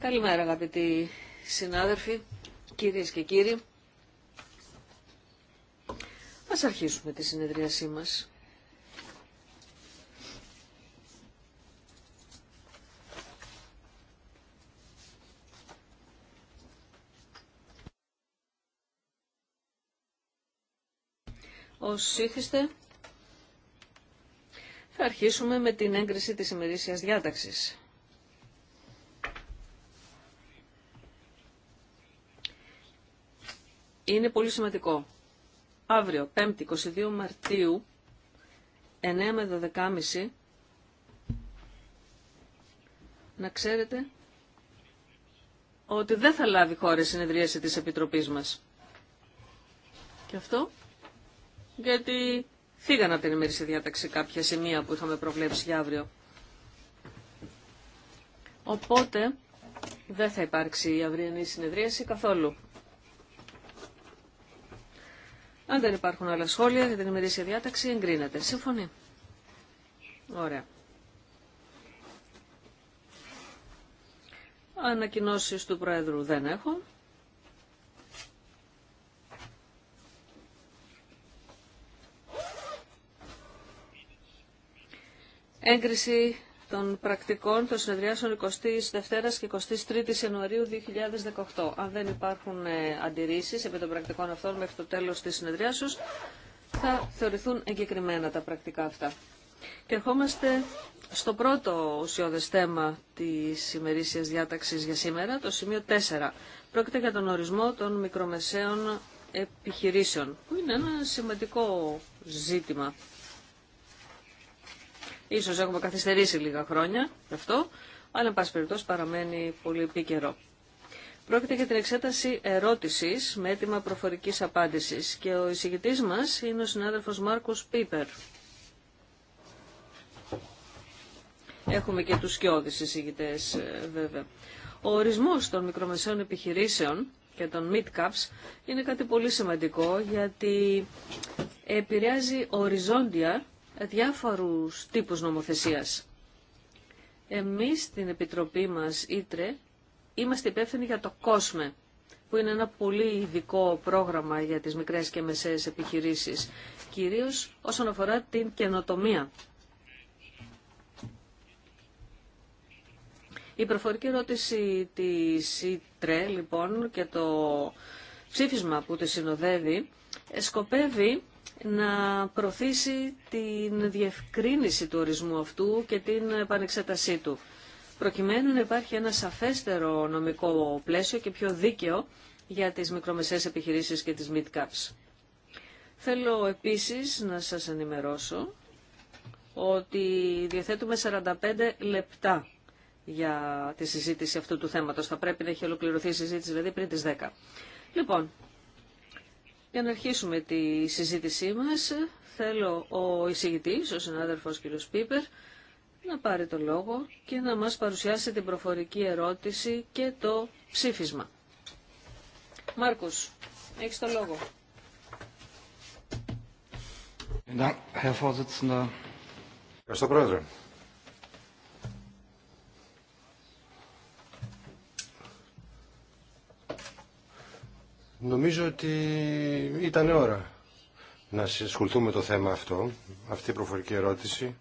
Καλημέρα αγαπητοί συνάδελφοι, κυρίες και κύριοι. Ας αρχίσουμε τη συνεδρίασή μας. Ως ήθιστε, θα αρχίσουμε με την έγκριση της ημερήσιας διάταξης. Είναι πολύ σημαντικό. Αύριο, 5η, 22 Μαρτίου, 9 με 12.30, να ξέρετε ότι δεν θα λάβει χώρα συνεδρίαση της Επιτροπής μας. Και αυτό γιατί Φύγαν από την ημερήσια διάταξη κάποια σημεία που είχαμε προβλέψει για αύριο. Οπότε δεν θα υπάρξει η αυριανή συνεδρίαση καθόλου. Αν δεν υπάρχουν άλλα σχόλια για την ημερήσια διάταξη, εγκρίνεται. Σύμφωνοι. Ωραία. Ανακοινώσεις του Πρόεδρου δεν έχω. Έγκριση των πρακτικών των συνεδριάσεων 22 και 23 Ιανουαρίου 2018. Αν δεν υπάρχουν ε, αντιρρήσεις επί των πρακτικών αυτών μέχρι το τέλος της συνεδριάσεως, θα θεωρηθούν εγκεκριμένα τα πρακτικά αυτά. Και ερχόμαστε στο πρώτο ουσιώδες θέμα της ημερήσιας διάταξης για σήμερα, το σημείο 4. Πρόκειται για τον ορισμό των μικρομεσαίων επιχειρήσεων, που είναι ένα σημαντικό ζήτημα Ίσως έχουμε καθυστερήσει λίγα χρόνια αυτό, αλλά εν πάση περιπτώσει παραμένει πολύ επίκαιρο. Πρόκειται για την εξέταση ερώτηση με έτοιμα προφορική απάντηση και ο εισηγητή μας είναι ο συνάδελφος Μάρκος Πίπερ. Έχουμε και τους σκιώδει εισηγητέ, ε, βέβαια. Ο ορισμός των μικρομεσαίων επιχειρήσεων και των mid-caps είναι κάτι πολύ σημαντικό γιατί επηρεάζει οριζόντια διάφορους τύπους νομοθεσίας. Εμείς στην Επιτροπή μας Ήτρε είμαστε υπεύθυνοι για το Κόσμε που είναι ένα πολύ ειδικό πρόγραμμα για τις μικρές και μεσαίες επιχειρήσεις, κυρίως όσον αφορά την καινοτομία. Η προφορική ερώτηση της ΙΤΡΕ, λοιπόν, και το ψήφισμα που τη συνοδεύει, σκοπεύει να προωθήσει την διευκρίνηση του ορισμού αυτού και την επανεξέτασή του, προκειμένου να υπάρχει ένα σαφέστερο νομικό πλαίσιο και πιο δίκαιο για τις μικρομεσαίες επιχειρήσεις και τις mid-caps. Θέλω επίσης να σας ενημερώσω ότι διαθέτουμε 45 λεπτά για τη συζήτηση αυτού του θέματος. Θα πρέπει να έχει ολοκληρωθεί η συζήτηση δηλαδή πριν τις 10. Λοιπόν, για να αρχίσουμε τη συζήτησή μας, θέλω ο εισηγητής, ο συνάδελφος κ. Πίπερ, να πάρει το λόγο και να μας παρουσιάσει την προφορική ερώτηση και το ψήφισμα. Μάρκος, έχεις το λόγο. Ευχαριστώ, Πρόεδρε. Νομίζω ότι ήταν ώρα να συσχοληθούμε το θέμα αυτό. Αυτή η προφορική ερώτηση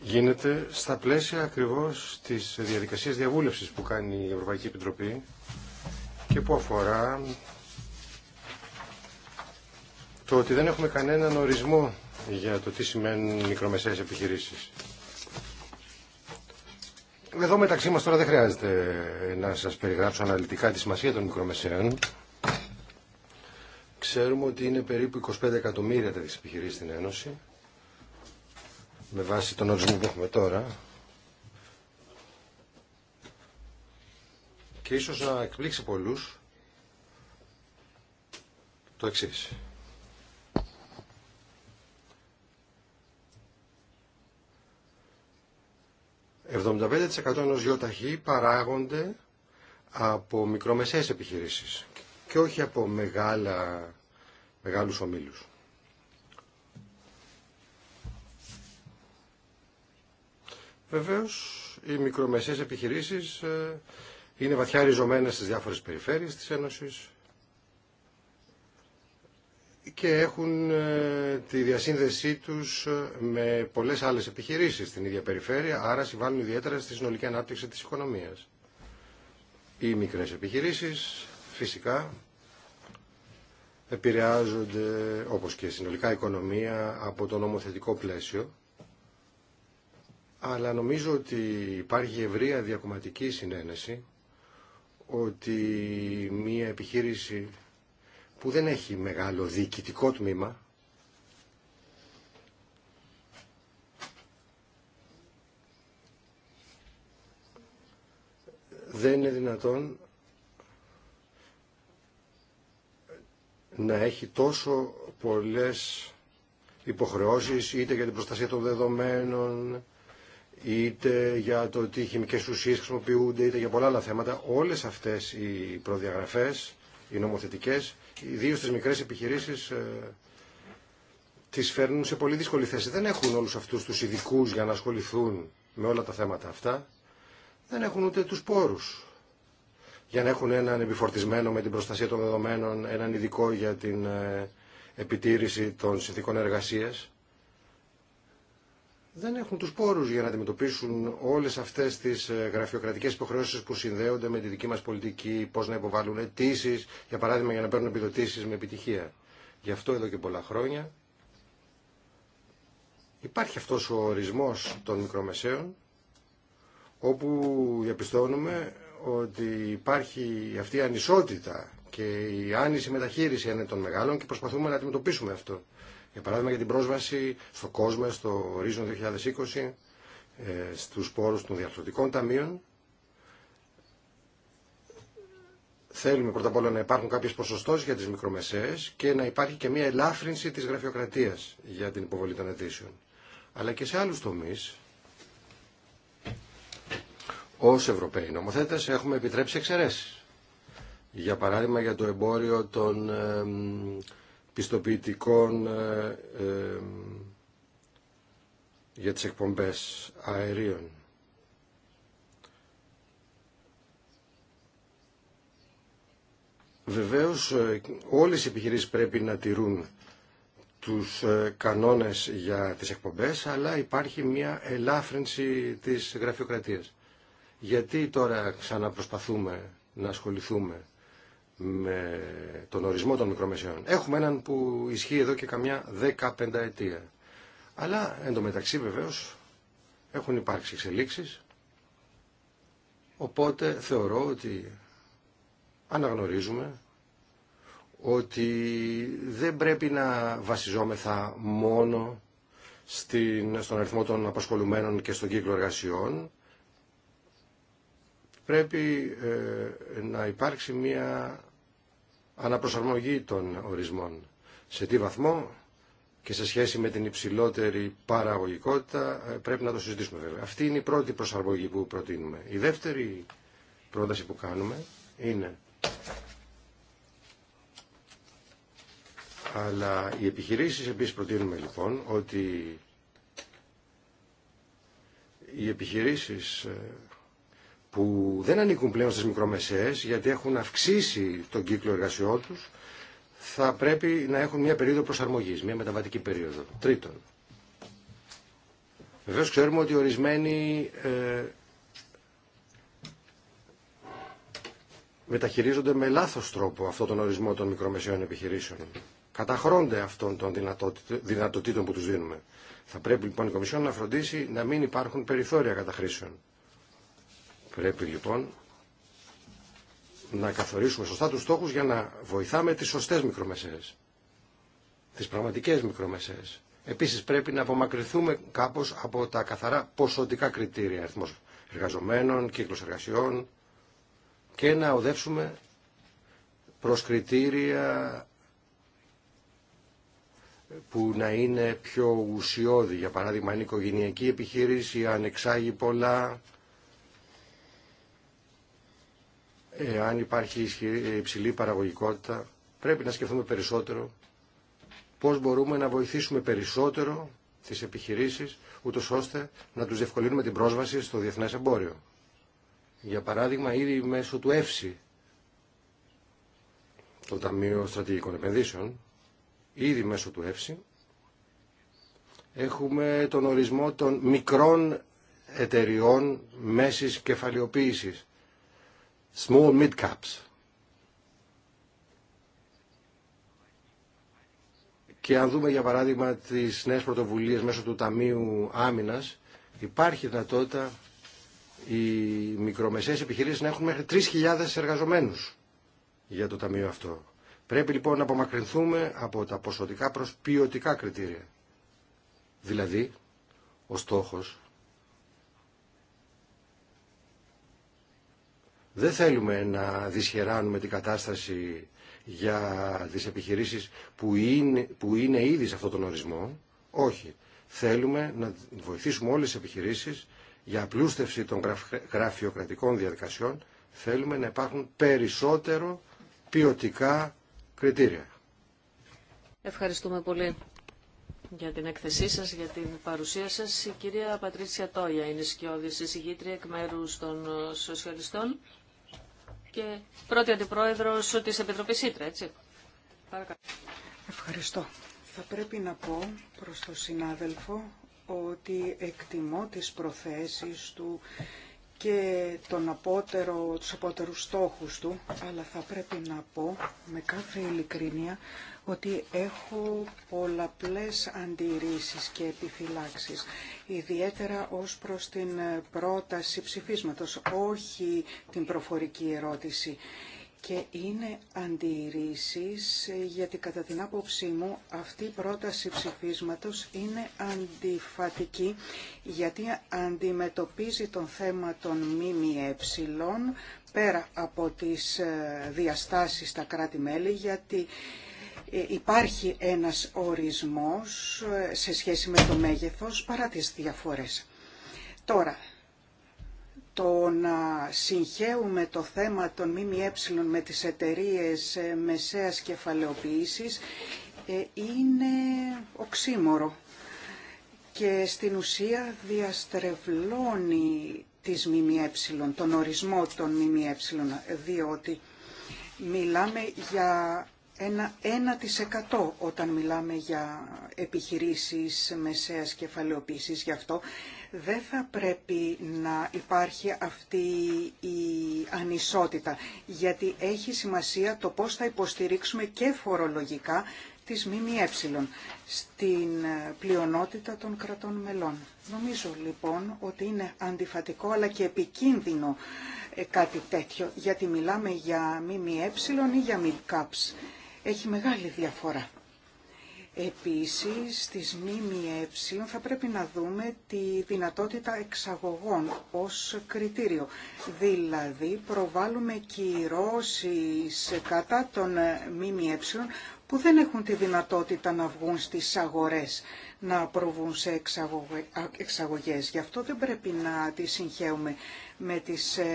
γίνεται στα πλαίσια ακριβώς της διαδικασίας διαβούλευσης που κάνει η Ευρωπαϊκή Επιτροπή και που αφορά το ότι δεν έχουμε κανέναν ορισμό για το τι σημαίνουν μικρομεσαίες επιχειρήσεις. Εδώ μεταξύ μας τώρα δεν χρειάζεται να σας περιγράψω αναλυτικά τη σημασία των μικρομεσαίων. Ξέρουμε ότι είναι περίπου 25 εκατομμύρια τέτοιες επιχειρήσει στην Ένωση με βάση τον ορισμό που έχουμε τώρα. Και ίσως να εκπλήξει πολλούς το εξή. 75% ενός γιοταχή παράγονται από μικρομεσαίες επιχειρήσεις και όχι από μεγάλα, μεγάλους ομίλους. Βεβαίως, οι μικρομεσαίες επιχειρήσεις ε, είναι βαθιά ριζωμένες στις διάφορες περιφέρειες της Ένωσης και έχουν ε, τη διασύνδεσή τους ε, με πολλές άλλες επιχειρήσεις στην ίδια περιφέρεια, άρα συμβάλλουν ιδιαίτερα στη συνολική ανάπτυξη της οικονομίας. Οι μικρές επιχειρήσεις φυσικά επηρεάζονται, όπως και συνολικά οικονομία, από το νομοθετικό πλαίσιο, αλλά νομίζω ότι υπάρχει ευρεία διακομματική συνένεση ότι μια επιχείρηση που δεν έχει μεγάλο διοικητικό τμήμα, δεν είναι δυνατόν να έχει τόσο πολλές υποχρεώσεις είτε για την προστασία των δεδομένων, είτε για το τι χημικές ουσίες χρησιμοποιούνται, είτε για πολλά άλλα θέματα. Όλες αυτές οι προδιαγραφές οι νομοθετικές, ιδίως τις μικρές επιχειρήσεις ε, τις φέρνουν σε πολύ δύσκολη θέση. Δεν έχουν όλους αυτούς τους ειδικού για να ασχοληθούν με όλα τα θέματα αυτά. Δεν έχουν ούτε τους πόρους για να έχουν έναν επιφορτισμένο με την προστασία των δεδομένων, έναν ειδικό για την ε, επιτήρηση των συνθήκων εργασίας δεν έχουν τους πόρους για να αντιμετωπίσουν όλες αυτές τις ε, γραφειοκρατικές υποχρεώσεις που συνδέονται με τη δική μας πολιτική, πώς να υποβάλουν αιτήσει, για παράδειγμα για να παίρνουν επιδοτήσεις με επιτυχία. Γι' αυτό εδώ και πολλά χρόνια υπάρχει αυτός ο ορισμός των μικρομεσαίων, όπου διαπιστώνουμε ότι υπάρχει αυτή η ανισότητα και η άνηση μεταχείριση είναι των μεγάλων και προσπαθούμε να αντιμετωπίσουμε αυτό. Για παράδειγμα για την πρόσβαση στο κόσμο, στο ορίζον 2020, ε, στους πόρους των διαρθρωτικών ταμείων. Θέλουμε πρώτα απ' όλα να υπάρχουν κάποιες ποσοστός για τις μικρομεσαίες και να υπάρχει και μια ελάφρυνση της γραφειοκρατίας για την υποβολή των αιτήσεων. Αλλά και σε άλλους τομείς, ως Ευρωπαίοι νομοθέτες, έχουμε επιτρέψει εξαιρέσεις. Για παράδειγμα για το εμπόριο των πιστοποιητικών ε, ε, για τις εκπομπές αερίων. Βεβαίως ε, όλες οι επιχειρήσεις πρέπει να τηρούν τους κανόνες για τις εκπομπές, αλλά υπάρχει μια ελάφρυνση της γραφειοκρατίας. Γιατί τώρα ξαναπροσπαθούμε να ασχοληθούμε με τον ορισμό των μικρομεσαίων. Έχουμε έναν που ισχύει εδώ και καμιά 15 ετία. Αλλά εντωμεταξύ βεβαίως έχουν υπάρξει εξελίξεις, οπότε θεωρώ ότι αναγνωρίζουμε ότι δεν πρέπει να βασιζόμεθα μόνο στην, στον αριθμό των απασχολουμένων και στον κύκλο εργασιών. Πρέπει ε, να υπάρξει μια αναπροσαρμογή των ορισμών. Σε τι βαθμό και σε σχέση με την υψηλότερη παραγωγικότητα ε, πρέπει να το συζητήσουμε βέβαια. Αυτή είναι η πρώτη προσαρμογή που προτείνουμε. Η δεύτερη πρόταση που κάνουμε είναι αλλά οι επιχειρήσεις επίσης προτείνουμε λοιπόν ότι οι επιχειρήσεις ε, που δεν ανήκουν πλέον στις μικρομεσαίες γιατί έχουν αυξήσει τον κύκλο εργασιών τους θα πρέπει να έχουν μια περίοδο προσαρμογής, μια μεταβατική περίοδο. Τρίτον, βεβαίως ξέρουμε ότι ορισμένοι ε, μεταχειρίζονται με λάθος τρόπο αυτό τον ορισμό των μικρομεσαίων επιχειρήσεων. Καταχρώνται αυτών των δυνατοτήτων που τους δίνουμε. Θα πρέπει λοιπόν η Κομισιόν να φροντίσει να μην υπάρχουν περιθώρια καταχρήσεων. Πρέπει λοιπόν να καθορίσουμε σωστά τους στόχους για να βοηθάμε τις σωστές μικρομεσαίες, τις πραγματικές μικρομεσαίες. Επίσης πρέπει να απομακρυνθούμε κάπως από τα καθαρά ποσοτικά κριτήρια, αριθμός εργαζομένων, κύκλος εργασιών και να οδεύσουμε προς κριτήρια που να είναι πιο ουσιώδη. Για παράδειγμα, αν οικογενειακή επιχείρηση, αν εξάγει πολλά, αν υπάρχει υψηλή παραγωγικότητα, πρέπει να σκεφτούμε περισσότερο πώς μπορούμε να βοηθήσουμε περισσότερο τις επιχειρήσεις, ούτω ώστε να τους διευκολύνουμε την πρόσβαση στο διεθνές εμπόριο. Για παράδειγμα, ήδη μέσω του ΕΦΣΥ, το Ταμείο Στρατηγικών Επενδύσεων, ήδη μέσω του ΕΦΣΥ, έχουμε τον ορισμό των μικρών εταιριών μέσης κεφαλαιοποίησης small mid caps. Και αν δούμε για παράδειγμα τις νέες πρωτοβουλίες μέσω του Ταμείου Άμυνας, υπάρχει δυνατότητα οι μικρομεσαίες επιχειρήσεις να έχουν μέχρι 3.000 εργαζομένους για το Ταμείο αυτό. Πρέπει λοιπόν να απομακρυνθούμε από τα ποσοτικά προς ποιοτικά κριτήρια. Δηλαδή, ο στόχος Δεν θέλουμε να δυσχεράνουμε την κατάσταση για τις επιχειρήσεις που είναι, που είναι ήδη σε αυτόν τον ορισμό. Όχι. Θέλουμε να βοηθήσουμε όλες τις επιχειρήσεις για απλούστευση των γραφειοκρατικών διαδικασιών. Θέλουμε να υπάρχουν περισσότερο ποιοτικά κριτήρια. Ευχαριστούμε πολύ για την έκθεσή σας, για την παρουσία σας. Η κυρία Πατρίτσια Τόια είναι σκιώδης εισηγήτρια εκ μέρους των ε, σοσιαλιστών και πρώτη αντιπρόεδρος της Επιτροπής ήτρε. έτσι. Ευχαριστώ. Θα πρέπει να πω προς τον συνάδελφο ότι εκτιμώ τις προθέσεις του και τον απότερο, τους απότερους στόχους του, αλλά θα πρέπει να πω με κάθε ειλικρίνεια ότι έχω πολλαπλές αντιρρήσεις και επιφυλάξεις, ιδιαίτερα ως προς την πρόταση ψηφίσματος, όχι την προφορική ερώτηση και είναι αντιρρήσεις γιατί κατά την άποψή μου αυτή η πρόταση ψηφίσματος είναι αντιφατική γιατί αντιμετωπίζει τον θέμα των ΜΜΕ πέρα από τις ε, διαστάσεις στα κράτη-μέλη γιατί ε, υπάρχει ένας ορισμός ε, σε σχέση με το μέγεθος παρά τις διαφορές. Τώρα, το να συγχέουμε το θέμα των ΜΜΕ με τις εταιρείες ε, μεσαίας κεφαλαιοποίησης ε, είναι οξύμορο και στην ουσία διαστρεβλώνει τις ΜΜΕ, τον ορισμό των ΜΜΕ, διότι μιλάμε για ένα 1% όταν μιλάμε για επιχειρήσεις μεσαίας κεφαλαιοποίησης. Γι' αυτό δεν θα πρέπει να υπάρχει αυτή η ανισότητα, γιατί έχει σημασία το πώς θα υποστηρίξουμε και φορολογικά της ΜΜΕ στην πλειονότητα των κρατών μελών. Νομίζω λοιπόν ότι είναι αντιφατικό αλλά και επικίνδυνο ε, κάτι τέτοιο, γιατί μιλάμε για ΜΜΕ ή για ΜΚΑΠΣ. Έχει μεγάλη διαφορά. Επίσης, στις ΜΜΕ θα πρέπει να δούμε τη δυνατότητα εξαγωγών ως κριτήριο. Δηλαδή, προβάλλουμε κυρώσεις κατά των ΜΜΕ που δεν έχουν τη δυνατότητα να βγουν στις αγορές, να προβούν σε εξαγωγές. Γι' αυτό δεν πρέπει να τη συγχαίουμε με τις ε,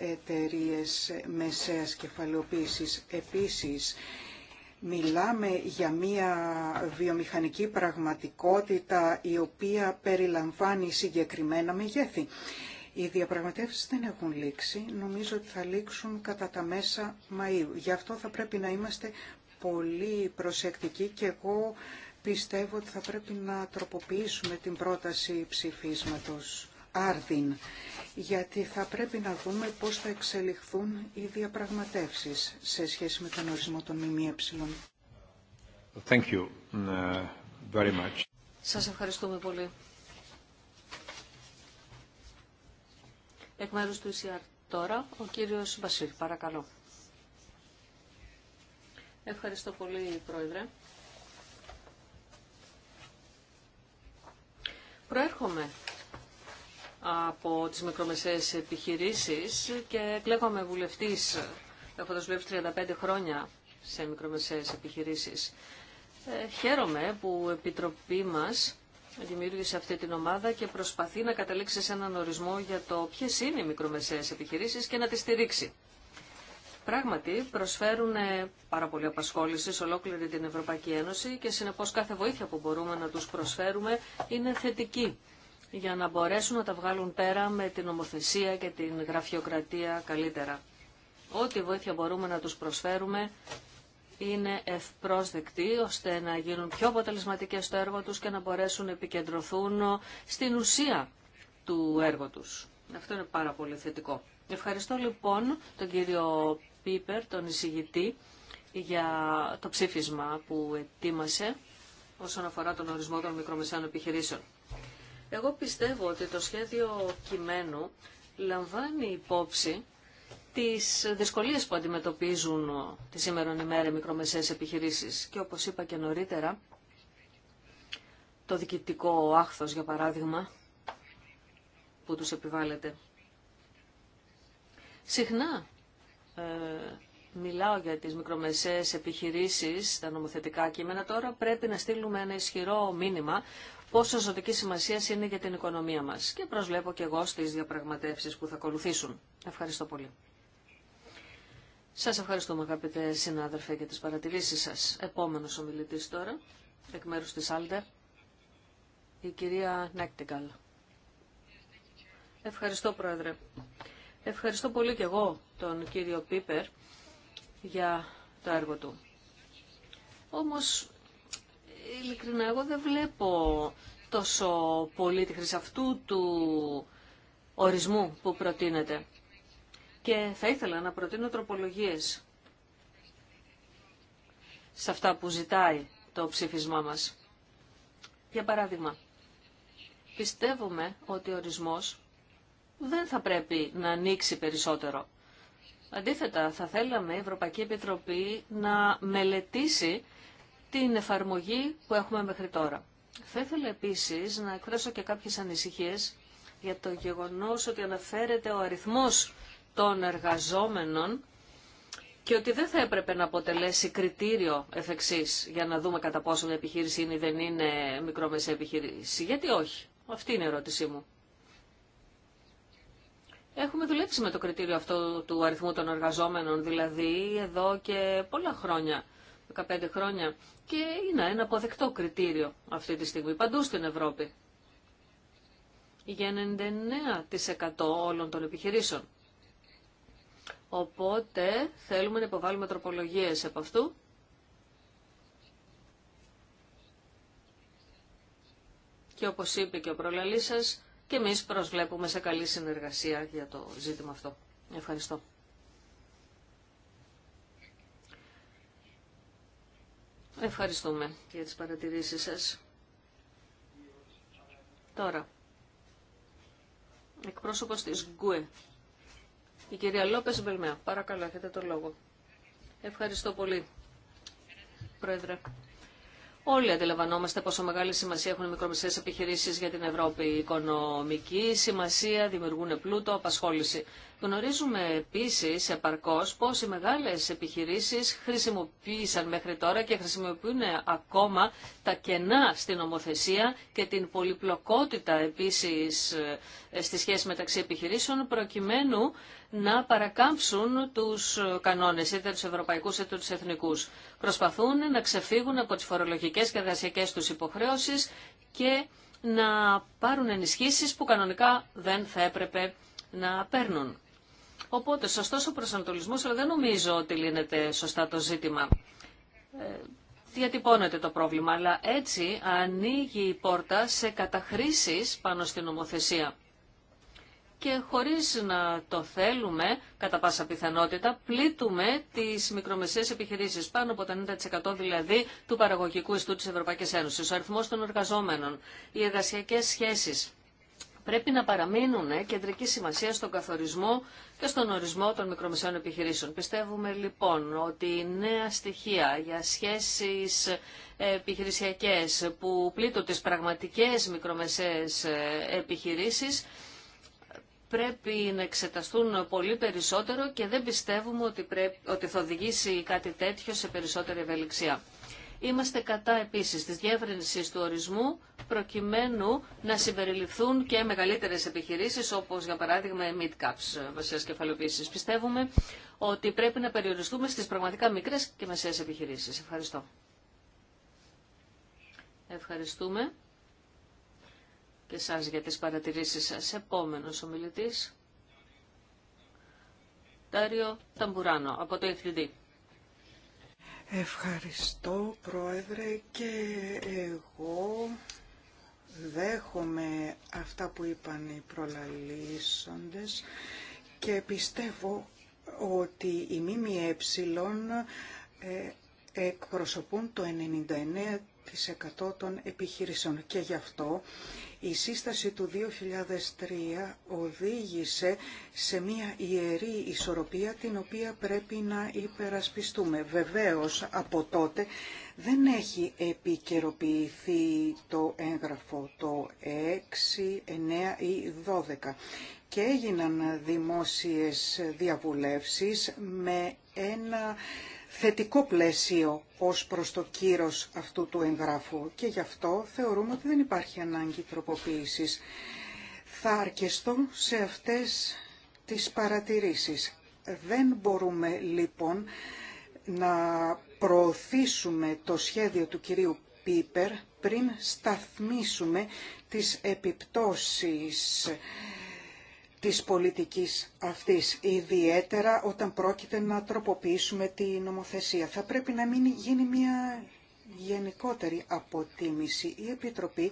εταιρείες μεσαίας κεφαλαιοποίησης. Επίσης, Μιλάμε για μια βιομηχανική πραγματικότητα η οποία περιλαμβάνει συγκεκριμένα μεγέθη. Οι διαπραγματεύσεις δεν έχουν λήξει, νομίζω ότι θα λήξουν κατά τα μέσα Μαΐου. Γι' αυτό θα πρέπει να είμαστε πολύ προσεκτικοί και εγώ πιστεύω ότι θα πρέπει να τροποποιήσουμε την πρόταση ψηφίσματος. Άρδιν, γιατί θα πρέπει να δούμε πώς θα εξελιχθούν οι διαπραγματεύσεις σε σχέση με τον ορισμό των ΜΜΕ. Thank you uh, very much. Σας ευχαριστούμε πολύ. Εκ μέρους του ΙΣΙΑΡ τώρα, ο κύριος Μπασίρ, παρακαλώ. Ευχαριστώ πολύ, Πρόεδρε. Προέρχομαι από τις μικρομεσαίες επιχειρήσεις και εκλέγομαι βουλευτής έχοντας δουλεύει 35 χρόνια σε μικρομεσαίες επιχειρήσεις. Ε, χαίρομαι που η Επιτροπή μας δημιούργησε αυτή την ομάδα και προσπαθεί να καταλήξει σε έναν ορισμό για το ποιε είναι οι μικρομεσαίες επιχειρήσεις και να τις στηρίξει. Πράγματι, προσφέρουν ε, πάρα πολύ απασχόληση σε ολόκληρη την Ευρωπαϊκή Ένωση και συνεπώς κάθε βοήθεια που μπορούμε να τους προσφέρουμε είναι θετική για να μπορέσουν να τα βγάλουν πέρα με την ομοθεσία και την γραφειοκρατία καλύτερα. Ό,τι βοήθεια μπορούμε να τους προσφέρουμε είναι ευπρόσδεκτοι ώστε να γίνουν πιο αποτελεσματικές στο έργο τους και να μπορέσουν να επικεντρωθούν στην ουσία του έργου τους. Αυτό είναι πάρα πολύ θετικό. Ευχαριστώ λοιπόν τον κύριο Πίπερ, τον εισηγητή, για το ψήφισμα που ετοίμασε όσον αφορά τον ορισμό των μικρομεσαίων επιχειρήσεων. Εγώ πιστεύω ότι το σχέδιο κειμένου λαμβάνει υπόψη τις δυσκολίες που αντιμετωπίζουν τη σήμερα ημέρα μικρομεσαίες επιχειρήσεις. Και όπως είπα και νωρίτερα, το διοικητικό άχθος, για παράδειγμα, που τους επιβάλλεται. Συχνά ε, μιλάω για τις μικρομεσαίες επιχειρήσεις, τα νομοθετικά κείμενα. Τώρα πρέπει να στείλουμε ένα ισχυρό μήνυμα πόσο ζωτική σημασία είναι για την οικονομία μας. Και προσβλέπω και εγώ στις διαπραγματεύσεις που θα ακολουθήσουν. Ευχαριστώ πολύ. Σας ευχαριστούμε αγαπητέ συνάδελφε για τις παρατηρήσεις σας. Επόμενος ομιλητής τώρα, εκ μέρου τη Άλτερ, η κυρία Νέκτιγκαλ. Ευχαριστώ Πρόεδρε. Ευχαριστώ πολύ και εγώ τον κύριο Πίπερ για το έργο του. Όμως ειλικρινά εγώ δεν βλέπω τόσο πολύ τη χρήση αυτού του ορισμού που προτείνεται. Και θα ήθελα να προτείνω τροπολογίες σε αυτά που ζητάει το ψήφισμά μας. Για παράδειγμα, πιστεύουμε ότι ο ορισμός δεν θα πρέπει να ανοίξει περισσότερο. Αντίθετα, θα θέλαμε η Ευρωπαϊκή Επιτροπή να μελετήσει την εφαρμογή που έχουμε μέχρι τώρα. Θα ήθελα επίσης να εκφράσω και κάποιες ανησυχίες για το γεγονός ότι αναφέρεται ο αριθμός των εργαζόμενων και ότι δεν θα έπρεπε να αποτελέσει κριτήριο εφ' για να δούμε κατά πόσο μια επιχείρηση είναι ή δεν είναι μικρόμεσα επιχείρηση. Γιατί όχι. Αυτή είναι η ερώτησή μου. Έχουμε δουλέψει με το κριτήριο αυτό του αριθμού των εργαζόμενων, δηλαδή εδώ και πολλά χρόνια. 15 χρόνια και είναι ένα αποδεκτό κριτήριο αυτή τη στιγμή παντού στην Ευρώπη για 99% όλων των επιχειρήσεων. Οπότε θέλουμε να υποβάλουμε τροπολογίες από αυτού. Και όπως είπε και ο προλαλής σας, και εμείς προσβλέπουμε σε καλή συνεργασία για το ζήτημα αυτό. Ευχαριστώ. Ευχαριστούμε για τις παρατηρήσεις σας. Τώρα, εκπρόσωπος της ΓΚΟΕ, η κυρία Λόπες Μπελμέα. Παρακαλώ, έχετε το λόγο. Ευχαριστώ πολύ, Πρόεδρε. Όλοι αντιλαμβανόμαστε πόσο μεγάλη σημασία έχουν οι μικρομεσαίε επιχειρήσει για την Ευρώπη. οικονομική σημασία, δημιουργούν πλούτο, απασχόληση. Γνωρίζουμε επίσης επαρκώς πώς οι μεγάλες επιχειρήσεις χρησιμοποίησαν μέχρι τώρα και χρησιμοποιούν ακόμα τα κενά στην ομοθεσία και την πολυπλοκότητα επίσης ε, στη σχέση μεταξύ επιχειρήσεων προκειμένου να παρακάμψουν τους κανόνες είτε του Ευρωπαϊκού είτε τους εθνικούς. Προσπαθούν να ξεφύγουν από τις φορολογικές και εργασιακές τους υποχρεώσεις και να πάρουν ενισχύσεις που κανονικά δεν θα έπρεπε να παίρνουν. Οπότε, σωστός ο προσανατολισμός, αλλά δεν νομίζω ότι λύνεται σωστά το ζήτημα. Ε, διατυπώνεται το πρόβλημα, αλλά έτσι ανοίγει η πόρτα σε καταχρήσεις πάνω στην νομοθεσία. Και χωρίς να το θέλουμε, κατά πάσα πιθανότητα, πλήττουμε τις μικρομεσαίες επιχειρήσεις, πάνω από το 90% δηλαδή του παραγωγικού ιστού της Ευρωπαϊκής Ένωσης, ο αριθμός των εργαζόμενων, οι εργασιακές σχέσεις πρέπει να παραμείνουν ε, κεντρική σημασία στον καθορισμό και στον ορισμό των μικρομεσαίων επιχειρήσεων. Πιστεύουμε λοιπόν ότι νέα στοιχεία για σχέσεις ε, επιχειρησιακές που πλήττουν τις πραγματικές μικρομεσαίες ε, επιχειρήσεις πρέπει να εξεταστούν πολύ περισσότερο και δεν πιστεύουμε ότι, πρέπει, ότι θα οδηγήσει κάτι τέτοιο σε περισσότερη ευελιξία. Είμαστε κατά επίσης της διεύρυνσης του ορισμού προκειμένου να συμπεριληφθούν και μεγαλύτερες επιχειρήσεις όπως για παράδειγμα οι mid-caps βασίας ε, κεφαλοποίησης. Πιστεύουμε ότι πρέπει να περιοριστούμε στις πραγματικά μικρές και μεσαίες επιχειρήσεις. Ευχαριστώ. Ευχαριστούμε και σας για τις παρατηρήσεις σας. Επόμενος ομιλητής, Τάριο Ταμπουράνο από το Ευχαριστώ Πρόεδρε και εγώ δέχομαι αυτά που είπαν οι προλαλήσοντες και πιστεύω ότι οι ΜΜΕ ε, εκπροσωπούν το 100% των επιχειρήσεων. Και γι' αυτό η σύσταση του 2003 οδήγησε σε μια ιερή ισορροπία την οποία πρέπει να υπερασπιστούμε. Βεβαίως από τότε δεν έχει επικαιροποιηθεί το έγγραφο το 6, 9 ή 12 και έγιναν δημόσιες διαβουλεύσεις με ένα θετικό πλαίσιο ως προς το κύρος αυτού του εγγράφου και γι' αυτό θεωρούμε ότι δεν υπάρχει ανάγκη τροποποίησης. Θα αρκεστώ σε αυτές τις παρατηρήσεις. Δεν μπορούμε λοιπόν να προωθήσουμε το σχέδιο του κυρίου Πίπερ πριν σταθμίσουμε τις επιπτώσεις της πολιτικής αυτής, ιδιαίτερα όταν πρόκειται να τροποποιήσουμε τη νομοθεσία. Θα πρέπει να μην γίνει μια γενικότερη αποτίμηση. Η Επιτροπή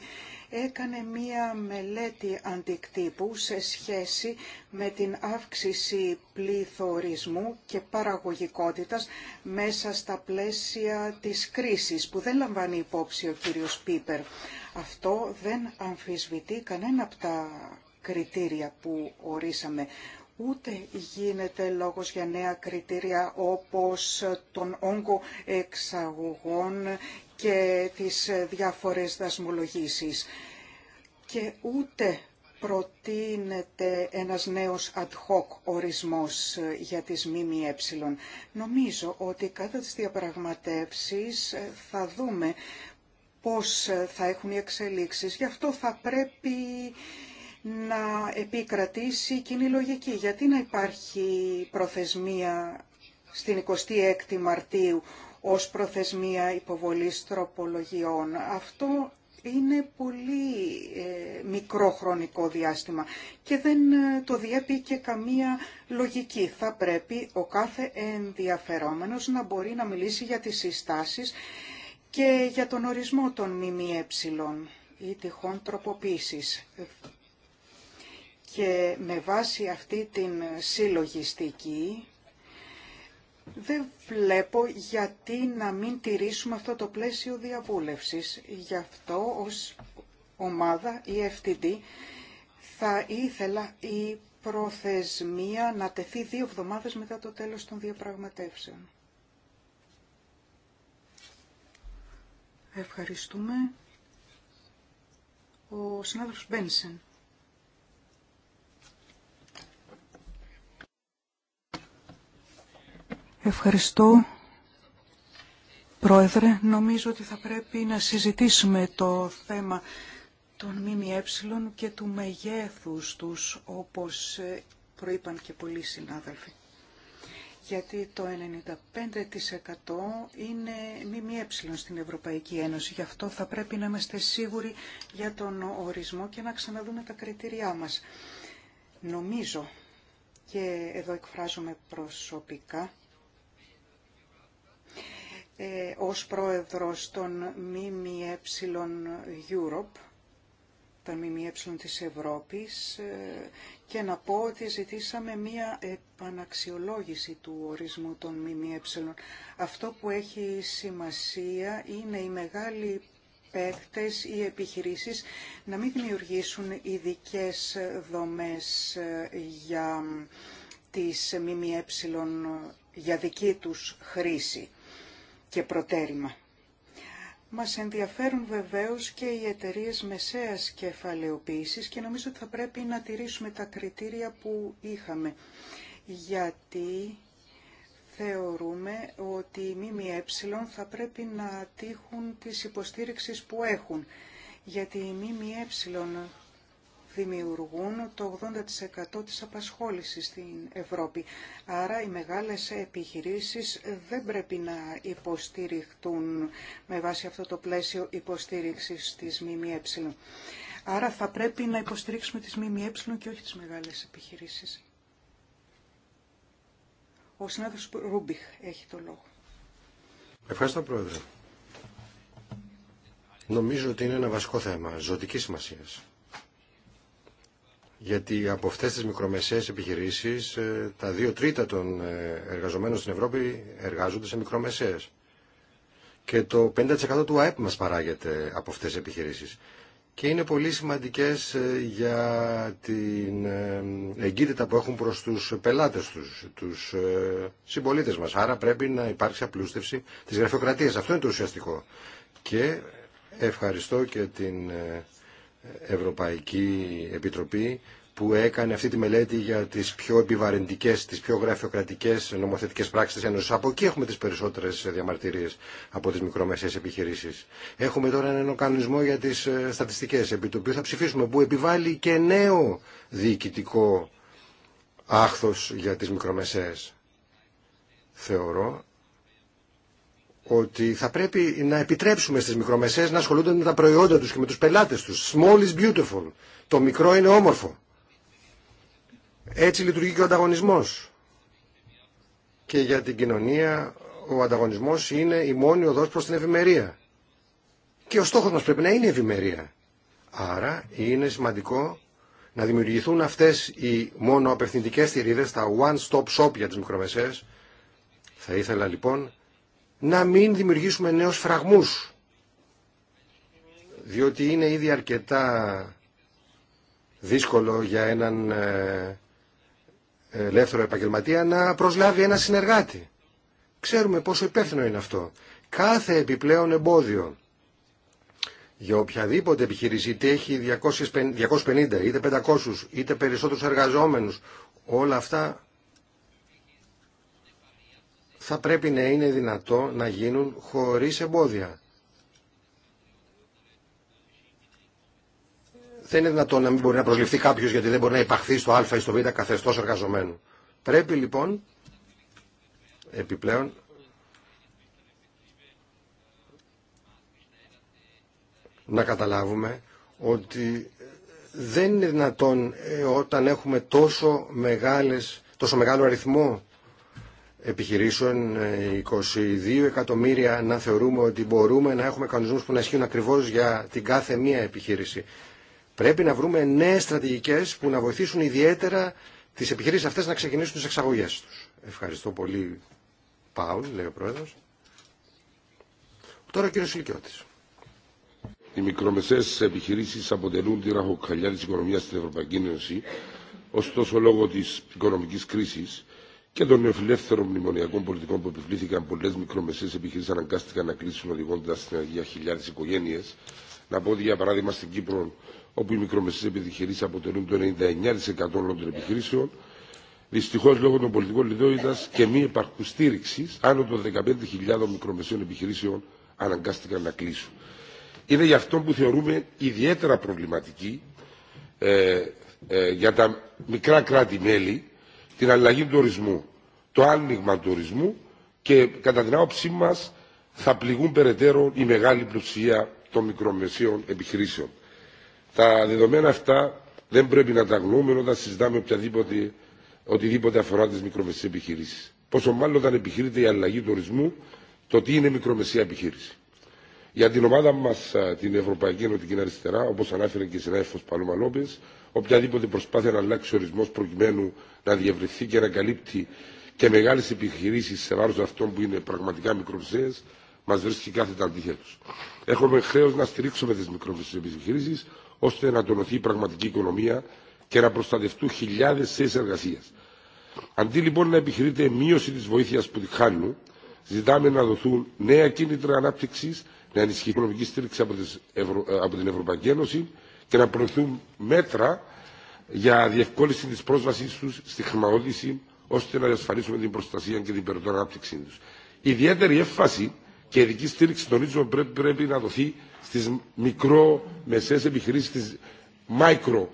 έκανε μία μελέτη αντικτύπου σε σχέση με την αύξηση πληθωρισμού και παραγωγικότητας μέσα στα πλαίσια της κρίσης που δεν λαμβάνει υπόψη ο κύριος Πίπερ. Αυτό δεν αμφισβητεί κανένα από τα κριτήρια που ορίσαμε. Ούτε γίνεται λόγος για νέα κριτήρια όπως τον όγκο εξαγωγών και τις διάφορες δασμολογήσεις. Και ούτε προτείνεται ένας νέος ad hoc ορισμός για τις ΜΜΕ. Νομίζω ότι κατά τις διαπραγματεύσεις θα δούμε πώς θα έχουν οι εξελίξεις. Γι' αυτό θα πρέπει να επικρατήσει κοινή λογική. Γιατί να υπάρχει προθεσμία στην 26η Μαρτίου ως προθεσμία υποβολής τροπολογιών. Αυτό είναι πολύ ε, μικρό χρονικό διάστημα και δεν ε, το διέπει και καμία λογική. Θα πρέπει ο κάθε ενδιαφερόμενος να μπορεί να μιλήσει για τις συστάσεις και για τον ορισμό των ΜΜΕ ή τυχόν τροποποίησης και με βάση αυτή την συλλογιστική δεν βλέπω γιατί να μην τηρήσουμε αυτό το πλαίσιο διαβούλευσης. Γι' αυτό ως ομάδα, η FTD, θα ήθελα η προθεσμία να τεθεί δύο εβδομάδες μετά το τέλος των διαπραγματεύσεων. Ευχαριστούμε. Ο συνάδελφος Μπένσεν. Ευχαριστώ. Πρόεδρε, νομίζω ότι θα πρέπει να συζητήσουμε το θέμα των ΜΜΕ και του μεγέθους τους, όπως ε, προείπαν και πολλοί συνάδελφοι. Γιατί το 95% είναι ΜΜΕ στην Ευρωπαϊκή Ένωση. Γι' αυτό θα πρέπει να είμαστε σίγουροι για τον ορισμό και να ξαναδούμε τα κριτήριά μας. Νομίζω, και εδώ εκφράζομαι προσωπικά, ε, ως πρόεδρος των ΜΜΕ Europe, των ΜΜΕ της Ευρώπης ε, και να πω ότι ζητήσαμε μία επαναξιολόγηση του ορισμού των ΜΜΕ. Αυτό που έχει σημασία είναι η μεγάλη παίκτες ή επιχειρήσεις να μην δημιουργήσουν ειδικέ δομές ε, για τις ΜΜΕ για δική τους χρήση και προτέρημα. Μας ενδιαφέρουν βεβαίως και οι εταιρείε μεσαίας κεφαλαιοποίησης και νομίζω ότι θα πρέπει να τηρήσουμε τα κριτήρια που είχαμε. Γιατί θεωρούμε ότι οι ΜΜΕ θα πρέπει να τύχουν τις υποστήριξεις που έχουν. Γιατί οι ΜΜΕ δημιουργούν το 80% της απασχόλησης στην Ευρώπη. Άρα οι μεγάλες επιχειρήσεις δεν πρέπει να υποστηριχτούν με βάση αυτό το πλαίσιο υποστήριξης της ΜΜΕ. Άρα θα πρέπει να υποστηρίξουμε τις ΜΜΕ και όχι τις μεγάλες επιχειρήσεις. Ο συνάδελφος Ρούμπιχ έχει το λόγο. Ευχαριστώ Πρόεδρε. Νομίζω ότι είναι ένα βασικό θέμα ζωτικής σημασίας γιατί από αυτές τις μικρομεσαίες επιχειρήσεις ε, τα δύο τρίτα των ε, εργαζομένων στην Ευρώπη εργάζονται σε μικρομεσαίες. Και το 50% του ΑΕΠ μας παράγεται από αυτές τις επιχειρήσεις. Και είναι πολύ σημαντικές ε, για την εγκύτητα που έχουν προς τους πελάτες τους, τους συμπολίτες μας. Άρα πρέπει να υπάρξει απλούστευση της γραφειοκρατίας. Αυτό είναι το ουσιαστικό. Και ευχαριστώ και την Ευρωπαϊκή Επιτροπή που έκανε αυτή τη μελέτη για τις πιο επιβαρυντικές, τις πιο γραφειοκρατικές νομοθετικές πράξεις της Από εκεί έχουμε τις περισσότερες διαμαρτυρίες από τις μικρομεσαίες επιχειρήσεις. Έχουμε τώρα έναν κανονισμό για τις ε, στατιστικές, επί το οποίο θα ψηφίσουμε, που επιβάλλει και νέο διοικητικό άχθο για τις μικρομεσαίες. Θεωρώ ότι θα πρέπει να επιτρέψουμε στις μικρομεσαίες να ασχολούνται με τα προϊόντα τους και με τους πελάτες τους. Small is beautiful. Το μικρό είναι όμορφο. Έτσι λειτουργεί και ο ανταγωνισμός. Και για την κοινωνία ο ανταγωνισμός είναι η μόνη οδός προς την ευημερία. Και ο στόχος μας πρέπει να είναι η ευημερία. Άρα είναι σημαντικό να δημιουργηθούν αυτές οι μόνο απευθυντικές θηρίδες, τα one-stop shop για τις μικρομεσαίες. Θα ήθελα λοιπόν να μην δημιουργήσουμε νέους φραγμούς, διότι είναι ήδη αρκετά δύσκολο για έναν ε, ελεύθερο επαγγελματία να προσλάβει ένα συνεργάτη. Ξέρουμε πόσο υπεύθυνο είναι αυτό. Κάθε επιπλέον εμπόδιο για οποιαδήποτε επιχείρηση, είτε έχει 250, είτε 500, είτε περισσότερους εργαζόμενους, όλα αυτά θα πρέπει να είναι δυνατό να γίνουν χωρίς εμπόδια. Δεν είναι δυνατό να μην μπορεί να προσληφθεί κάποιος γιατί δεν μπορεί να υπαχθεί στο α ή στο β καθεστώς εργαζομένου. Πρέπει λοιπόν επιπλέον να καταλάβουμε ότι δεν είναι δυνατόν ε, όταν έχουμε τόσο, μεγάλες, τόσο μεγάλο αριθμό επιχειρήσεων, 22 ε, εκατομμύρια να θεωρούμε ότι μπορούμε να έχουμε κανονισμούς που να ισχύουν ακριβώς για την κάθε μία επιχείρηση. Πρέπει να βρούμε νέες στρατηγικές που να βοηθήσουν ιδιαίτερα τις επιχειρήσεις αυτές να ξεκινήσουν τι εξαγωγές τους. Ευχαριστώ πολύ, Πάουλ, λέει ο Πρόεδρος. Τώρα ο κύριος Ηλικιώτης. Οι μικρομεσαίες επιχειρήσεις αποτελούν τη ραχοκαλιά της οικονομίας στην Ευρωπαϊκή Ένωση. Ωστόσο, λόγω της οικονομικής κρίσης, και των νεοφιλεύθερων μνημονιακών πολιτικών που επιβλήθηκαν, πολλέ μικρομεσαίε επιχειρήσει αναγκάστηκαν να κλείσουν οδηγώντα στην αγία χιλιάδε οικογένειε. Να πω ότι, για παράδειγμα, στην Κύπρο, όπου οι μικρομεσαίε επιχειρήσει αποτελούν το 99% όλων των επιχειρήσεων, δυστυχώ λόγω των πολιτικών λιτότητα και μη επαρκού στήριξη, άνω των 15.000 μικρομεσαίων επιχειρήσεων αναγκάστηκαν να κλείσουν. Είναι γι' αυτό που θεωρούμε ιδιαίτερα προβληματική ε, ε για τα μικρά κράτη-μέλη την αλλαγή του ορισμού, το άνοιγμα του ορισμού και κατά την άποψή μα θα πληγούν περαιτέρω η μεγάλη πλουσία των μικρομεσαίων επιχειρήσεων. Τα δεδομένα αυτά δεν πρέπει να τα γνωρούμε όταν συζητάμε οποιαδήποτε, οτιδήποτε αφορά τι μικρομεσαίε επιχειρήσει. Πόσο μάλλον όταν επιχειρείται η αλλαγή του ορισμού, το τι είναι μικρομεσαία επιχείρηση. Για την ομάδα μα, την Ευρωπαϊκή Ενωτική Αριστερά, όπω ανάφερε και η συνάδελφο Παλώμα Λόπε, οποιαδήποτε προσπάθεια να αλλάξει ορισμό προκειμένου να διευρυνθεί και να καλύπτει και μεγάλε επιχειρήσει σε βάρο αυτών που είναι πραγματικά μικρομεσαίε, μα βρίσκει κάθετα αντίθετο. Έχουμε χρέο να στηρίξουμε τι μικρομεσαίε επιχειρήσει, ώστε να τονωθεί η πραγματική οικονομία και να προστατευτούν χιλιάδε θέσει εργασία. Αντί λοιπόν να επιχειρείται μείωση τη βοήθεια που τη χάνουν, ζητάμε να δοθούν νέα κίνητρα ανάπτυξη, να ενισχυθεί η οικονομική στήριξη από, την Ευρωπαϊκή Ένωση και να προωθούν μέτρα για διευκόλυνση τη πρόσβασή του στη χρηματοδότηση ώστε να διασφαλίσουμε την προστασία και την περαιτέρω ανάπτυξή του. Ιδιαίτερη έμφαση και ειδική στήριξη των πρέπει, πρέπει να δοθεί στι μικρό-μεσαίε επιχειρήσει, στι ε, micro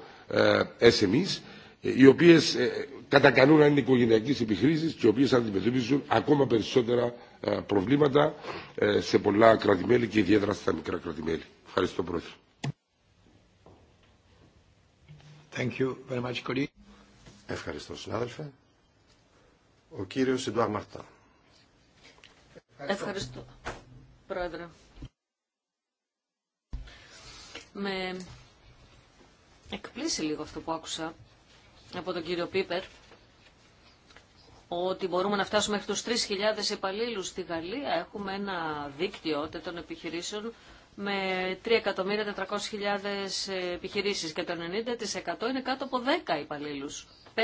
SMEs, οι οποίε ε, κατά κανόνα είναι οικογενειακέ επιχειρήσει και οι οποίε αντιμετωπίζουν ακόμα περισσότερα ε, προβλήματα σε πολλά κρατημέλη και ιδιαίτερα στα μικρά κρατημέλη. Ευχαριστώ, Πρόεδρε. Ευχαριστώ, συνάδελφε. Ο κύριος Εντουάρ Ευχαριστώ. Ευχαριστώ, πρόεδρε. Με εκπλήσει λίγο αυτό που άκουσα από τον κύριο Πίπερ, ότι μπορούμε να φτάσουμε μέχρι τους 3.000 υπαλλήλους στη Γαλλία. Έχουμε ένα δίκτυο τέτοιων επιχειρήσεων με 3.400.000 ε, επιχειρήσεις και το 90% είναι κάτω από 10 υπαλλήλους. 5%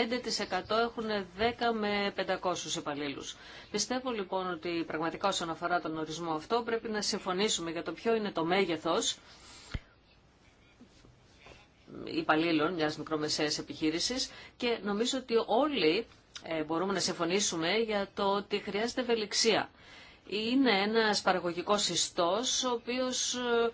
έχουν 10 με 500 υπαλλήλους. Πιστεύω λοιπόν ότι πραγματικά όσον αφορά τον ορισμό αυτό πρέπει να συμφωνήσουμε για το ποιο είναι το μέγεθος υπαλλήλων μιας μικρομεσαίας επιχείρησης και νομίζω ότι όλοι ε, μπορούμε να συμφωνήσουμε για το ότι χρειάζεται ευελιξία είναι ένας παραγωγικός ιστός ο οποίος ε,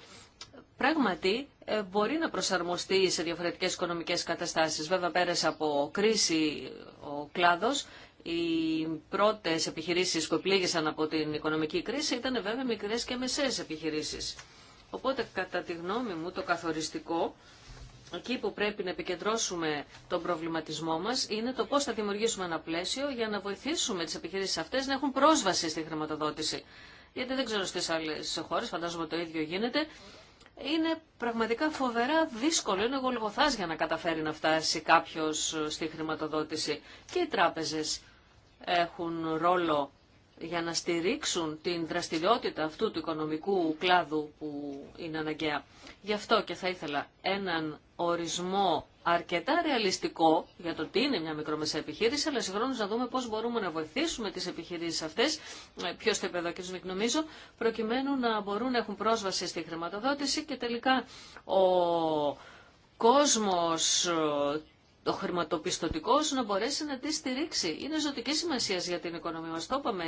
πράγματι ε, μπορεί να προσαρμοστεί σε διαφορετικές οικονομικές καταστάσεις. Βέβαια πέρασε από κρίση ε, ο κλάδος. Οι πρώτες επιχειρήσεις που επλήγησαν από την οικονομική κρίση ήταν βέβαια μικρές και μεσαίες επιχειρήσεις. Οπότε κατά τη γνώμη μου το καθοριστικό εκεί που πρέπει να επικεντρώσουμε τον προβληματισμό μας είναι το πώς θα δημιουργήσουμε ένα πλαίσιο για να βοηθήσουμε τις επιχειρήσεις αυτές να έχουν πρόσβαση στη χρηματοδότηση. Γιατί δεν ξέρω στις άλλες χώρες, φαντάζομαι το ίδιο γίνεται, είναι πραγματικά φοβερά δύσκολο, είναι γολγοθάς για να καταφέρει να φτάσει κάποιος στη χρηματοδότηση. Και οι τράπεζες έχουν ρόλο για να στηρίξουν την δραστηριότητα αυτού του οικονομικού κλάδου που είναι αναγκαία. Γι' αυτό και θα ήθελα έναν ορισμό αρκετά ρεαλιστικό για το τι είναι μια μικρομεσαία επιχείρηση, αλλά συγχρόνω να δούμε πώ μπορούμε να βοηθήσουμε τι επιχειρήσει αυτέ, ε, ποιο το επίπεδο και νομίζω, προκειμένου να μπορούν να έχουν πρόσβαση στη χρηματοδότηση και τελικά ο κόσμος το ε, χρηματοπιστωτικό να μπορέσει να τη στηρίξει. Είναι ζωτική σημασία για την οικονομία μα. Το είπαμε,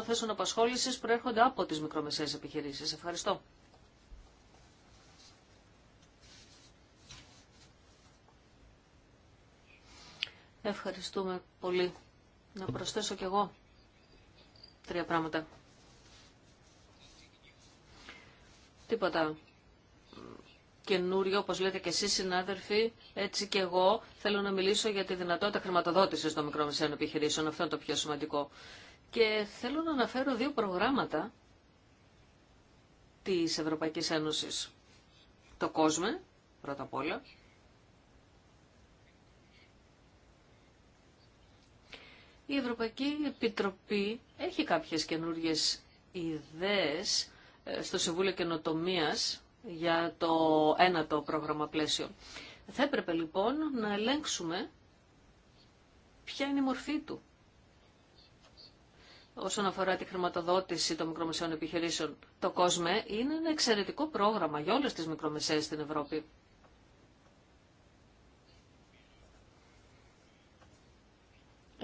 90% θέσεων απασχόληση προέρχονται από τι μικρομεσαίε επιχειρήσει. Ευχαριστώ. Ευχαριστούμε πολύ. Να προσθέσω κι εγώ τρία πράγματα. Τίποτα καινούριο, όπως λέτε και εσείς συνάδελφοι, έτσι και εγώ θέλω να μιλήσω για τη δυνατότητα χρηματοδότησης των μικρομεσαίων επιχειρήσεων. Αυτό είναι το πιο σημαντικό. Και θέλω να αναφέρω δύο προγράμματα της Ευρωπαϊκής Ένωσης. Το COSME, πρώτα απ' όλα, η Ευρωπαϊκή Επιτροπή έχει κάποιες καινούργιες ιδέες ε, στο Συμβούλιο καινοτομία για το ένατο πρόγραμμα πλαίσιο. Θα έπρεπε λοιπόν να ελέγξουμε ποια είναι η μορφή του όσον αφορά τη χρηματοδότηση των μικρομεσαίων επιχειρήσεων. Το COSME είναι ένα εξαιρετικό πρόγραμμα για όλες τις μικρομεσαίες στην Ευρώπη.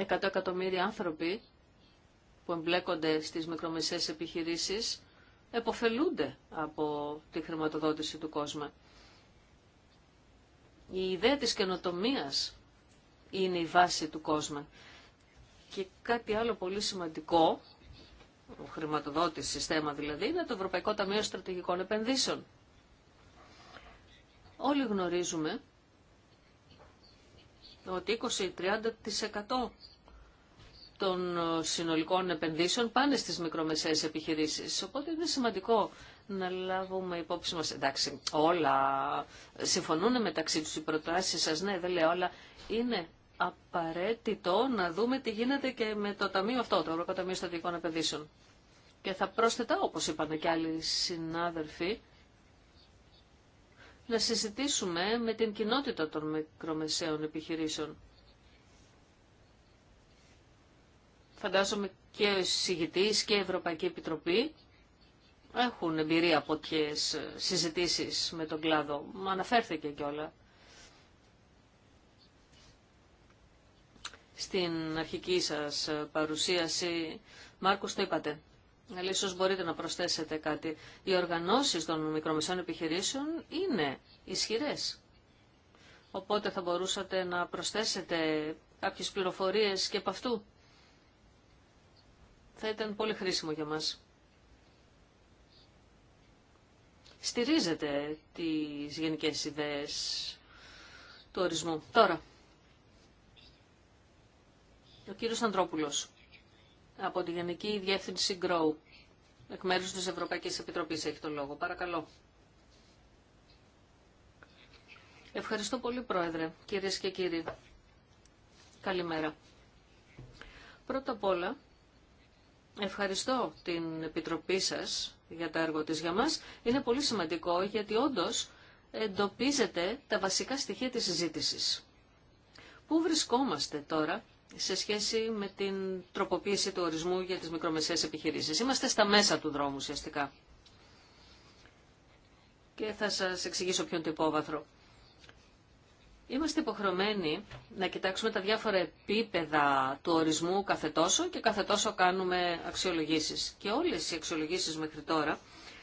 εκατό εκατομμύρια άνθρωποι που εμπλέκονται στις μικρομεσαίες επιχειρήσεις εποφελούνται από τη χρηματοδότηση του κόσμου. Η ιδέα της καινοτομίας είναι η βάση του κόσμου. Και κάτι άλλο πολύ σημαντικό, χρηματοδότηση θέμα δηλαδή, είναι το Ευρωπαϊκό Ταμείο Στρατηγικών Επενδύσεων. Όλοι γνωρίζουμε ότι 20-30% των ε, συνολικών επενδύσεων πάνε στις μικρομεσαίες επιχειρήσεις. Οπότε είναι σημαντικό να λάβουμε υπόψη μας. Εντάξει, όλα συμφωνούν μεταξύ τους οι προτάσεις σας, ναι, δεν λέω, όλα. είναι απαραίτητο να δούμε τι γίνεται και με το Ταμείο αυτό, το Ευρωπαϊκό Ταμείο Στατικών Επενδύσεων. Και θα πρόσθετα, όπως είπαν και άλλοι συνάδελφοι, να συζητήσουμε με την κοινότητα των μικρομεσαίων επιχειρήσεων. φαντάζομαι και ο συγητής και η Ευρωπαϊκή Επιτροπή έχουν εμπειρία από τέτοιες ε, συζητήσεις με τον κλάδο. Μα αναφέρθηκε κιόλα. Στην αρχική σας ε, παρουσίαση, Μάρκος, το είπατε. Αλλά ε, μπορείτε να προσθέσετε κάτι. Οι οργανώσεις των μικρομεσών επιχειρήσεων είναι ισχυρές. Οπότε θα μπορούσατε να προσθέσετε κάποιες πληροφορίες και από αυτού θα ήταν πολύ χρήσιμο για μας. Στηρίζεται τις γενικές ιδέες του ορισμού. Τώρα, ο κύριος Αντρόπουλος από τη Γενική Διεύθυνση Grow, εκ μέρους της Ευρωπαϊκής Επιτροπής έχει τον λόγο. Παρακαλώ. Ευχαριστώ πολύ, Πρόεδρε, κυρίες και κύριοι. Καλημέρα. Πρώτα απ' όλα, Ευχαριστώ την Επιτροπή σας για τα έργο της για μας. Είναι πολύ σημαντικό γιατί όντως εντοπίζεται τα βασικά στοιχεία της συζήτησης. Πού βρισκόμαστε τώρα σε σχέση με την τροποποίηση του ορισμού για τις μικρομεσαίες επιχειρήσεις. Είμαστε στα μέσα του δρόμου ουσιαστικά. Και θα σας εξηγήσω ποιον το υπόβαθρο. Είμαστε υποχρεωμένοι να κοιτάξουμε τα διάφορα επίπεδα του ορισμού καθετόσο και καθετόσο κάνουμε αξιολογήσεις. Και όλες οι αξιολογήσεις μέχρι τώρα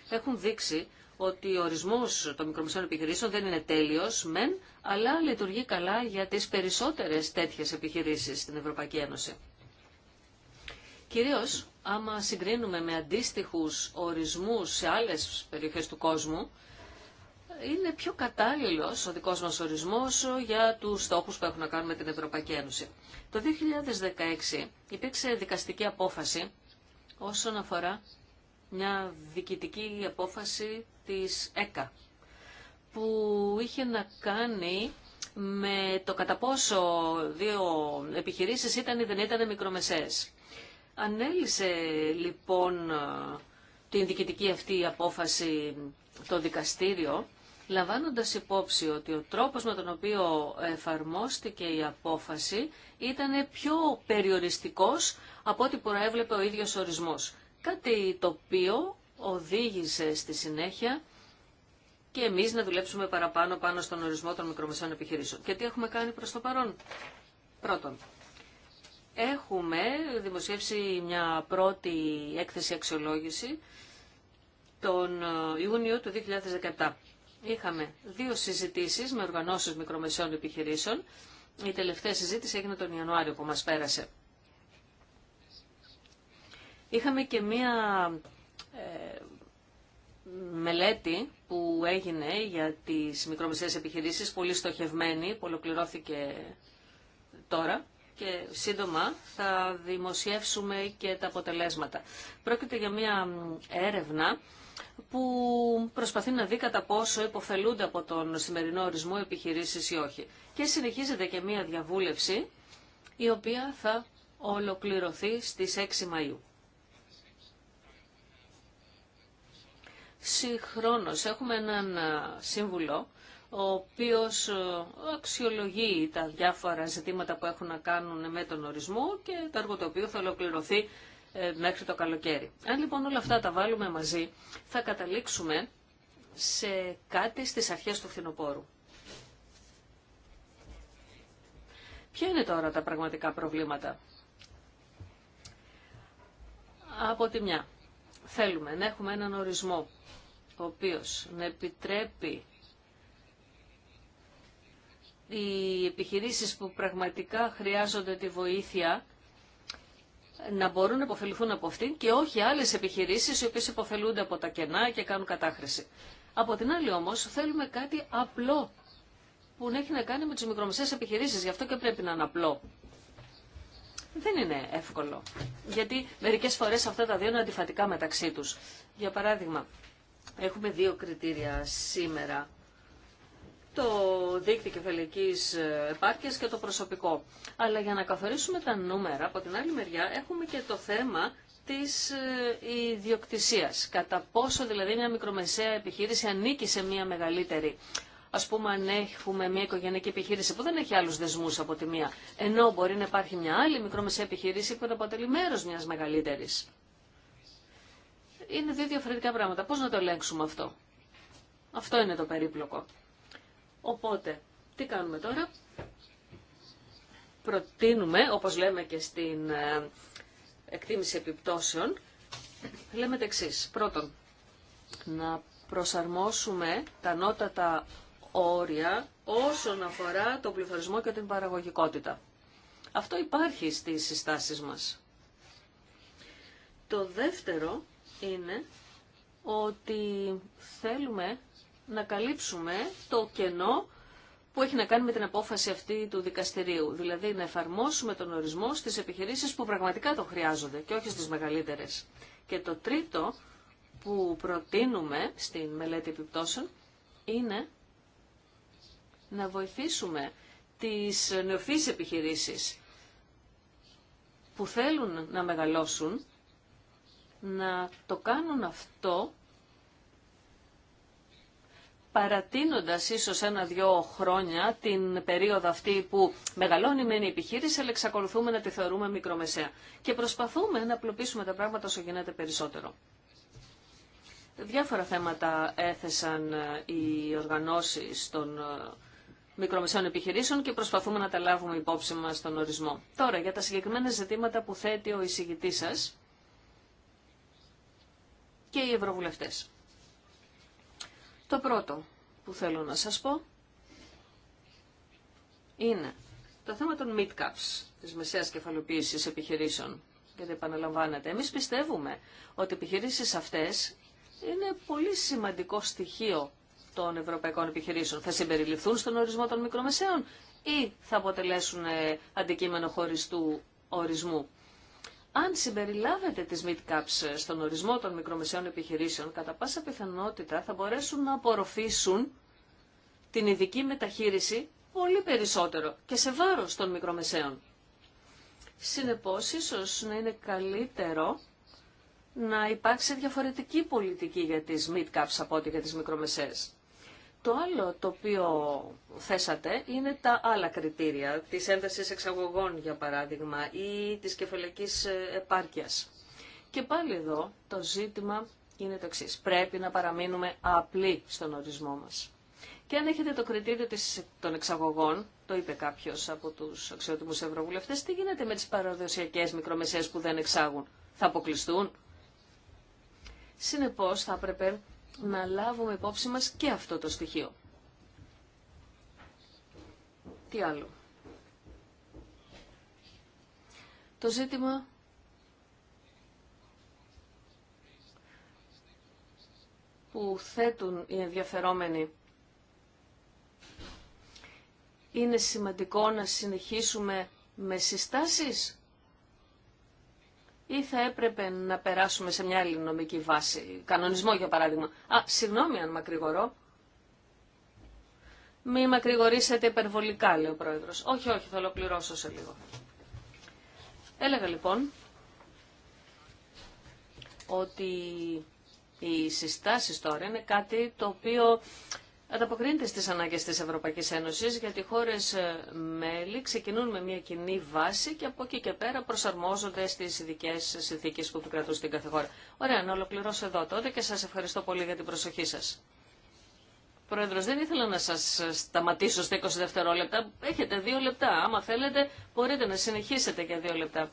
έχουν δείξει ότι ο ορισμός των μικρομεσαίων επιχειρήσεων δεν είναι τέλειος, μεν, αλλά λειτουργεί καλά για τις περισσότερες τέτοιες επιχειρήσεις στην Ευρωπαϊκή Ένωση. Κυρίως, άμα συγκρίνουμε με αντίστοιχους ορισμούς σε άλλες περιοχές του κόσμου, είναι πιο κατάλληλος ο δικός μας ορισμός για τους στόχους που έχουν να κάνουν με την Ευρωπαϊκή Ένωση. Το 2016 υπήρξε δικαστική απόφαση όσον αφορά μια δικητική απόφαση της ΕΚΑ που είχε να κάνει με το κατά πόσο δύο επιχειρήσεις ήταν ή δεν ήταν μικρομεσαίες. Ανέλησε λοιπόν την διοικητική αυτή απόφαση το δικαστήριο λαμβάνοντας υπόψη ότι ο τρόπος με τον οποίο εφαρμόστηκε η απόφαση ήταν πιο περιοριστικός από ό,τι προέβλεπε ο ίδιος ορισμός. Κάτι το οποίο οδήγησε στη συνέχεια και εμείς να δουλέψουμε παραπάνω πάνω στον ορισμό των μικρομεσαίων επιχειρήσεων. Και τι έχουμε κάνει προς το παρόν. Πρώτον, έχουμε δημοσιεύσει μια πρώτη έκθεση αξιολόγηση τον Ιούνιο του 2017 είχαμε δύο συζητήσεις με οργανώσεις μικρομεσαίων επιχειρήσεων. Η τελευταία συζήτηση έγινε τον Ιανουάριο που μας πέρασε. Είχαμε και μία ε, μελέτη που έγινε για τις μικρομεσαίες επιχειρήσεις, πολύ στοχευμένη, που ολοκληρώθηκε τώρα και σύντομα θα δημοσιεύσουμε και τα αποτελέσματα. Πρόκειται για μία έρευνα που προσπαθεί να δει κατά πόσο υποφελούνται από τον σημερινό ορισμό επιχειρήσεις ή όχι. Και επιχειρήσει η οποία θα ολοκληρωθεί στις 6 Μαΐου. Συγχρόνως έχουμε έναν σύμβουλο ο οποίος αξιολογεί τα διάφορα ζητήματα που έχουν να κάνουν με τον ορισμό και το έργο το οποίο θα ολοκληρωθεί ε, μέχρι το καλοκαίρι. Αν λοιπόν όλα αυτά τα βάλουμε μαζί, θα καταλήξουμε σε κάτι στις αρχές του φθινοπόρου. Ποια είναι τώρα τα πραγματικά προβλήματα. Από τη μια, θέλουμε να έχουμε έναν ορισμό ο οποίος να επιτρέπει οι επιχειρήσεις που πραγματικά χρειάζονται τη βοήθεια να μπορούν να υποφεληθούν από αυτήν και όχι άλλε επιχειρήσει οι οποίε υποφελούνται από τα κενά και κάνουν κατάχρηση. Από την άλλη όμω, θέλουμε κάτι απλό που να έχει να κάνει με τι μικρομεσαίε επιχειρήσει, γι' αυτό και πρέπει να είναι απλό. Δεν είναι εύκολο, γιατί μερικέ φορέ αυτά τα δύο είναι αντιφατικά μεταξύ του. Για παράδειγμα, έχουμε δύο κριτήρια σήμερα το δίκτυο κεφαλικής επάρκειας και το προσωπικό. Αλλά για να καθορίσουμε τα νούμερα, από την άλλη μεριά έχουμε και το θέμα της ε, ιδιοκτησίας. Κατά πόσο δηλαδή μια μικρομεσαία επιχείρηση ανήκει σε μια μεγαλύτερη. Ας πούμε αν έχουμε μια οικογενειακή επιχείρηση που δεν έχει άλλους δεσμούς από τη μία, ενώ μπορεί να υπάρχει μια άλλη μικρομεσαία επιχείρηση που αποτελεί μέρος μιας μεγαλύτερης. Είναι δύο διαφορετικά πράγματα. Πώς να το ελέγξουμε αυτό. Αυτό είναι το περίπλοκο. Οπότε, τι κάνουμε τώρα. Προτείνουμε, όπως λέμε και στην ε, εκτίμηση επιπτώσεων, λέμε τα Πρώτον, να προσαρμόσουμε τα νότατα όρια όσον αφορά το πληθωρισμό και την παραγωγικότητα. Αυτό υπάρχει στις συστάσεις μας. Το δεύτερο είναι ότι θέλουμε να καλύψουμε το κενό που έχει να κάνει με την απόφαση αυτή του δικαστηρίου. Δηλαδή να εφαρμόσουμε τον ορισμό στις επιχειρήσεις που πραγματικά το χρειάζονται και όχι στις μεγαλύτερες. Και το τρίτο που προτείνουμε στην μελέτη επιπτώσεων είναι να βοηθήσουμε τις νεοφύς επιχειρήσεις που θέλουν να μεγαλώσουν να το κάνουν αυτό παρατείνοντας ίσως ένα-δυο χρόνια την περίοδο αυτή που μεγαλώνει μεν η επιχείρηση, αλλά εξακολουθούμε να τη θεωρούμε μικρομεσαία. Και προσπαθούμε να απλοποιήσουμε τα πράγματα όσο γίνεται περισσότερο. Διάφορα θέματα έθεσαν ε, οι οργανώσεις των ε, μικρομεσαίων επιχειρήσεων και προσπαθούμε να τα λάβουμε υπόψη μας στον ορισμό. Τώρα, για τα συγκεκριμένα ζητήματα που θέτει ο εισηγητής σας και οι ευρωβουλευτές. Το πρώτο που θέλω να σας πω είναι το θέμα των mid-caps, της μεσαίας κεφαλοποίησης επιχειρήσεων. Γιατί επαναλαμβάνεται. Εμείς πιστεύουμε ότι οι επιχειρήσεις αυτές είναι πολύ σημαντικό στοιχείο των ευρωπαϊκών επιχειρήσεων. Θα συμπεριληφθούν στον ορισμό των μικρομεσαίων ή θα αποτελέσουν ε, αντικείμενο χωριστού ορισμού αν συμπεριλάβετε τις mid-caps στον ορισμό των μικρομεσαίων επιχειρήσεων, κατά πάσα πιθανότητα θα μπορέσουν να απορροφήσουν την ειδική μεταχείριση πολύ περισσότερο και σε βάρος των μικρομεσαίων. Συνεπώς, ίσως να είναι καλύτερο να υπάρξει διαφορετική πολιτική για τις mid-caps από ό,τι για τις μικρομεσαίες. Το άλλο το οποίο θέσατε είναι τα άλλα κριτήρια, της έντασης εξαγωγών για παράδειγμα ή της κεφαλικής ε, επάρκειας. Και πάλι εδώ το ζήτημα είναι το εξή. Πρέπει να παραμείνουμε απλοί στον ορισμό μας. Και αν έχετε το κριτήριο των εξαγωγών, το είπε κάποιο από τους αξιότιμους ευρωβουλευτές, τι γίνεται με τις παραδοσιακές μικρομεσαίες που δεν εξάγουν, θα αποκλειστούν. Συνεπώ, θα έπρεπε να λάβουμε υπόψη μας και αυτό το στοιχείο. Τι άλλο. Το ζήτημα που θέτουν οι ενδιαφερόμενοι. Είναι σημαντικό να συνεχίσουμε με συστάσεις ή θα έπρεπε να περάσουμε σε μια άλλη νομική βάση, κανονισμό για παράδειγμα. Α, συγγνώμη αν μακρηγορώ. Μη μακρηγορήσετε υπερβολικά, λέει ο πρόεδρος. Όχι, όχι, θα ολοκληρώσω σε λίγο. Έλεγα λοιπόν ότι οι συστάσεις τώρα είναι κάτι το οποίο ανταποκρίνεται στις ανάγκες της Ευρωπαϊκής Ένωσης, γιατί οι χώρες ε, μέλη ξεκινούν με μια κοινή βάση και από εκεί και πέρα προσαρμόζονται στις ειδικέ συνθήκες που επικρατούν στην κάθε χώρα. Ωραία, να ολοκληρώσω εδώ τότε και σας ευχαριστώ πολύ για την προσοχή σας. Πρόεδρος, δεν ήθελα να σας ε, σταματήσω στα 20 δευτερόλεπτα. Έχετε δύο λεπτά. Άμα θέλετε, μπορείτε να συνεχίσετε για δύο λεπτά.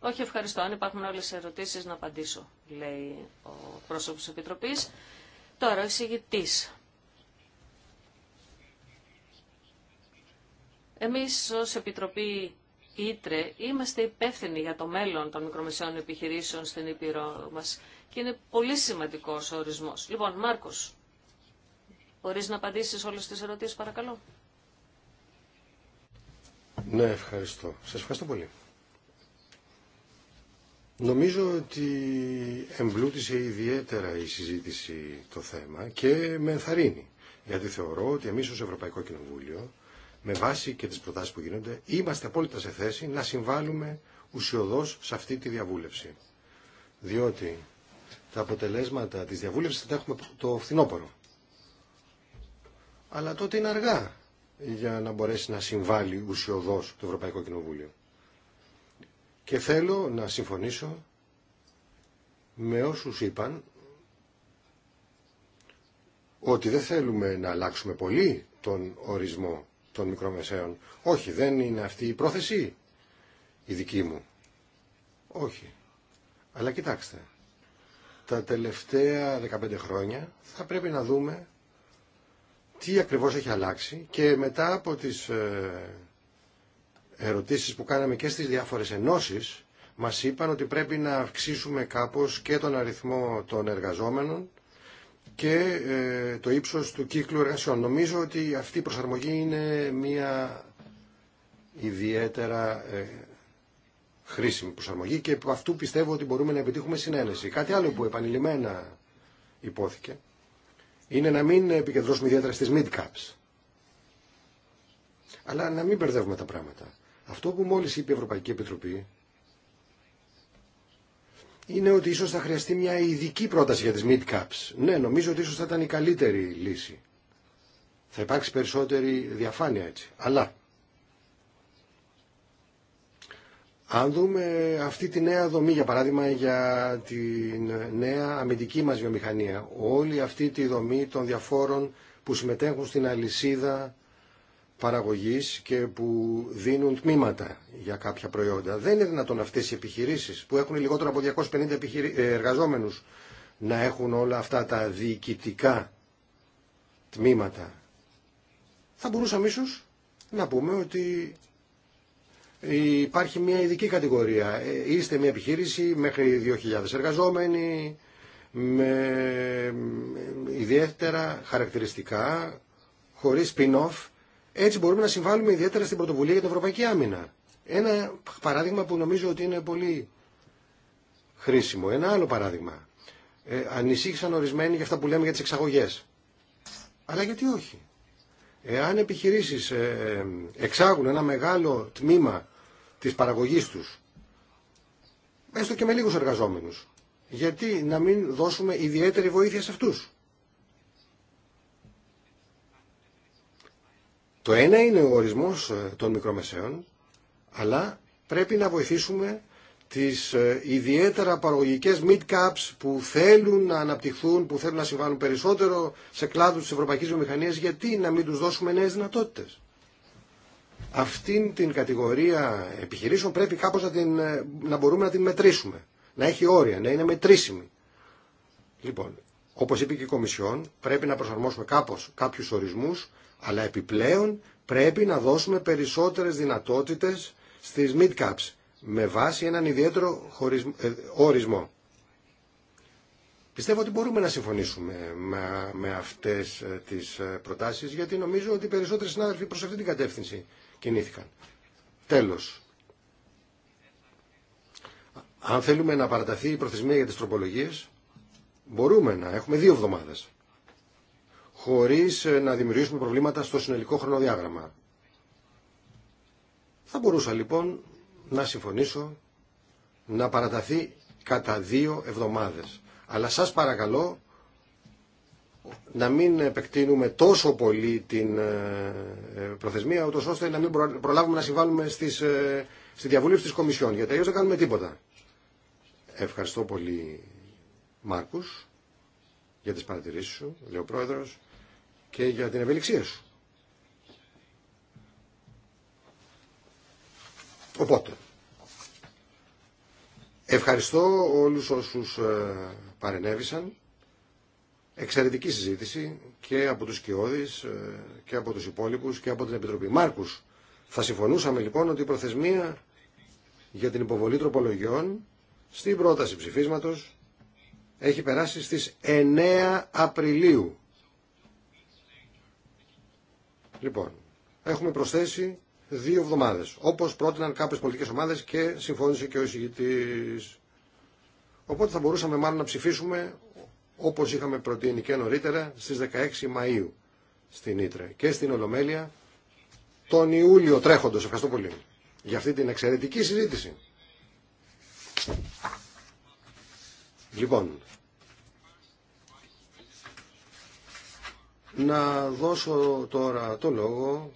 Όχι, ευχαριστώ. Αν υπάρχουν άλλες ερωτήσεις, να απαντήσω, λέει ο πρόσωπος της Επιτροπής. Τώρα, ο εισηγητής. Εμείς ως Επιτροπή Ήτρε είμαστε υπεύθυνοι για το μέλλον των μικρομεσαίων επιχειρήσεων στην Ήπειρο μας και είναι πολύ σημαντικός ο ορισμός. Λοιπόν, Μάρκος, μπορείς να απαντήσεις όλες τις ερωτήσεις παρακαλώ. Ναι, ευχαριστώ. Σας ευχαριστώ πολύ. Νομίζω ότι εμπλούτησε ιδιαίτερα η συζήτηση το θέμα και με ενθαρρύνει. Γιατί θεωρώ ότι εμείς ως Ευρωπαϊκό Κοινοβούλιο με βάση και τις προτάσεις που γίνονται, είμαστε απόλυτα σε θέση να συμβάλλουμε ουσιοδός σε αυτή τη διαβούλευση. Διότι τα αποτελέσματα της διαβούλευσης θα τα έχουμε το φθινόπωρο. Αλλά τότε είναι αργά για να μπορέσει να συμβάλλει ουσιοδός το Ευρωπαϊκό Κοινοβούλιο. Και θέλω να συμφωνήσω με όσους είπαν ότι δεν θέλουμε να αλλάξουμε πολύ τον ορισμό των μικρομεσαίων. Όχι, δεν είναι αυτή η πρόθεση η δική μου. Όχι. Αλλά κοιτάξτε, τα τελευταία 15 χρόνια θα πρέπει να δούμε τι ακριβώς έχει αλλάξει και μετά από τις ε, ερωτήσεις που κάναμε και στις διάφορες ενώσεις μας είπαν ότι πρέπει να αυξήσουμε κάπως και τον αριθμό των εργαζόμενων και ε, το ύψος του κύκλου εργασιών. Νομίζω ότι αυτή η προσαρμογή είναι μια ιδιαίτερα ε, χρήσιμη προσαρμογή και από αυτού πιστεύω ότι μπορούμε να επιτύχουμε συνένεση. Κάτι άλλο που επανειλημμένα υπόθηκε είναι να μην επικεντρώσουμε ιδιαίτερα στις mid-caps. Αλλά να μην μπερδεύουμε τα πράγματα. Αυτό που μόλις είπε η Ευρωπαϊκή Επιτροπή είναι ότι ίσως θα χρειαστεί μια ειδική πρόταση για τις mid-caps. Ναι, νομίζω ότι ίσως θα ήταν η καλύτερη λύση. Θα υπάρξει περισσότερη διαφάνεια έτσι. Αλλά, αν δούμε αυτή τη νέα δομή, για παράδειγμα, για τη νέα αμυντική μας βιομηχανία, όλη αυτή τη δομή των διαφόρων που συμμετέχουν στην αλυσίδα παραγωγής και που δίνουν τμήματα για κάποια προϊόντα. Δεν είναι δυνατόν αυτές οι επιχειρήσεις που έχουν λιγότερο από 250 ε, εργαζόμενους να έχουν όλα αυτά τα διοικητικά τμήματα. Θα μπορούσαμε ίσως να πούμε ότι υπάρχει μια ειδική κατηγορία. Ε, είστε μια επιχείρηση μέχρι 2.000 εργαζόμενοι, με ε, ιδιαίτερα χαρακτηριστικά, χωρίς spin-off έτσι μπορούμε να συμβάλλουμε ιδιαίτερα στην πρωτοβουλία για την Ευρωπαϊκή Άμυνα. Ένα παράδειγμα που νομίζω ότι είναι πολύ χρήσιμο. Ένα άλλο παράδειγμα. Ε, ανησύχησαν ορισμένοι για αυτά που λέμε για τις εξαγωγές. Αλλά γιατί όχι. Εάν επιχειρήσεις ε, ε, εξάγουν ένα μεγάλο τμήμα της παραγωγής τους, έστω και με λίγους εργαζόμενους, γιατί να μην δώσουμε ιδιαίτερη βοήθεια σε αυτούς. Το ένα είναι ο ορισμός ε, των μικρομεσαίων, αλλά πρέπει να βοηθήσουμε τις ε, ιδιαίτερα παραγωγικές mid-caps που θέλουν να αναπτυχθούν, που θέλουν να συμβάλλουν περισσότερο σε κλάδους της ευρωπαϊκής βιομηχανίας, γιατί να μην τους δώσουμε νέες δυνατότητες. Αυτήν την κατηγορία επιχειρήσεων πρέπει κάπως να, την, ε, να μπορούμε να την μετρήσουμε, να έχει όρια, να είναι μετρήσιμη. Λοιπόν, όπως είπε και η Κομισιόν, πρέπει να προσαρμόσουμε κάπως κάποιους ορισμούς αλλά επιπλέον πρέπει να δώσουμε περισσότερες δυνατότητες στις mid-caps με βάση έναν ιδιαίτερο ορισμό. Ε, Πιστεύω ότι μπορούμε να συμφωνήσουμε με αυτές ε, τις ε, προτάσεις γιατί νομίζω ότι οι περισσότεροι συνάδελφοι προς αυτή την κατεύθυνση κινήθηκαν. Τέλος. Αν θέλουμε να παραταθεί η προθεσμία για τις τροπολογίες μπορούμε να έχουμε δύο εβδομάδες χωρίς ε, να δημιουργήσουμε προβλήματα στο συνολικό χρονοδιάγραμμα. Θα μπορούσα λοιπόν να συμφωνήσω να παραταθεί κατά δύο εβδομάδες. Αλλά σας παρακαλώ να μην επεκτείνουμε τόσο πολύ την ε, ε, προθεσμία, ούτως ώστε να μην προλάβουμε να συμβάλλουμε στις, στη διαβούλευση της Κομισιόν, γιατί αλλιώς δεν κάνουμε τίποτα. Ευχαριστώ πολύ, Μάρκους, για τις παρατηρήσεις σου, λέει ο Πρόεδρος και για την ευελιξία σου. Οπότε, ευχαριστώ όλους όσους ε, παρενέβησαν. Εξαιρετική συζήτηση και από τους Κιώδης ε, και από τους υπόλοιπους και από την Επιτροπή. Μάρκους, θα συμφωνούσαμε λοιπόν ότι η προθεσμία για την υποβολή τροπολογιών στην πρόταση ψηφίσματος έχει περάσει στις 9 Απριλίου Λοιπόν, έχουμε προσθέσει δύο εβδομάδες, όπως πρότειναν κάποιες πολιτικέ ομάδε και συμφώνησε και ο εισηγητή. Οπότε θα μπορούσαμε μάλλον να ψηφίσουμε όπως είχαμε προτείνει και νωρίτερα στις 16 Μαΐου στην Ήτρε και στην Ολομέλεια τον Ιούλιο τρέχοντος. Ευχαριστώ πολύ για αυτή την εξαιρετική συζήτηση. Λοιπόν, Να δώσω τώρα το λόγο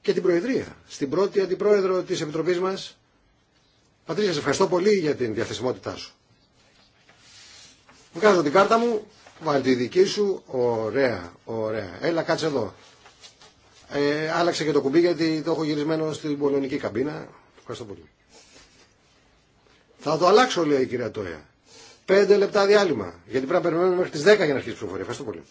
και την Προεδρία, στην πρώτη Αντιπρόεδρο της Επιτροπής μας. Πατρίσια, σε ευχαριστώ πολύ για την διαθεσιμότητά σου. Βγάζω την κάρτα μου, βάλει τη δική σου, ωραία, ωραία. Έλα κάτσε εδώ. Ε, άλλαξε και το κουμπί γιατί το έχω γυρισμένο στην πολωνική καμπίνα. Ευχαριστώ πολύ. Θα το αλλάξω λέει η κυρία Τόια. 5 λεπτά διάλειμμα. Γιατί πρέπει να περιμένουμε μέχρι τι 10 για να αρχίσει η ψηφοφορία. Ευχαριστώ πολύ.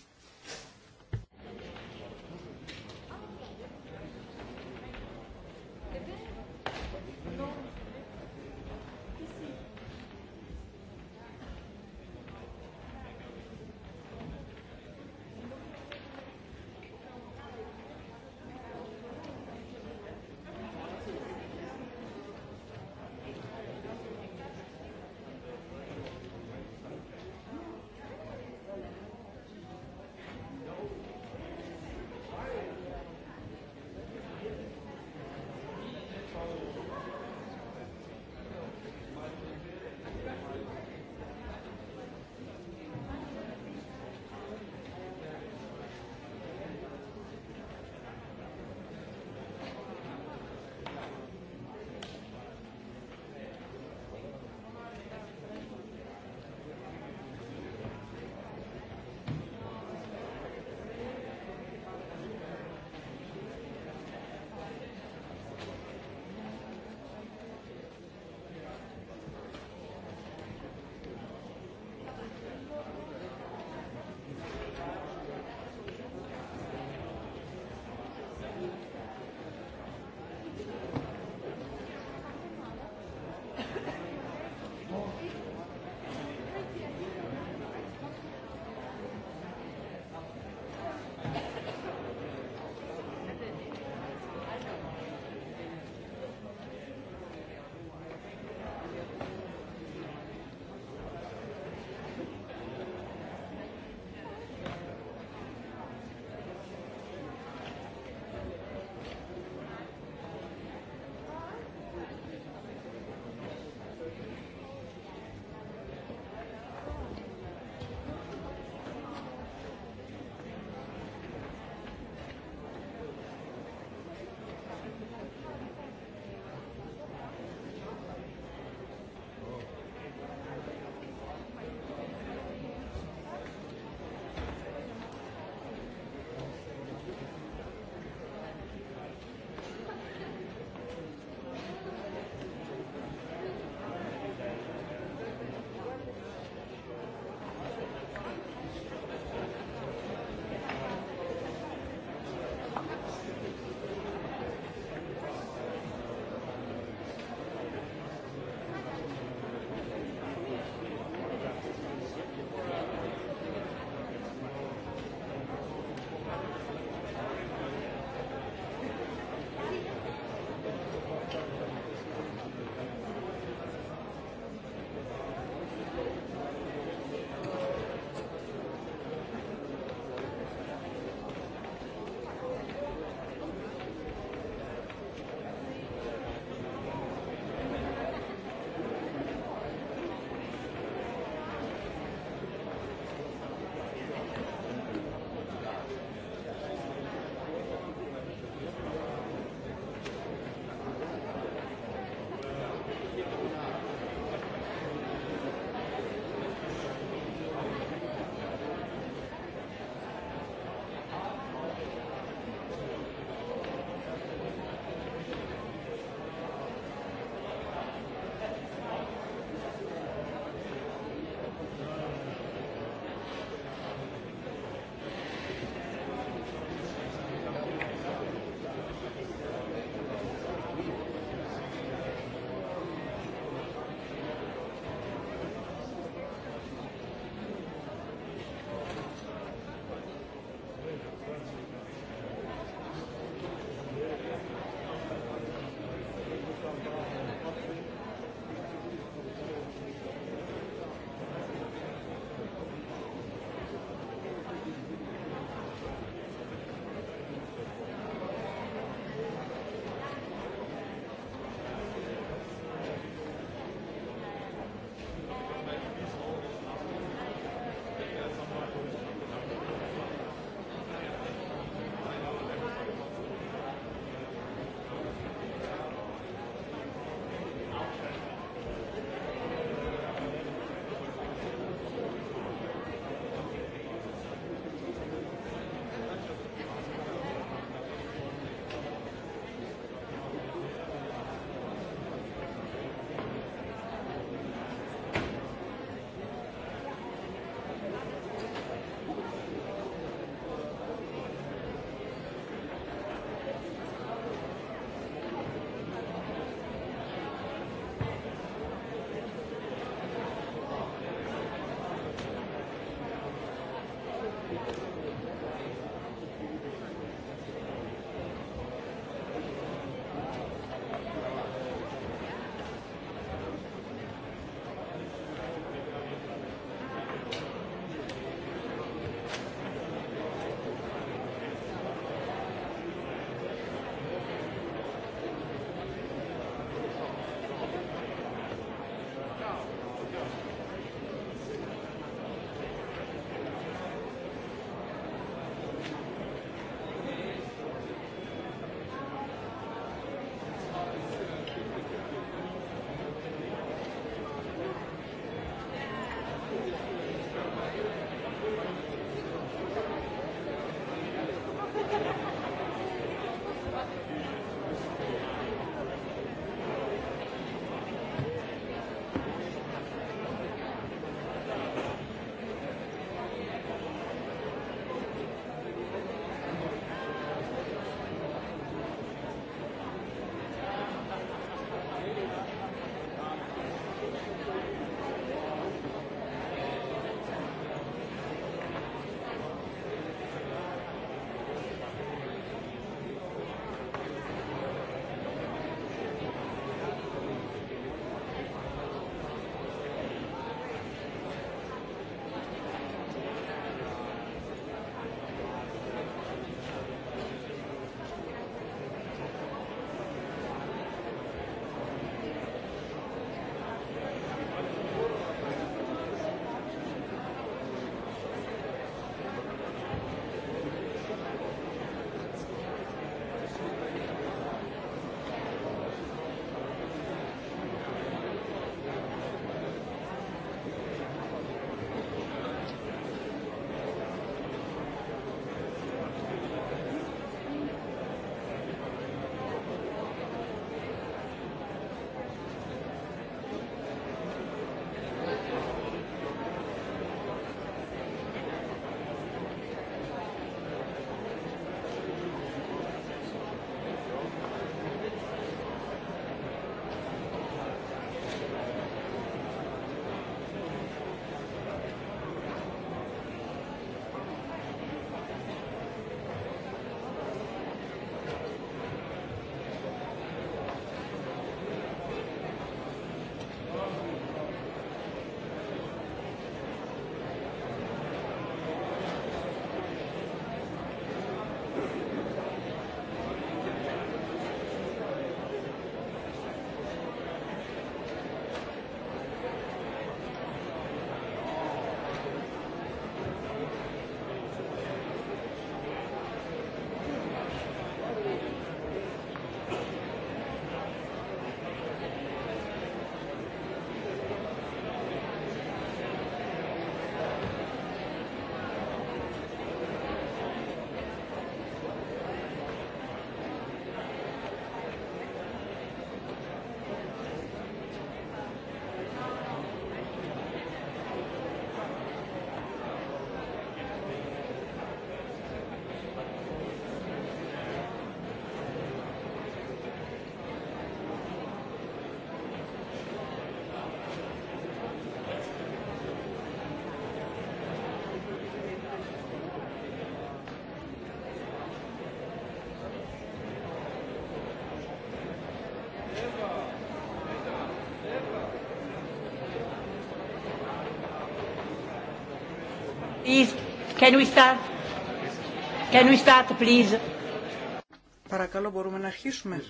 Παρακαλώ, μπορούμε να αρχίσουμε.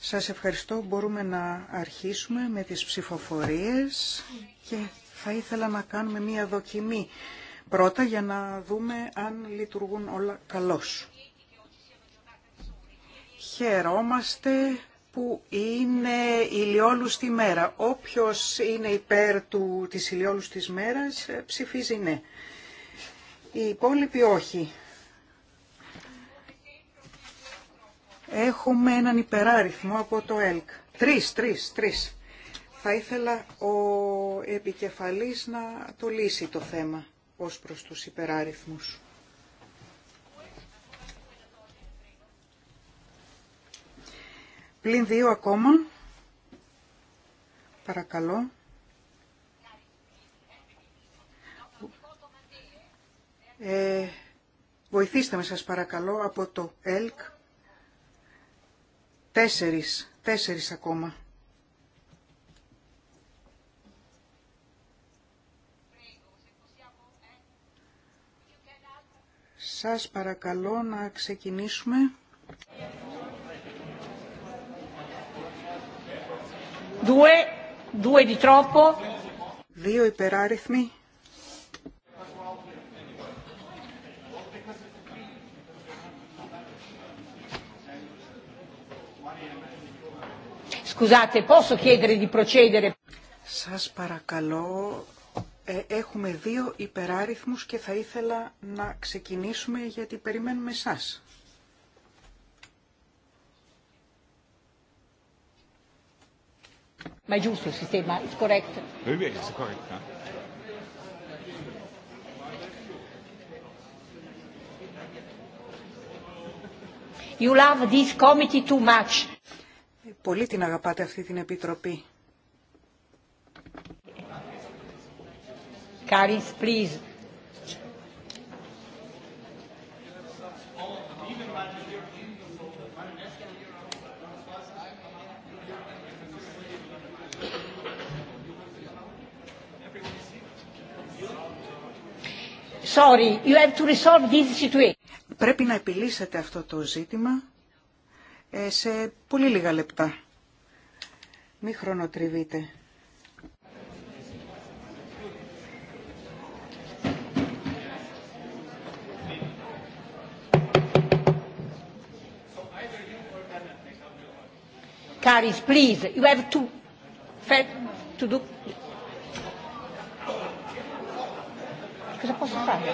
Σας ευχαριστώ. Μπορούμε να αρχίσουμε με τις ψηφοφορίες θα ήθελα να κάνουμε μία δοκιμή πρώτα για να δούμε αν λειτουργούν όλα καλώς. Χαιρόμαστε που είναι ηλιόλουστη μέρα. Όποιος είναι υπέρ του, της ηλιόλουστης μέρας ε, ψηφίζει ναι. Οι υπόλοιποι όχι. Έχουμε έναν υπεράριθμο από το ΕΛΚ. Τρεις, τρεις, τρεις. Θα ήθελα ο επικεφαλής να το λύσει το θέμα ως προς τους υπεράριθμους. Πλην δύο ακόμα. Παρακαλώ. Ε, βοηθήστε με σας παρακαλώ από το ΕΛΚ. Τέσσερις, τέσσερις ακόμα. Σας παρακαλώ να ξεκινήσουμε. Δύο υπεράριθμοι. Scusate, Σας παρακαλώ ε, έχουμε δύο υπεράριθμους και θα ήθελα να ξεκινήσουμε γιατί περιμένουμε εσάς. Ma giusto il sistema, corretto. correct. è corretto. You love this committee too much. Ε, πολύ την αγαπάτε αυτή την επιτροπή. Karis, please. Sorry, you have to resolve this situation. Πρέπει να επιλύσετε αυτό το ζήτημα ε, σε πολύ λίγα λεπτά. Μη χρονοτριβείτε. Karis, please, you have to, to do. Cosa posso fare?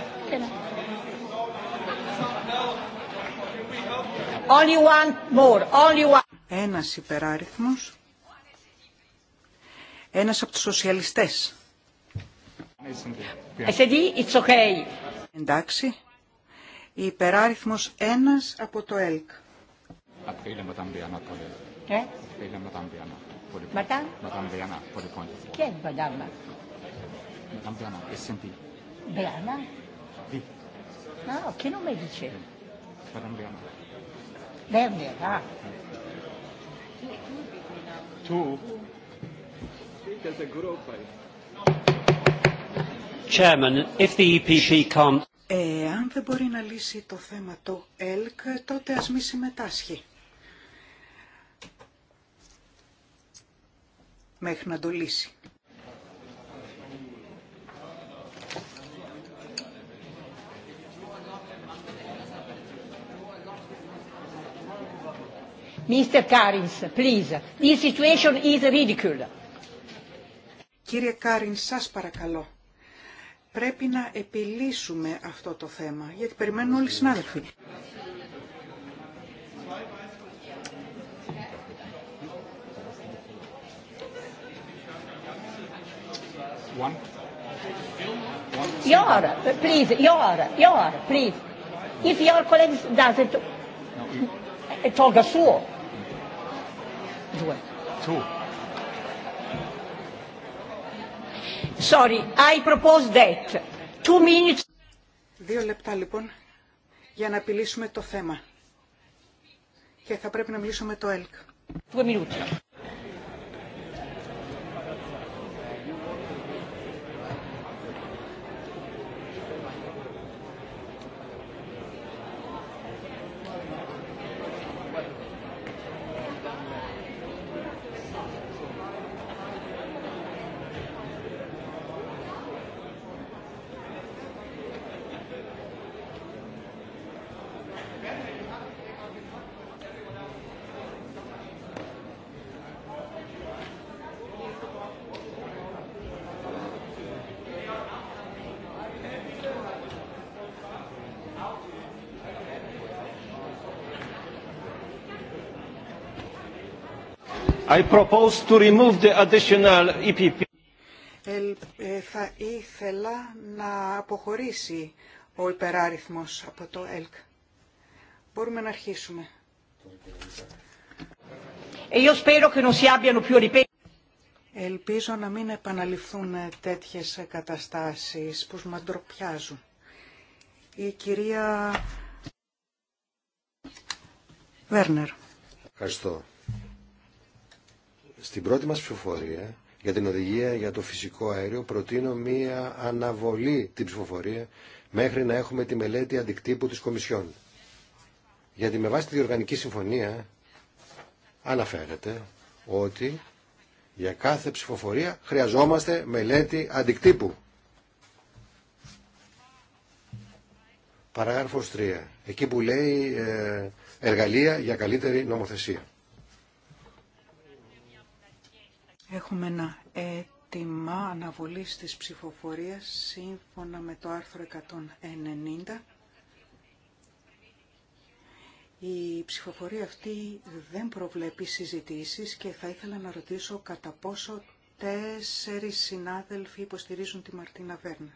Only one more, only one. Ένας υπεράριθμος. Ένας από τους σοσιαλιστές. SD, it's okay. Εντάξει. Υπεράριθμος ένας από το ΕΛΚ. Après, Eh? Madame Viana. Madame? Madame Viana, for the point of Chi è Madame? Madame Viana, S&P. Viana? Sì. No, che nome dice? Madame Viana. Verne, ah. Tu? There's a group, Chairman, if the EPP can't... Εάν δεν μπορεί να λύσει το θέμα το ΕΛΚ, τότε ας μη συμμετάσχει. μέχρι να το λύσει. Mr. Karins, please. This situation is ridiculous. Κύριε Κάριν, σας παρακαλώ. Πρέπει να επιλύσουμε αυτό το θέμα, γιατί περιμένουν όλοι οι συνάδελφοι. One. Your, please, your, your, please. If your colleagues does it, no, tolga suo. Due. Two. Sorry, I propose that. Two minutes. Δύο λεπτά λοιπόν για να απειλήσουμε το θέμα. Και θα πρέπει να μιλήσουμε το ΕΛΚ. Two minutes. θα ήθελα να αποχωρήσει ο υπεράριθμος από το ΕΛΚ. Μπορούμε να αρχίσουμε. Ε, Ελπίζω να μην επαναληφθούν τέτοιες καταστάσεις που μαντροπιάζουν. Η κυρία Βέρνερ. Ευχαριστώ. Στην πρώτη μας ψηφοφορία για την οδηγία για το φυσικό αέριο προτείνω μία αναβολή την ψηφοφορία μέχρι να έχουμε τη μελέτη αντικτύπου της Κομισιόν. Γιατί με βάση τη Διοργανική Συμφωνία αναφέρεται ότι για κάθε ψηφοφορία χρειαζόμαστε μελέτη αντικτύπου. Παράγραφος 3. Εκεί που λέει ε, εργαλεία για καλύτερη νομοθεσία. Έχουμε ένα αίτημα αναβολής της ψηφοφορίας σύμφωνα με το άρθρο 190. Η ψηφοφορία αυτή δεν προβλέπει συζητήσεις και θα ήθελα να ρωτήσω κατά πόσο τέσσερις συνάδελφοι υποστηρίζουν τη Μαρτίνα Βέρνα.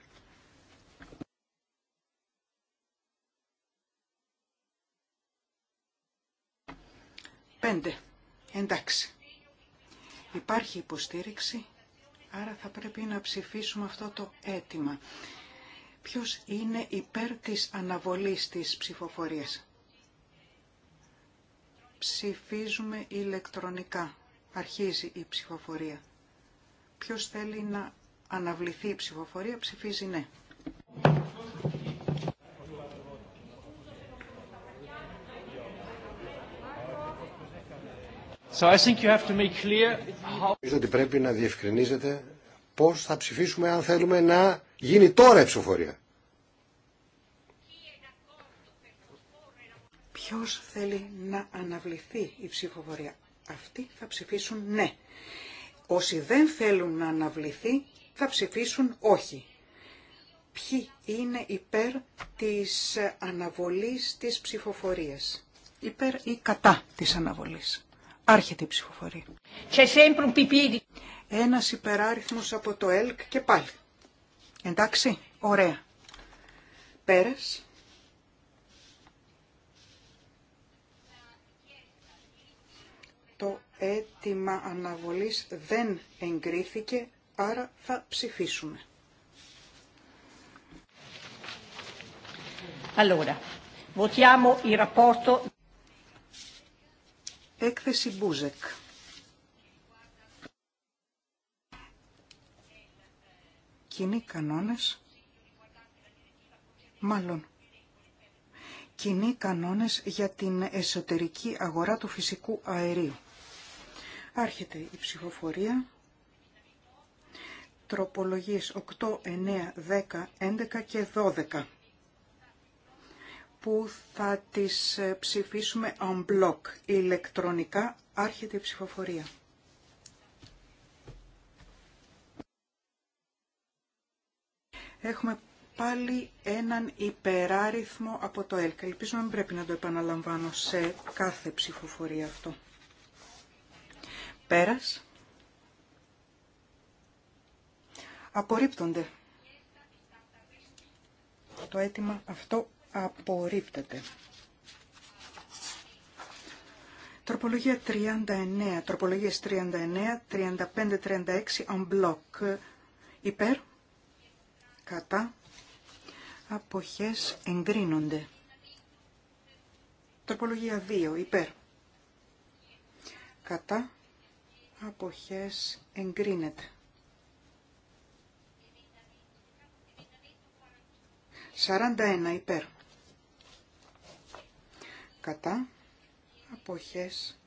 Πέντε. Εντάξει. Υπάρχει υποστήριξη, άρα θα πρέπει να ψηφίσουμε αυτό το αίτημα. Ποιος είναι υπέρ της αναβολής της ψηφοφορίας. Ψηφίζουμε ηλεκτρονικά. Αρχίζει η ψηφοφορία. Ποιος θέλει να αναβληθεί η ψηφοφορία ψηφίζει ναι. So I think you have to make clear ότι πρέπει να διευκρινίζεται πώς θα ψηφίσουμε αν θέλουμε να γίνει τώρα η ψηφοφορία. Ποιος θέλει να αναβληθεί η ψηφοφορία. Αυτοί θα ψηφίσουν ναι. Όσοι δεν θέλουν να αναβληθεί θα ψηφίσουν όχι. Ποιοι είναι υπέρ της αναβολής της ψηφοφορίας. Υπέρ ή κατά της αναβολής. Άρχεται η ψηφοφορία. Ένας υπεράριθμος από το ΕΛΚ και πάλι. Εντάξει, ωραία. Πέρας. Το αίτημα αναβολής δεν εγκρίθηκε, άρα θα ψηφίσουμε. Allora, votiamo il rapporto Έκθεση Μπούζεκ. Κοινοί κανόνες, μάλλον, κοινοί κανόνες για την εσωτερική αγορά του φυσικού αερίου. Άρχεται η ψηφοφορία. Τροπολογίες 8, 9, 10, 11 και 12 που θα τις ε, ψηφίσουμε en bloc ηλεκτρονικά. Άρχεται η ψηφοφορία. Έχουμε πάλι έναν υπεράριθμο από το ΕΛΚ. Ελπίζω να μην πρέπει να το επαναλαμβάνω σε κάθε ψηφοφορία αυτό. Πέρας. Απορρίπτονται. Το αίτημα αυτό απορρίπτεται. Τροπολογία 39, τροπολογίες 39, 35, 36, On block. Υπέρ, κατά, αποχές εγκρίνονται. Τροπολογία 2, υπέρ, κατά, αποχές εγκρίνεται. 41 υπέρ κατά, αποχές,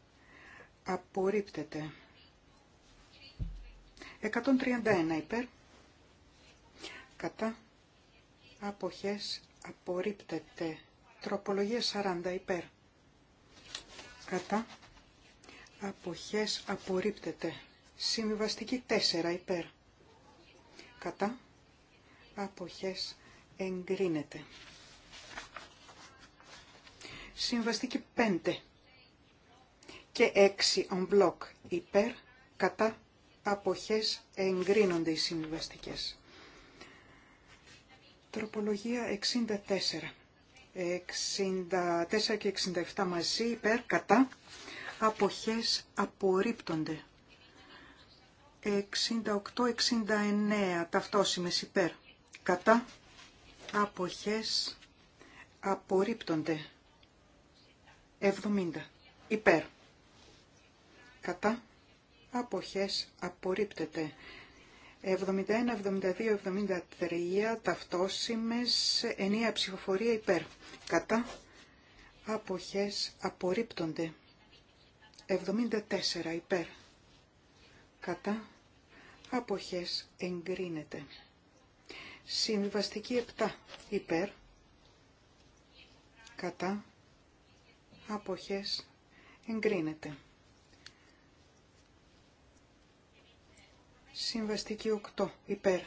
απορρίπτεται. 131 υπέρ, κατά, αποχές, απορρίπτεται. Τροπολογία 40 υπέρ, κατά, αποχές, απορρίπτεται. Συμβιβαστική 4 υπέρ, κατά, αποχές, εγκρίνεται. Συμβαστική 5 και 6 on block υπέρ κατά αποχές εγκρίνονται οι συμβαστικές. Τροπολογία 64. 64 και 67 μαζί υπέρ κατά αποχές απορρίπτονται. 68-69 ταυτόσιμες υπέρ κατά αποχές απορρίπτονται. 70 υπέρ. Κατά αποχές απορρίπτεται. 71, 72, 73 ταυτόσιμες ενία ψηφοφορία υπέρ. Κατά αποχές απορρίπτονται. 74 υπέρ. Κατά αποχές εγκρίνεται. Συμβιβαστική 7 υπέρ. Κατά αποχές εγκρίνεται. Συμβαστική 8 υπέρ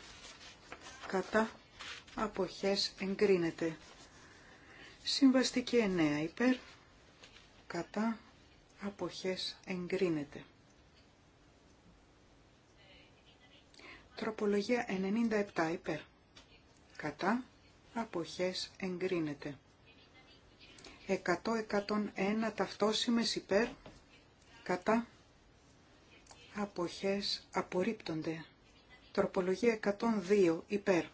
κατά αποχές εγκρίνεται. Συμβαστική 9 υπέρ κατά αποχές εγκρίνεται. Τροπολογία 97 υπέρ. Κατά αποχές εγκρίνεται. 100-101 ταυτόσημες υπέρ, κατά, αποχές απορρίπτονται. Τροπολογία 102 υπέρ,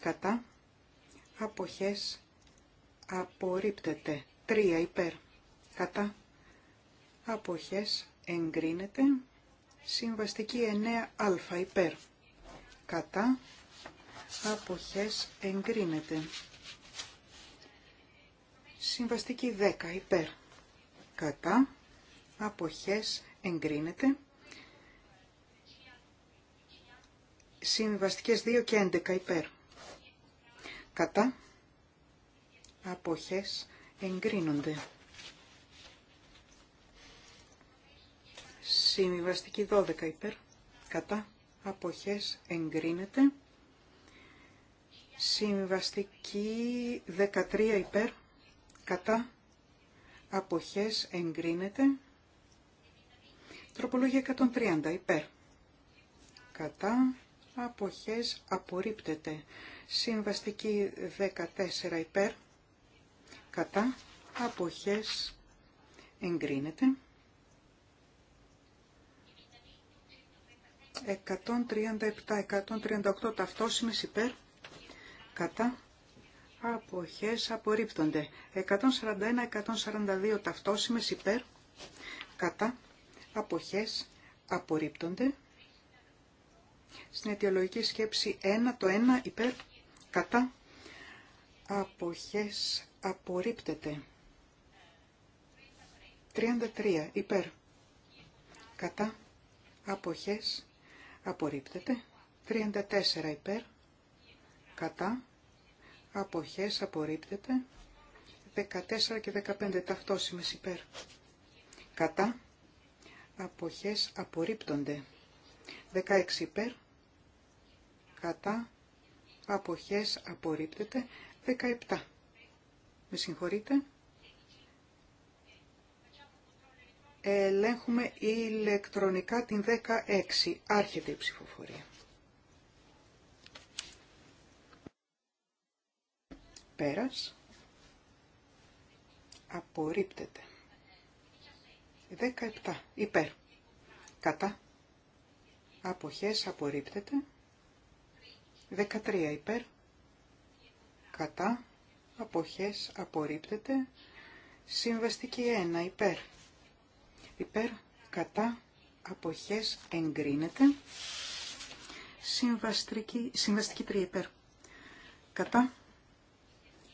κατά, αποχές απορρίπτεται. 3 υπέρ, κατά, αποχές εγκρίνεται. Συμβαστική 9α υπέρ, κατά, αποχές εγκρίνεται. Συμβαστική 10 υπέρ κατά αποχές εγκρίνεται. Συμβαστικές 2 και 11 υπέρ κατά αποχές εγκρίνονται. Συμβαστική 12 υπέρ, κατά, αποχές, εγκρίνεται. Συμβαστική 13 υπέρ, κατά αποχές εγκρίνεται. Τροπολογία 130 υπέρ. Κατά αποχές απορρίπτεται. Συμβαστική 14 υπέρ. Κατά αποχές εγκρίνεται. 137-138 ταυτόσημες υπέρ. Κατά Αποχές απορρίπτονται. 141-142 ταυτόσημες υπέρ. Κατά. Αποχές απορρίπτονται. Στην αιτιολογική σκέψη 1, το 1 υπέρ. Κατά. Αποχές απορρίπτεται. 33 υπέρ. Κατά. Αποχές απορρίπτεται. 34 υπέρ. Κατά αποχές απορρίπτεται 14 και 15 ταυτόσημες υπέρ κατά αποχές απορρίπτονται 16 υπέρ κατά αποχές απορρίπτεται 17 με συγχωρείτε ελέγχουμε ηλεκτρονικά την 16 άρχεται η ψηφοφορία Πέρας. Απορρίπτεται. 17. Υπέρ. Κατά. Αποχές απορρίπτεται. 13. Υπέρ. Κατά. Αποχές απορρίπτεται. Συμβαστική 1. Υπέρ. Υπέρ. Κατά. Αποχές εγκρίνεται. Συμβαστική, συμβαστική 3. Υπέρ. Κατά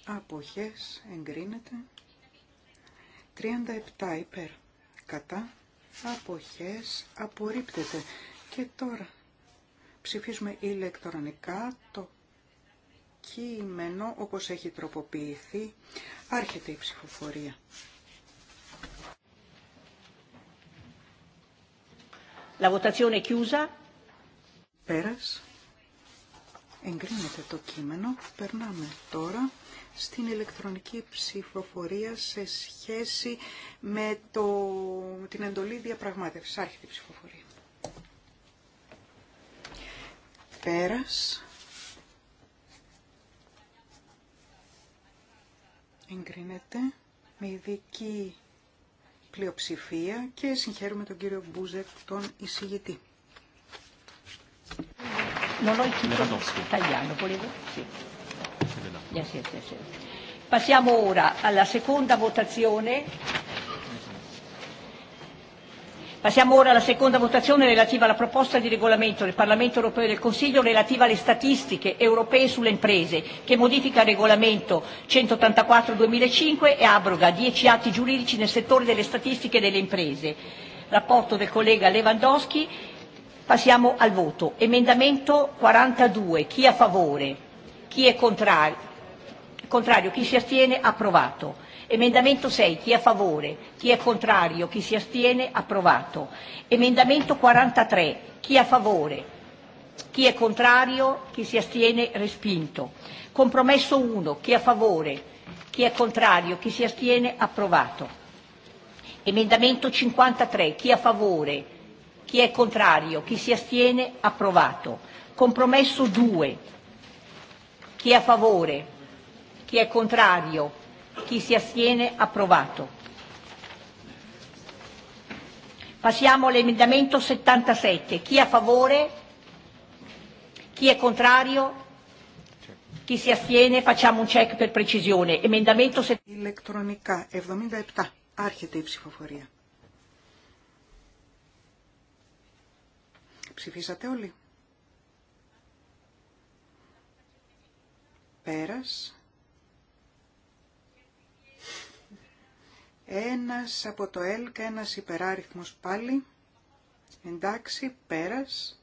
αποχές εγκρίνεται 37 υπέρ κατά αποχές απορρίπτεται και τώρα ψηφίζουμε ηλεκτρονικά το κείμενο όπως έχει τροποποιηθεί άρχεται η ψηφοφορία La votazione Πέρας. Εγκρίνεται το κείμενο. Περνάμε τώρα στην ηλεκτρονική ψηφοφορία σε σχέση με το, την εντολή διαπραγμάτευσης, άρχιτη ψηφοφορία. Πέρας. Εγκρίνεται με ειδική πλειοψηφία και συγχαίρουμε τον κύριο Μπούζεκ, τον εισηγητή. Passiamo ora alla seconda votazione. Passiamo ora alla seconda votazione relativa alla proposta di regolamento del Parlamento europeo e del Consiglio relativa alle statistiche europee sulle imprese, che modifica il regolamento 184-2005 e abroga dieci atti giuridici nel settore delle statistiche delle imprese. Rapporto del collega Lewandowski. Passiamo al voto. Emendamento 42. Chi è a favore? Chi è contrario? Contrario, chi si astiene? Approvato. Emendamento 6, chi a favore? Chi è contrario? Chi si astiene? Approvato. Emendamento 43, chi a favore? Chi è contrario? Chi si astiene? Respinto. Compromesso 1, chi a favore? Chi è contrario? Chi si astiene? Approvato. Emendamento 53, chi a favore? Chi è contrario? Chi si astiene? Approvato. Compromesso 2, chi è a favore? Chi è contrario? Chi si astiene? Approvato. Passiamo all'emendamento 77. Chi è a favore? Chi è contrario? Chi si astiene? Facciamo un check per precisione. Emendamento 77. Elettronica 77. Archete η Ψηφίσατε όλοι. Πέρας. Ένας από το έλκα ένας υπεράριθμος πάλι. Εντάξει, πέρας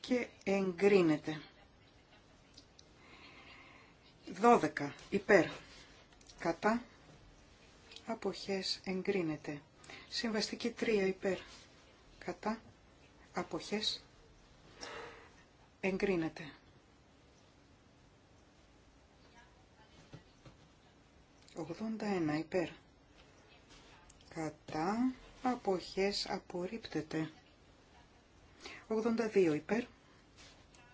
και εγκρίνεται. 12. Υπέρ. Κατά. Αποχές εγκρίνεται. Συμβαστική 3. Υπέρ. Κατά. Αποχές εγκρίνεται. 81 υπέρ. Κατά αποχές απορρίπτεται. 82 υπέρ.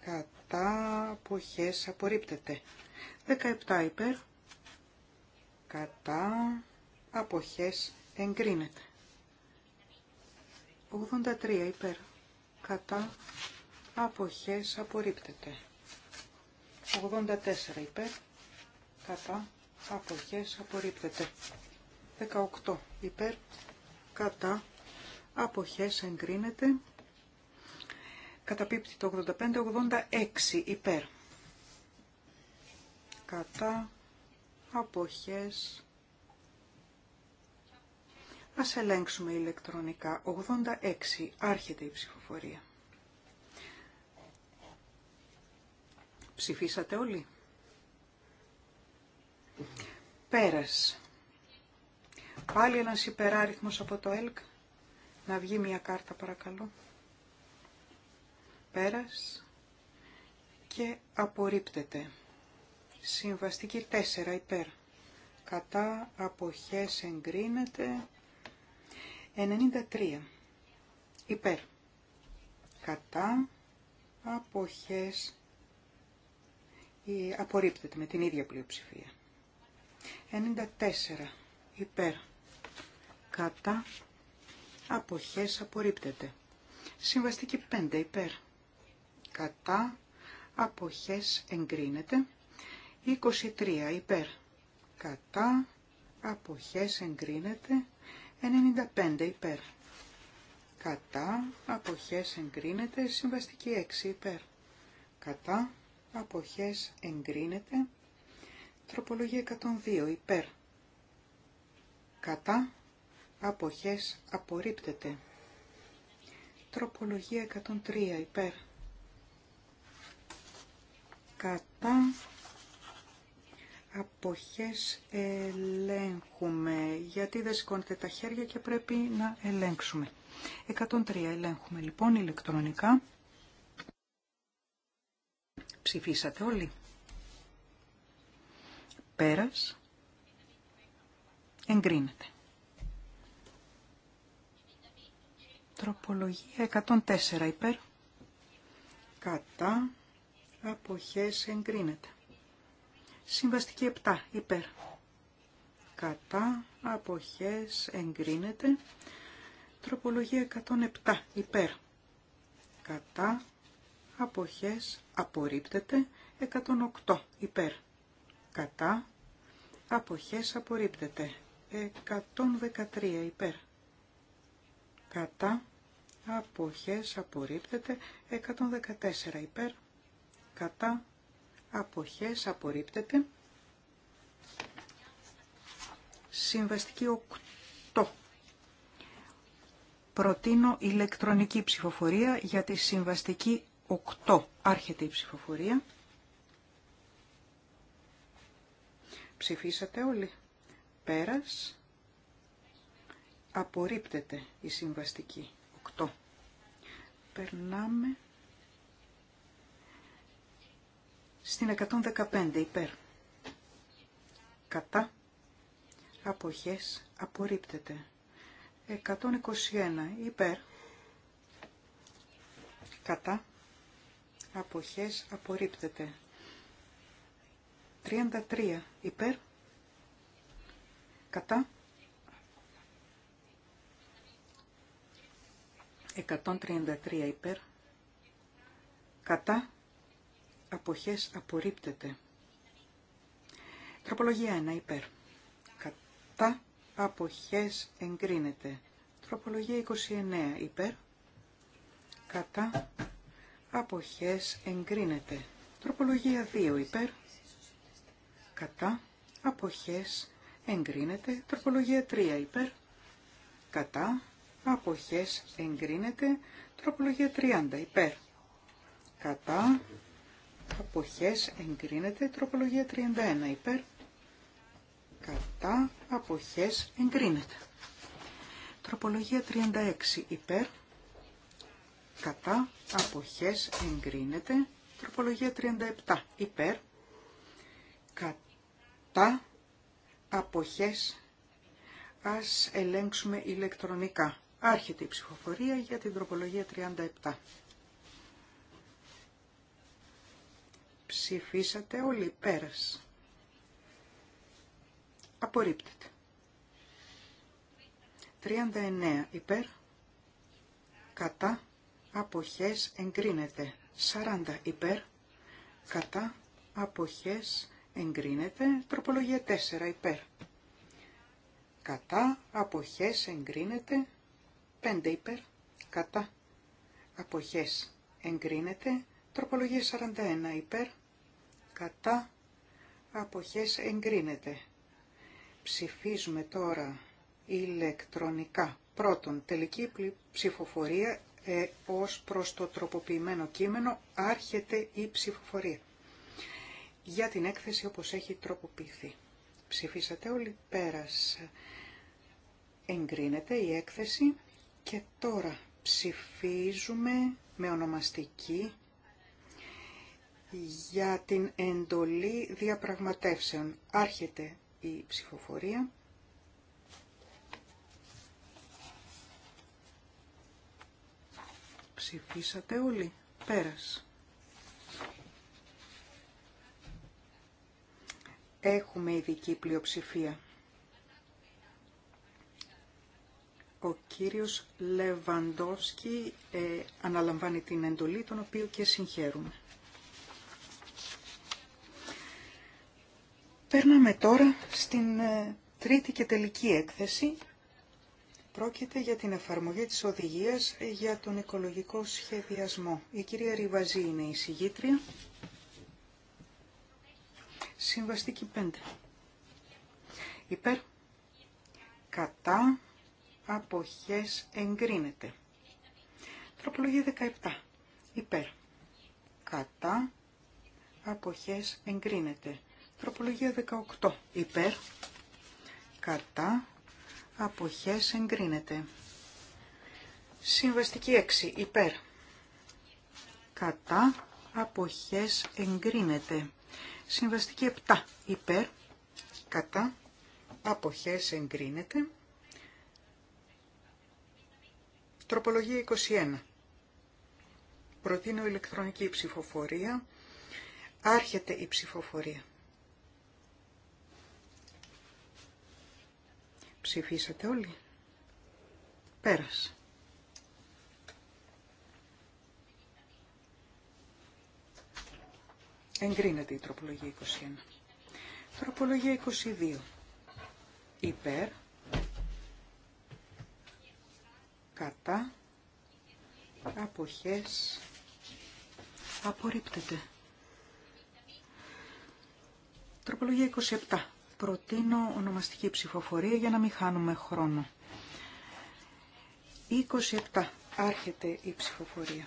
Κατά αποχές απορρίπτεται. 17 υπέρ. Κατά αποχές εγκρίνεται. 83 υπέρ. Κατά αποχές απορρίπτεται. 84 υπέρ. Κατά αποχές απορρίπτεται. 18 υπέρ κατά αποχές εγκρίνεται. Καταπίπτει το 85-86 υπέρ κατά αποχές Ας ελέγξουμε ηλεκτρονικά. 86. Άρχεται η ψηφοφορία. Ψηφίσατε όλοι. Πέρας. Πάλι ένας υπεράριθμος από το ΕΛΚ. Να βγει μια κάρτα παρακαλώ. Πέρας. Και απορρίπτεται. Συμβαστική 4 υπέρ. Κατά αποχές εγκρίνεται. 93 υπέρ. Κατά αποχές η ε, απορρίπτεται με την ίδια πλειοψηφία. 94 υπέρ κατά αποχές απορρίπτεται. Συμβαστική 5 υπέρ κατά αποχές εγκρίνεται. 23 υπέρ κατά αποχές εγκρίνεται. 95 υπέρ κατά αποχές εγκρίνεται. Συμβαστική 6 υπέρ κατά αποχές εγκρίνεται. Τροπολογία 102 υπέρ. Κατά. Αποχές απορρίπτεται. Τροπολογία 103 υπέρ. Κατά. Αποχές ελέγχουμε. Γιατί δεν σηκώνετε τα χέρια και πρέπει να ελέγξουμε. 103 ελέγχουμε λοιπόν ηλεκτρονικά. Ψηφίσατε όλοι. Πέρας. Εγκρίνεται. Τροπολογία 104 υπέρ. Κατά. Αποχές εγκρίνεται. Συμβαστική 7 υπέρ. Κατά. Αποχές εγκρίνεται. Τροπολογία 107 υπέρ. Κατά. Αποχές απορρίπτεται. 108 υπέρ. Κατά. Αποχές απορρίπτεται. 113 υπέρ. Κατά. Αποχές απορρίπτεται. 114 υπέρ. Κατά. Αποχές απορρίπτεται. Συμβαστική 8. Προτείνω ηλεκτρονική ψηφοφορία για τη συμβαστική 8. Άρχεται η ψηφοφορία. Ψηφίσατε όλοι. Πέρας. Απορρίπτεται η συμβαστική. 8. Περνάμε στην 115 υπέρ. Κατά. Αποχές. Απορρίπτεται. 121 υπέρ. Κατά. Αποχές. Απορρίπτεται. 33 υπέρ κατά 133 υπέρ κατά αποχές απορρίπτεται τροπολογία 1 υπέρ κατά αποχές εγκρίνεται τροπολογία 29 υπέρ κατά αποχές εγκρίνεται τροπολογία 2 υπέρ κατά, αποχές, εγκρίνεται. Τροπολογία 3 υπέρ, κατά, αποχές, εγκρίνεται. Τροπολογία 30 υπέρ, κατά, αποχές, εγκρίνεται. Τροπολογία 31 υπέρ, κατά, αποχές, εγκρίνεται. Τροπολογία 36 υπέρ, κατά, αποχές, εγκρίνεται. Τροπολογία 37 υπέρ, κατά, κατά αποχές ας ελέγξουμε ηλεκτρονικά. Άρχεται η ψηφοφορία για την τροπολογία 37. Ψηφίσατε όλοι πέρας. Απορρίπτεται. 39 υπέρ, κατά, αποχές εγκρίνεται. 40 υπέρ, κατά, αποχές εγκρίνεται. Τροπολογία 4 υπέρ. Κατά αποχές εγκρίνεται. 5 υπέρ. Κατά αποχές εγκρίνεται. Τροπολογία 41 υπέρ. Κατά αποχές εγκρίνεται. Ψηφίζουμε τώρα ηλεκτρονικά. Πρώτον, τελική ψηφοφορία ε, ως προς το τροποποιημένο κείμενο άρχεται η ψηφοφορία για την έκθεση όπως έχει τροποποιηθεί. Ψηφίσατε όλοι πέρας. Εγκρίνεται η έκθεση και τώρα ψηφίζουμε με ονομαστική για την εντολή διαπραγματεύσεων. Άρχεται η ψηφοφορία. Ψηφίσατε όλοι. Πέρας. έχουμε ειδική πλειοψηφία. Ο κύριος Λεβαντόσκι ε, αναλαμβάνει την εντολή, τον οποίο και συγχαίρουμε. Παίρναμε τώρα στην ε, τρίτη και τελική έκθεση. Πρόκειται για την εφαρμογή της οδηγίας για τον οικολογικό σχεδιασμό. Η κυρία Ριβαζή είναι η συγγήτρια. Συμβαστική 5. Υπέρ. Κατά. Αποχές εγκρίνεται. Τροπολογία 17. Υπέρ. Κατά. Αποχές εγκρίνεται. Τροπολογία 18. Υπέρ. Κατά. Αποχές εγκρίνεται. Συμβαστική 6. Υπέρ. Κατά. Αποχές εγκρίνεται. Συμβαστική 7 υπέρ, κατά, αποχές εγκρίνεται. Τροπολογία 21. Προτείνω ηλεκτρονική ψηφοφορία. Άρχεται η ψηφοφορία. Ψηφίσατε όλοι. Πέρασε. Εγκρίνεται η τροπολογία 21. Τροπολογία 22. Υπέρ. Κατά. Αποχές. Απορρίπτεται. Τροπολογία 27. Προτείνω ονομαστική ψηφοφορία για να μην χάνουμε χρόνο. 27. Άρχεται η ψηφοφορία.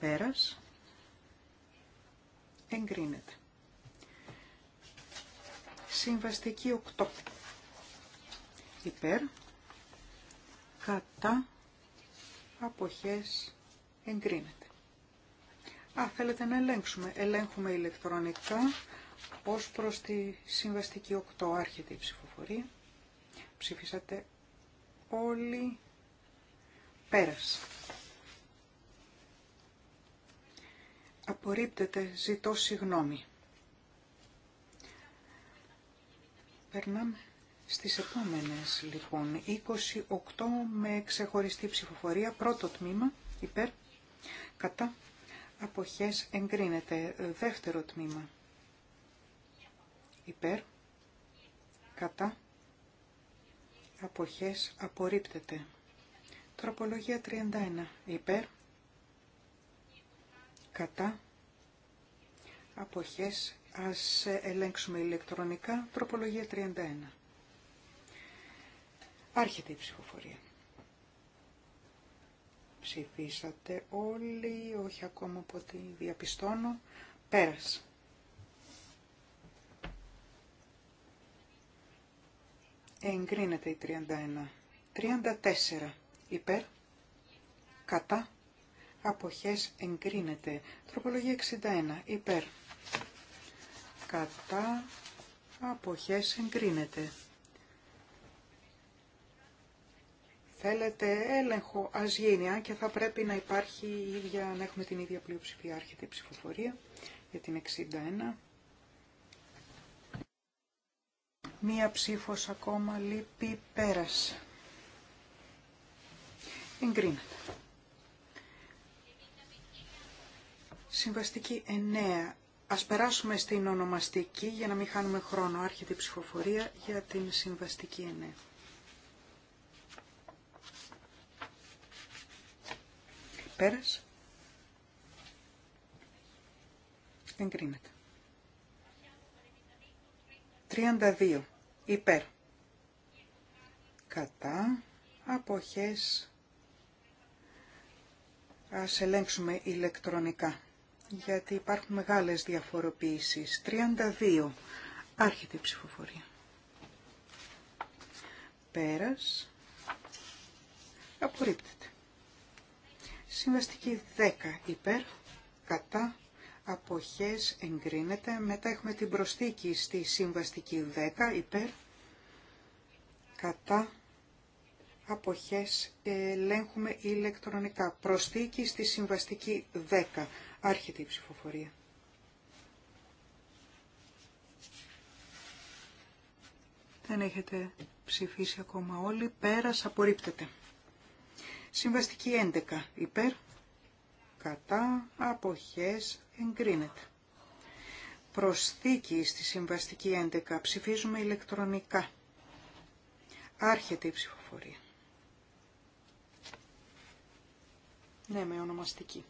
Πέρας. Εγκρίνεται. Συμβαστική 8. Υπέρ. Κατά. Αποχές. Εγκρίνεται. Α, θέλετε να ελέγξουμε. Ελέγχουμε ηλεκτρονικά ως προς τη συμβαστική 8 άρχεται η ψηφοφορία. Ψήφισατε όλοι πέρας. Απορρίπτεται. Ζητώ συγγνώμη. Περνάμε στις επόμενες λοιπόν. 28 με ξεχωριστή ψηφοφορία. Πρώτο τμήμα υπέρ. Κατά. Αποχές εγκρίνεται. Δεύτερο τμήμα. Υπέρ. Κατά. Αποχές απορρίπτεται. Τροπολογία 31. Υπέρ κατά, αποχές, ας ελέγξουμε ηλεκτρονικά, τροπολογία 31. Άρχεται η ψηφοφορία. Ψηφίσατε όλοι, όχι ακόμα από ό,τι διαπιστώνω. Πέρας. Εγκρίνεται η 31. 34. Υπέρ. Κατά αποχές εγκρίνεται. Τροπολογία 61 υπέρ κατά αποχές εγκρίνεται. Θέλετε έλεγχο, ας γίνει, αν και θα πρέπει να υπάρχει η ίδια, να έχουμε την ίδια πλειοψηφία, άρχεται η ψηφοφορία για την 61. Μία ψήφος ακόμα λείπει πέρας. Εγκρίνεται. Συμβαστική 9. Ας περάσουμε στην ονομαστική για να μην χάνουμε χρόνο. Άρχεται η ψηφοφορία για την συμβαστική 9. Πέρας. Εγκρίνεται. 32. Υπέρ. Κατά. Αποχές. Ας ελέγξουμε ηλεκτρονικά γιατί υπάρχουν μεγάλες διαφοροποιήσεις. 32. Άρχεται η ψηφοφορία. Πέρας. Απορρίπτεται. Συμβαστική 10 υπέρ, κατά, αποχές εγκρίνεται. Μετά έχουμε την προστίκη στη συμβαστική 10 υπέρ, κατά, αποχές ελέγχουμε ηλεκτρονικά. Προστίκη στη συμβαστική 10. Άρχεται η ψηφοφορία. Δεν έχετε ψηφίσει ακόμα όλοι. Πέρας απορρίπτεται. Συμβαστική 11. Υπέρ. Κατά. Αποχές. Εγκρίνεται. Προσθήκη στη συμβαστική 11. Ψηφίζουμε ηλεκτρονικά. Άρχεται η ψηφοφορία. Ναι, με ονομαστική.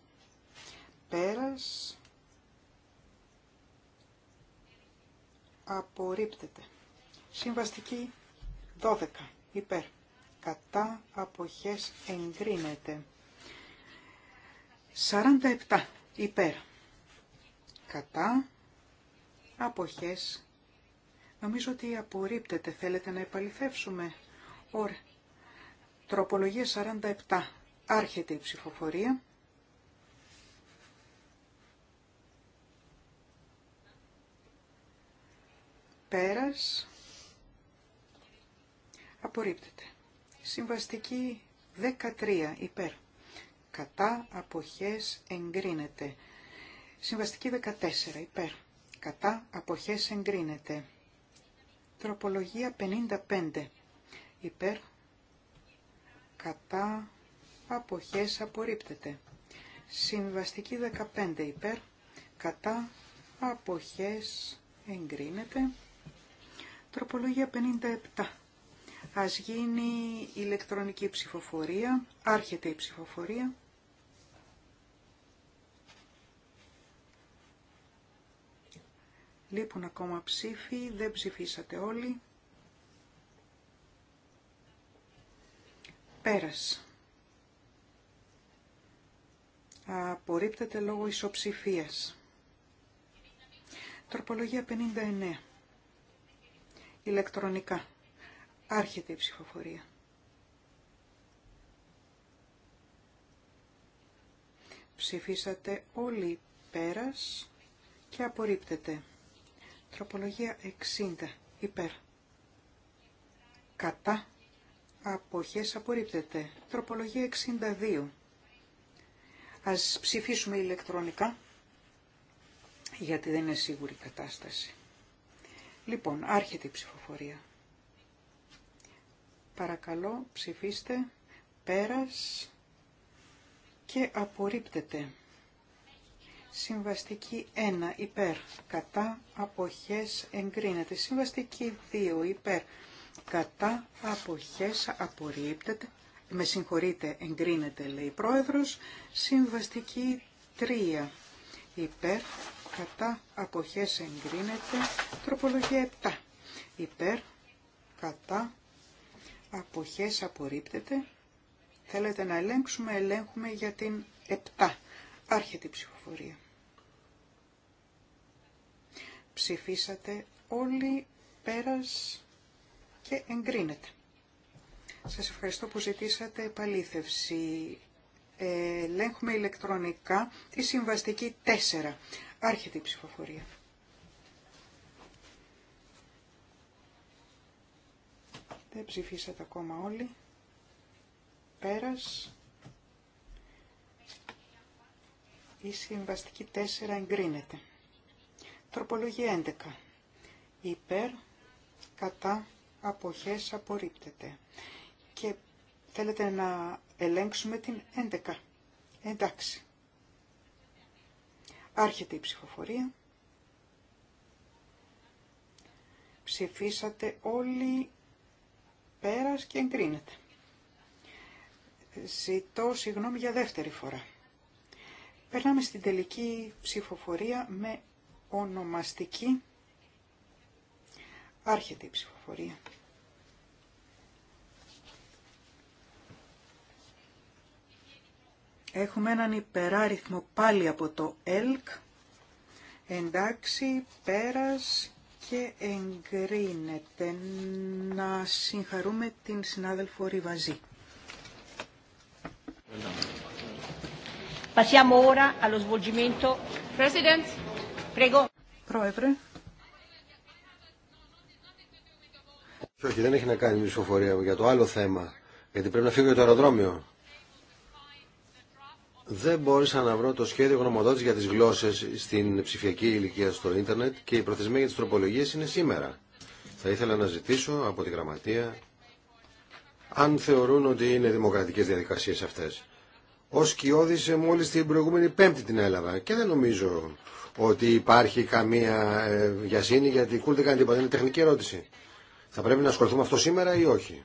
Πέρας. Απορρίπτεται. Συμβαστική 12. Υπέρ. Κατά αποχές εγκρίνεται. 47. Υπέρ. Κατά αποχές. Νομίζω ότι απορρίπτεται. Θέλετε να επαληθεύσουμε. Ωραία. Τροπολογία 47. Άρχεται η ψηφοφορία. Πέρας. Απορρίπτεται. Συμβαστική 13 υπέρ. Κατά αποχές εγκρίνεται. Συμβαστική 14 υπέρ. Κατά αποχές εγκρίνεται. Τροπολογία 55 υπέρ. Κατά αποχές απορρίπτεται. Συμβαστική 15 υπέρ. Κατά αποχές εγκρίνεται. Τροπολογία 57. Ας γίνει ηλεκτρονική ψηφοφορία. Άρχεται η ψηφοφορία. Λείπουν ακόμα ψήφοι, δεν ψηφίσατε όλοι. Πέρας. Απορρίπτεται λόγω ισοψηφίας. Τροπολογία 59 ηλεκτρονικά. Άρχεται η ψηφοφορία. Ψηφίσατε όλοι πέρας και απορρίπτεται. Τροπολογία 60 υπέρ. Κατά αποχές απορρίπτεται. Τροπολογία 62. Ας ψηφίσουμε ηλεκτρονικά γιατί δεν είναι σίγουρη η κατάσταση. Λοιπόν, άρχεται η ψηφοφορία. Παρακαλώ, ψηφίστε. Πέρας και απορρίπτεται. Συμβαστική 1 υπέρ, κατά αποχές εγκρίνεται. Συμβαστική 2 υπέρ, κατά αποχές απορρίπτεται. Με συγχωρείτε, εγκρίνεται λέει η πρόεδρος. Συμβαστική 3 υπέρ, κατά αποχές εγκρίνεται τροπολογία 7 υπέρ κατά αποχές απορρίπτεται θέλετε να ελέγξουμε ελέγχουμε για την 7 άρχεται η ψηφοφορία ψηφίσατε όλοι πέρας και εγκρίνεται σας ευχαριστώ που ζητήσατε επαλήθευση ε, ελέγχουμε ηλεκτρονικά τη συμβαστική 4. Άρχεται η ψηφοφορία. Δεν ψηφίσατε ακόμα όλοι. Πέρας. Η συμβαστική 4 εγκρίνεται. Τροπολογία 11. Υπέρ, κατά, αποχές απορρίπτεται. Και θέλετε να ελέγξουμε την 11. Εντάξει. Άρχεται η ψηφοφορία. Ψηφίσατε όλοι πέρας και εγκρίνεται. Ζητώ συγγνώμη για δεύτερη φορά. Περνάμε στην τελική ψηφοφορία με ονομαστική. Άρχεται η ψηφοφορία. Έχουμε έναν υπεράριθμο πάλι από το ΕΛΚ. Εντάξει, πέρας και εγκρίνεται. Να συγχαρούμε την συνάδελφο Ριβαζή. Passiamo Πρόεδρε. Όχι, δεν έχει να κάνει μισοφορία για το άλλο θέμα. Γιατί πρέπει να φύγω για το αεροδρόμιο δεν μπόρεσα να βρω το σχέδιο γνωμοδότηση για τι γλώσσε στην ψηφιακή ηλικία στο ίντερνετ και η προθεσμία για τι τροπολογίε είναι σήμερα. Θα ήθελα να ζητήσω από τη Γραμματεία αν θεωρούν ότι είναι δημοκρατικέ διαδικασίε αυτέ. Ω κοιόδησε μόλι την προηγούμενη πέμπτη την έλαβα και δεν νομίζω ότι υπάρχει καμία ε, βιασύνη γιατί κούλ δεν κάνει τίποτα. Είναι τεχνική ερώτηση. Θα πρέπει να ασχοληθούμε αυτό σήμερα ή όχι.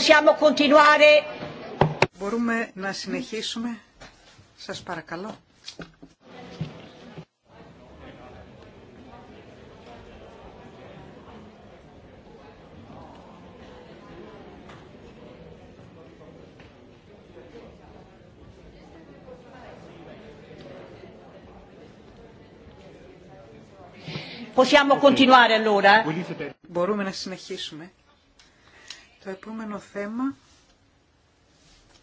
possiamo continuare. Μπορούμε να συνεχίσουμε. Σας παρακαλώ. Possiamo continuare allora. Μπορούμε να συνεχίσουμε. Το επόμενο θέμα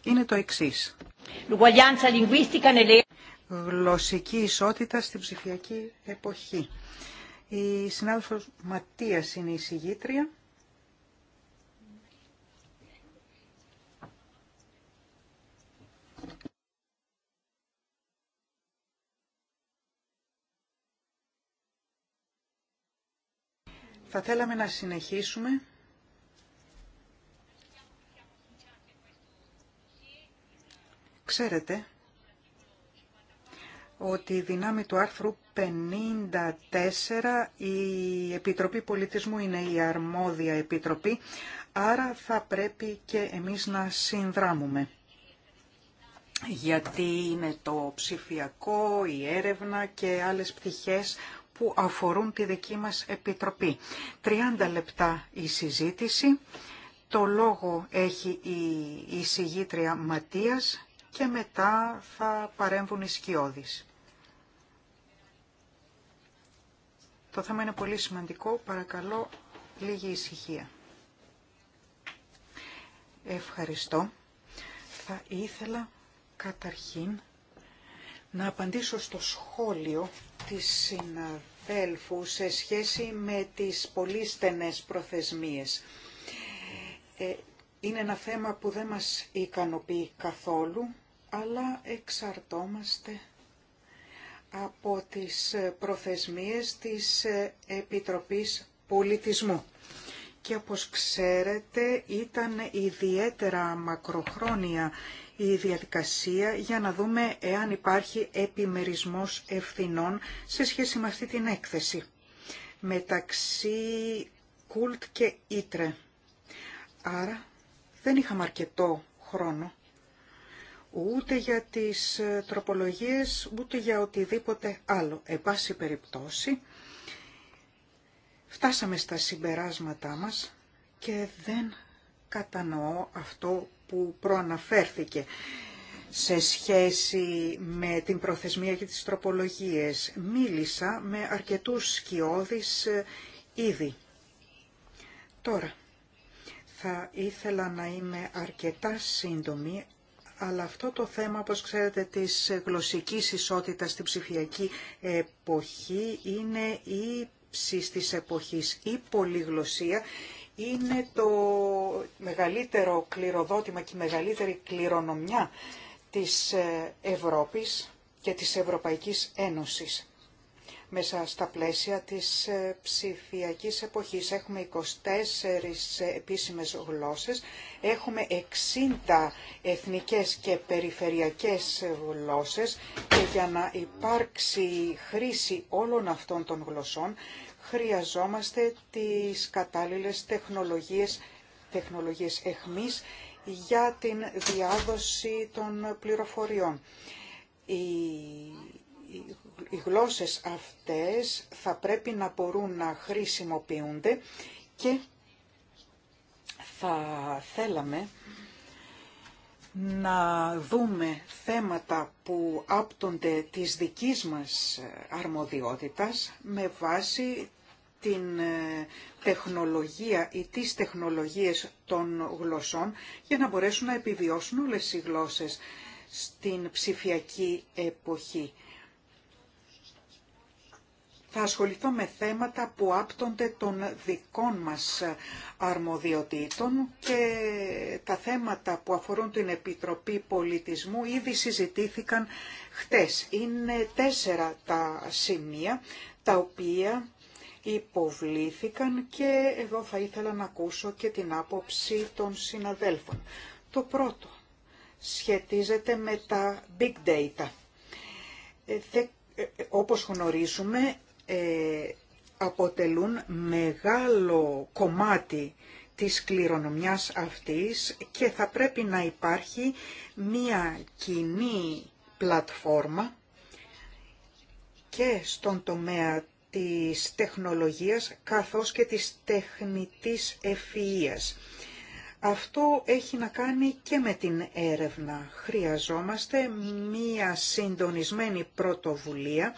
είναι το εξής. Γλωσσική ισότητα στην ψηφιακή εποχή. Η συνάδελφος Ματίας είναι η συγγήτρια. Θα θέλαμε να συνεχίσουμε ξέρετε ότι η δυνάμη του άρθρου 54 η Επιτροπή Πολιτισμού είναι η αρμόδια επιτροπή, άρα θα πρέπει και εμείς να συνδράμουμε. Γιατί είναι το ψηφιακό, η έρευνα και άλλες πτυχές που αφορούν τη δική μας επιτροπή. 30 λεπτά η συζήτηση. Το λόγο έχει η εισηγήτρια Ματίας και μετά θα παρέμβουν οι σκιώδεις. Το θέμα είναι πολύ σημαντικό. Παρακαλώ λίγη ησυχία. Ευχαριστώ. Θα ήθελα καταρχήν να απαντήσω στο σχόλιο της συναδέλφου σε σχέση με τις πολύ στενές προθεσμίες. Ε, είναι ένα θέμα που δεν μας ικανοποιεί καθόλου, αλλά εξαρτόμαστε από τις προθεσμίες της Επιτροπής Πολιτισμού. Και όπως ξέρετε ήταν ιδιαίτερα μακροχρόνια η διαδικασία για να δούμε εάν υπάρχει επιμερισμός ευθυνών σε σχέση με αυτή την έκθεση μεταξύ κουλτ και ήτρε. Άρα δεν είχαμε αρκετό χρόνο ούτε για τις ε, τροπολογίες, ούτε για οτιδήποτε άλλο. Εν πάση περιπτώσει, φτάσαμε στα συμπεράσματά μας και δεν κατανοώ αυτό που προαναφέρθηκε σε σχέση με την προθεσμία και τις τροπολογίες. Μίλησα με αρκετούς σκιώδεις ε, ήδη. Τώρα, θα ήθελα να είμαι αρκετά σύντομη, αλλά αυτό το θέμα, όπως ξέρετε, της γλωσσικής ισότητας στην ψηφιακή εποχή είναι η της εποχής. Η πολυγλωσσία είναι το μεγαλύτερο κληροδότημα και η μεγαλύτερη κληρονομιά της ε, Ευρώπης και της Ευρωπαϊκής Ένωσης μέσα στα πλαίσια της ε, ψηφιακής εποχής. Έχουμε 24 ε, επίσημες γλώσσες, έχουμε 60 εθνικές και περιφερειακές γλώσσες και για να υπάρξει χρήση όλων αυτών των γλωσσών χρειαζόμαστε τις κατάλληλες τεχνολογίες, τεχνολογίες εχμής για την διάδοση των πληροφοριών οι γλώσσες αυτές θα πρέπει να μπορούν να χρησιμοποιούνται και θα θέλαμε να δούμε θέματα που άπτονται της δικής μας αρμοδιότητας με βάση την ε, τεχνολογία ή τις τεχνολογίες των γλωσσών για να μπορέσουν να επιβιώσουν όλες οι γλώσσες στην ψηφιακή εποχή θα ασχοληθώ με θέματα που άπτονται των δικών μας αρμοδιοτήτων και τα θέματα που αφορούν την Επιτροπή Πολιτισμού ήδη συζητήθηκαν χτες. Είναι τέσσερα τα σημεία τα οποία υποβλήθηκαν και εδώ θα ήθελα να ακούσω και την άποψη των συναδέλφων. Το πρώτο σχετίζεται με τα big data. Ε, ε, ε, όπως γνωρίζουμε, ε, αποτελούν μεγάλο κομμάτι της κληρονομιάς αυτής και θα πρέπει να υπάρχει μία κοινή πλατφόρμα και στον τομέα της τεχνολογίας καθώς και της τεχνητής ευφυΐας. Αυτό έχει να κάνει και με την έρευνα. Χρειαζόμαστε μία συντονισμένη πρωτοβουλία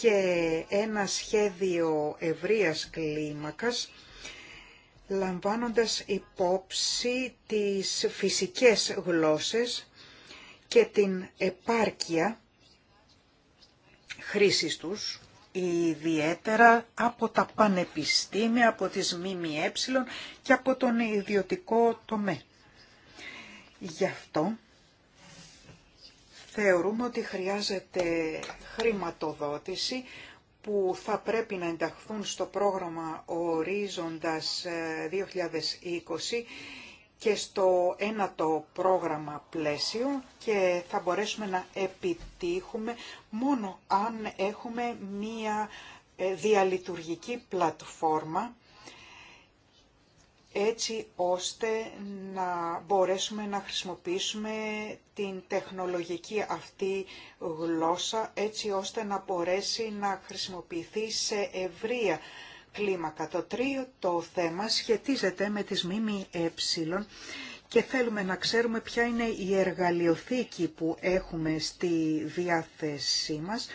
και ένα σχέδιο ευρείας κλίμακας, λαμβάνοντας υπόψη τις φυσικές γλώσσες και την επάρκεια χρήσης τους, ιδιαίτερα από τα πανεπιστήμια, από τις ΜΜΕ και από τον ιδιωτικό τομέα. Γι' αυτό θεωρούμε ότι χρειάζεται χρηματοδότηση που θα πρέπει να ενταχθούν στο πρόγραμμα Ορίζοντας 2020 ε, και στο ένατο πρόγραμμα πλαίσιο και θα μπορέσουμε να επιτύχουμε μόνο αν έχουμε μία ε, διαλειτουργική πλατφόρμα έτσι ώστε να μπορέσουμε να χρησιμοποιήσουμε την τεχνολογική αυτή γλώσσα, έτσι ώστε να μπορέσει να χρησιμοποιηθεί σε ευρεία κλίμακα. Το τρίο το θέμα σχετίζεται με τις ΜΜΕ και θέλουμε να ξέρουμε ποια είναι η εργαλειοθήκη που έχουμε στη διάθεσή μας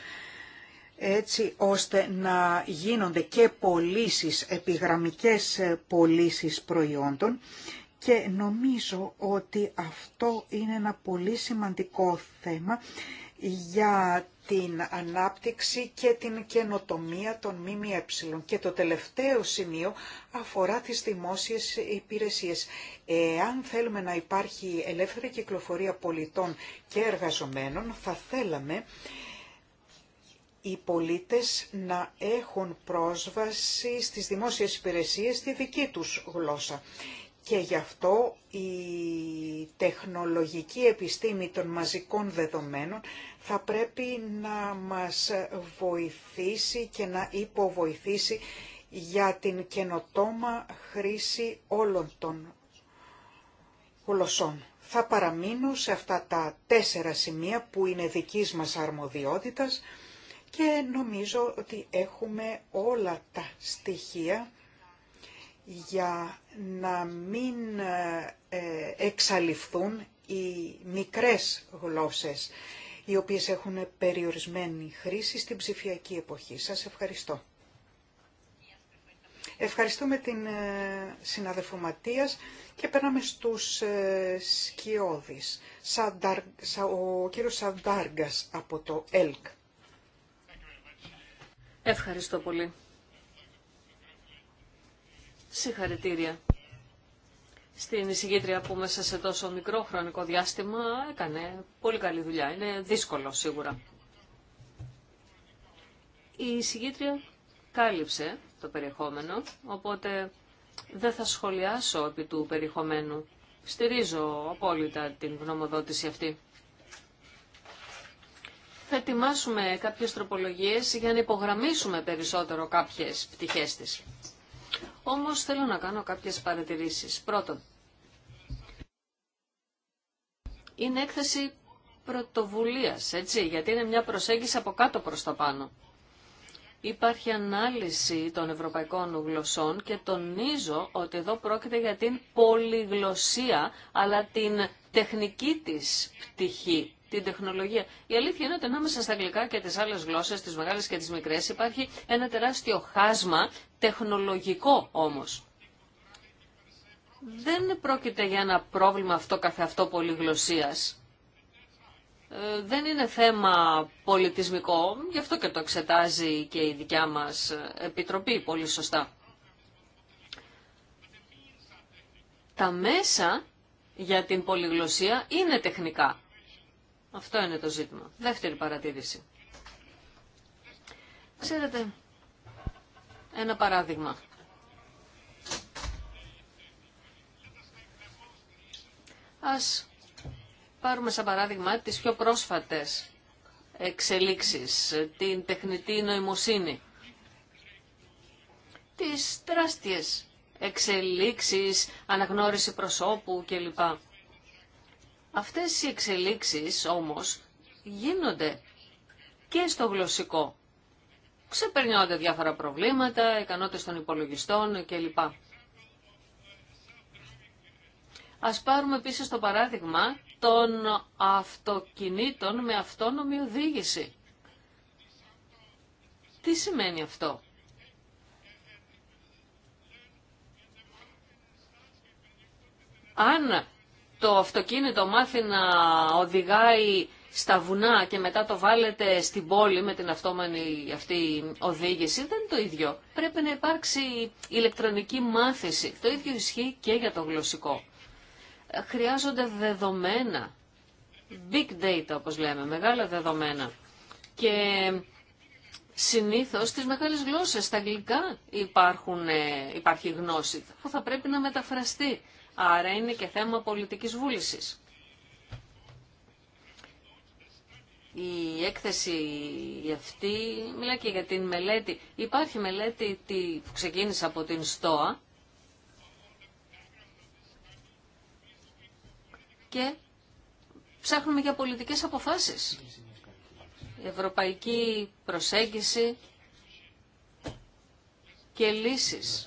έτσι ώστε να γίνονται και πωλήσει, επιγραμμικές ε, πωλήσει προϊόντων και νομίζω ότι αυτό είναι ένα πολύ σημαντικό θέμα για την ανάπτυξη και την καινοτομία των ΜΜΕ. Και το τελευταίο σημείο αφορά τις δημόσιες υπηρεσίες. Εάν θέλουμε να υπάρχει ελεύθερη κυκλοφορία πολιτών και εργαζομένων, θα θέλαμε οι πολίτες να έχουν πρόσβαση στις δημόσιες υπηρεσίες στη δική τους γλώσσα. Και γι' αυτό η τεχνολογική επιστήμη των μαζικών δεδομένων θα πρέπει να μας βοηθήσει και να υποβοηθήσει για την καινοτόμα χρήση όλων των γλωσσών. Θα παραμείνω σε αυτά τα τέσσερα σημεία που είναι δικής μας αρμοδιότητας και νομίζω ότι έχουμε όλα τα στοιχεία για να μην ε, εξαλειφθούν οι μικρές γλώσσες οι οποίες έχουν περιορισμένη χρήση στην ψηφιακή εποχή. Σας ευχαριστώ. Ευχαριστούμε την ε, συναδελφο και περνάμε στους ε, σκιώδεις. Ο κύριος Σαντάργας από το ΕΛΚ. Ευχαριστώ πολύ. Συγχαρητήρια. Στην εισηγήτρια που μέσα σε τόσο μικρό χρονικό διάστημα έκανε πολύ καλή δουλειά. Είναι δύσκολο σίγουρα. Η εισηγήτρια κάλυψε το περιεχόμενο, οπότε δεν θα σχολιάσω επί του περιεχομένου. Στηρίζω απόλυτα την γνωμοδότηση αυτή θα ετοιμάσουμε κάποιες τροπολογίες για να υπογραμμίσουμε περισσότερο κάποιες πτυχές της. Όμως θέλω να κάνω κάποιες παρατηρήσεις. Πρώτον, είναι έκθεση πρωτοβουλίας, έτσι, γιατί είναι μια προσέγγιση από κάτω προς τα πάνω. Υπάρχει ανάλυση των ευρωπαϊκών γλωσσών και τονίζω ότι εδώ πρόκειται για την πολυγλωσσία, αλλά την τεχνική της πτυχή την τεχνολογία. Η αλήθεια είναι ότι ανάμεσα στα αγγλικά και τις άλλες γλώσσες, τις μεγάλες και τις μικρές, υπάρχει ένα τεράστιο χάσμα, τεχνολογικό όμως. Δεν πρόκειται για ένα πρόβλημα αυτό καθεαυτό πολυγλωσσίας. Ε, δεν είναι θέμα πολιτισμικό, γι' αυτό και το εξετάζει και η δικιά μας Επιτροπή πολύ σωστά. Τα μέσα για την πολυγλωσία είναι τεχνικά. Αυτό είναι το ζήτημα. Δεύτερη παρατήρηση. Ξέρετε, ένα παράδειγμα. Ας πάρουμε σαν παράδειγμα τις πιο πρόσφατες εξελίξεις, την τεχνητή νοημοσύνη, τις τεράστιες εξελίξεις, αναγνώριση προσώπου κλπ. Αυτές οι εξελίξεις όμως γίνονται και στο γλωσσικό. Ξεπερνιόνται διάφορα προβλήματα, ικανότητες των υπολογιστών κλπ. Ας πάρουμε επίσης το παράδειγμα των αυτοκινήτων με αυτόνομη οδήγηση. Τι σημαίνει αυτό. Αν το αυτοκίνητο μάθει να οδηγάει στα βουνά και μετά το βάλετε στην πόλη με την αυτόμανη αυτή οδήγηση, δεν είναι το ίδιο. Πρέπει να υπάρξει ηλεκτρονική μάθηση. Το ίδιο ισχύει και για το γλωσσικό. Χρειάζονται δεδομένα, big data όπως λέμε, μεγάλα δεδομένα. Και συνήθως στις μεγάλες γλώσσες, στα αγγλικά υπάρχουν, ε, υπάρχει γνώση που θα πρέπει να μεταφραστεί. Άρα είναι και θέμα πολιτικής βούλησης. Η έκθεση αυτή μιλάει και για την μελέτη. Υπάρχει μελέτη που ξεκίνησε από την ΣΤΟΑ και ψάχνουμε για πολιτικές αποφάσεις. ευρωπαϊκή προσέγγιση και λύσεις.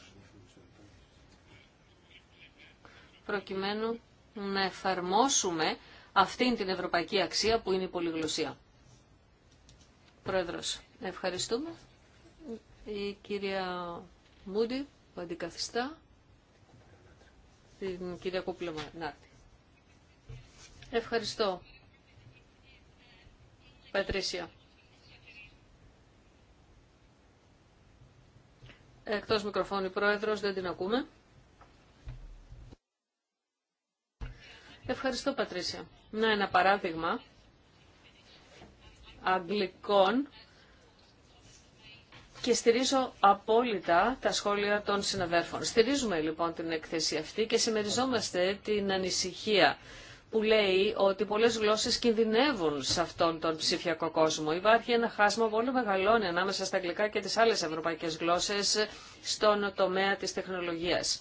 προκειμένου να εφαρμόσουμε αυτήν την ευρωπαϊκή αξία που είναι η πολυγλωσία. Πρόεδρος, ευχαριστούμε. Η κυρία Μούντι που αντικαθιστά την κυρία Κούπλα Ευχαριστώ. Πατρίσια. Εκτός μικροφώνου πρόεδρος, δεν την ακούμε. Ευχαριστώ Πατρίσια. Να ένα παράδειγμα αγγλικών και στηρίζω απόλυτα τα σχόλια των συναδέρφων. Στηρίζουμε λοιπόν την έκθεση αυτή και συμμεριζόμαστε την ανησυχία που λέει ότι πολλές γλώσσες κινδυνεύουν σε αυτόν τον ψηφιακό κόσμο. Υπάρχει ένα χάσμα που όλο μεγαλώνει ανάμεσα στα αγγλικά και τις άλλες ευρωπαϊκές γλώσσες στον τομέα της τεχνολογίας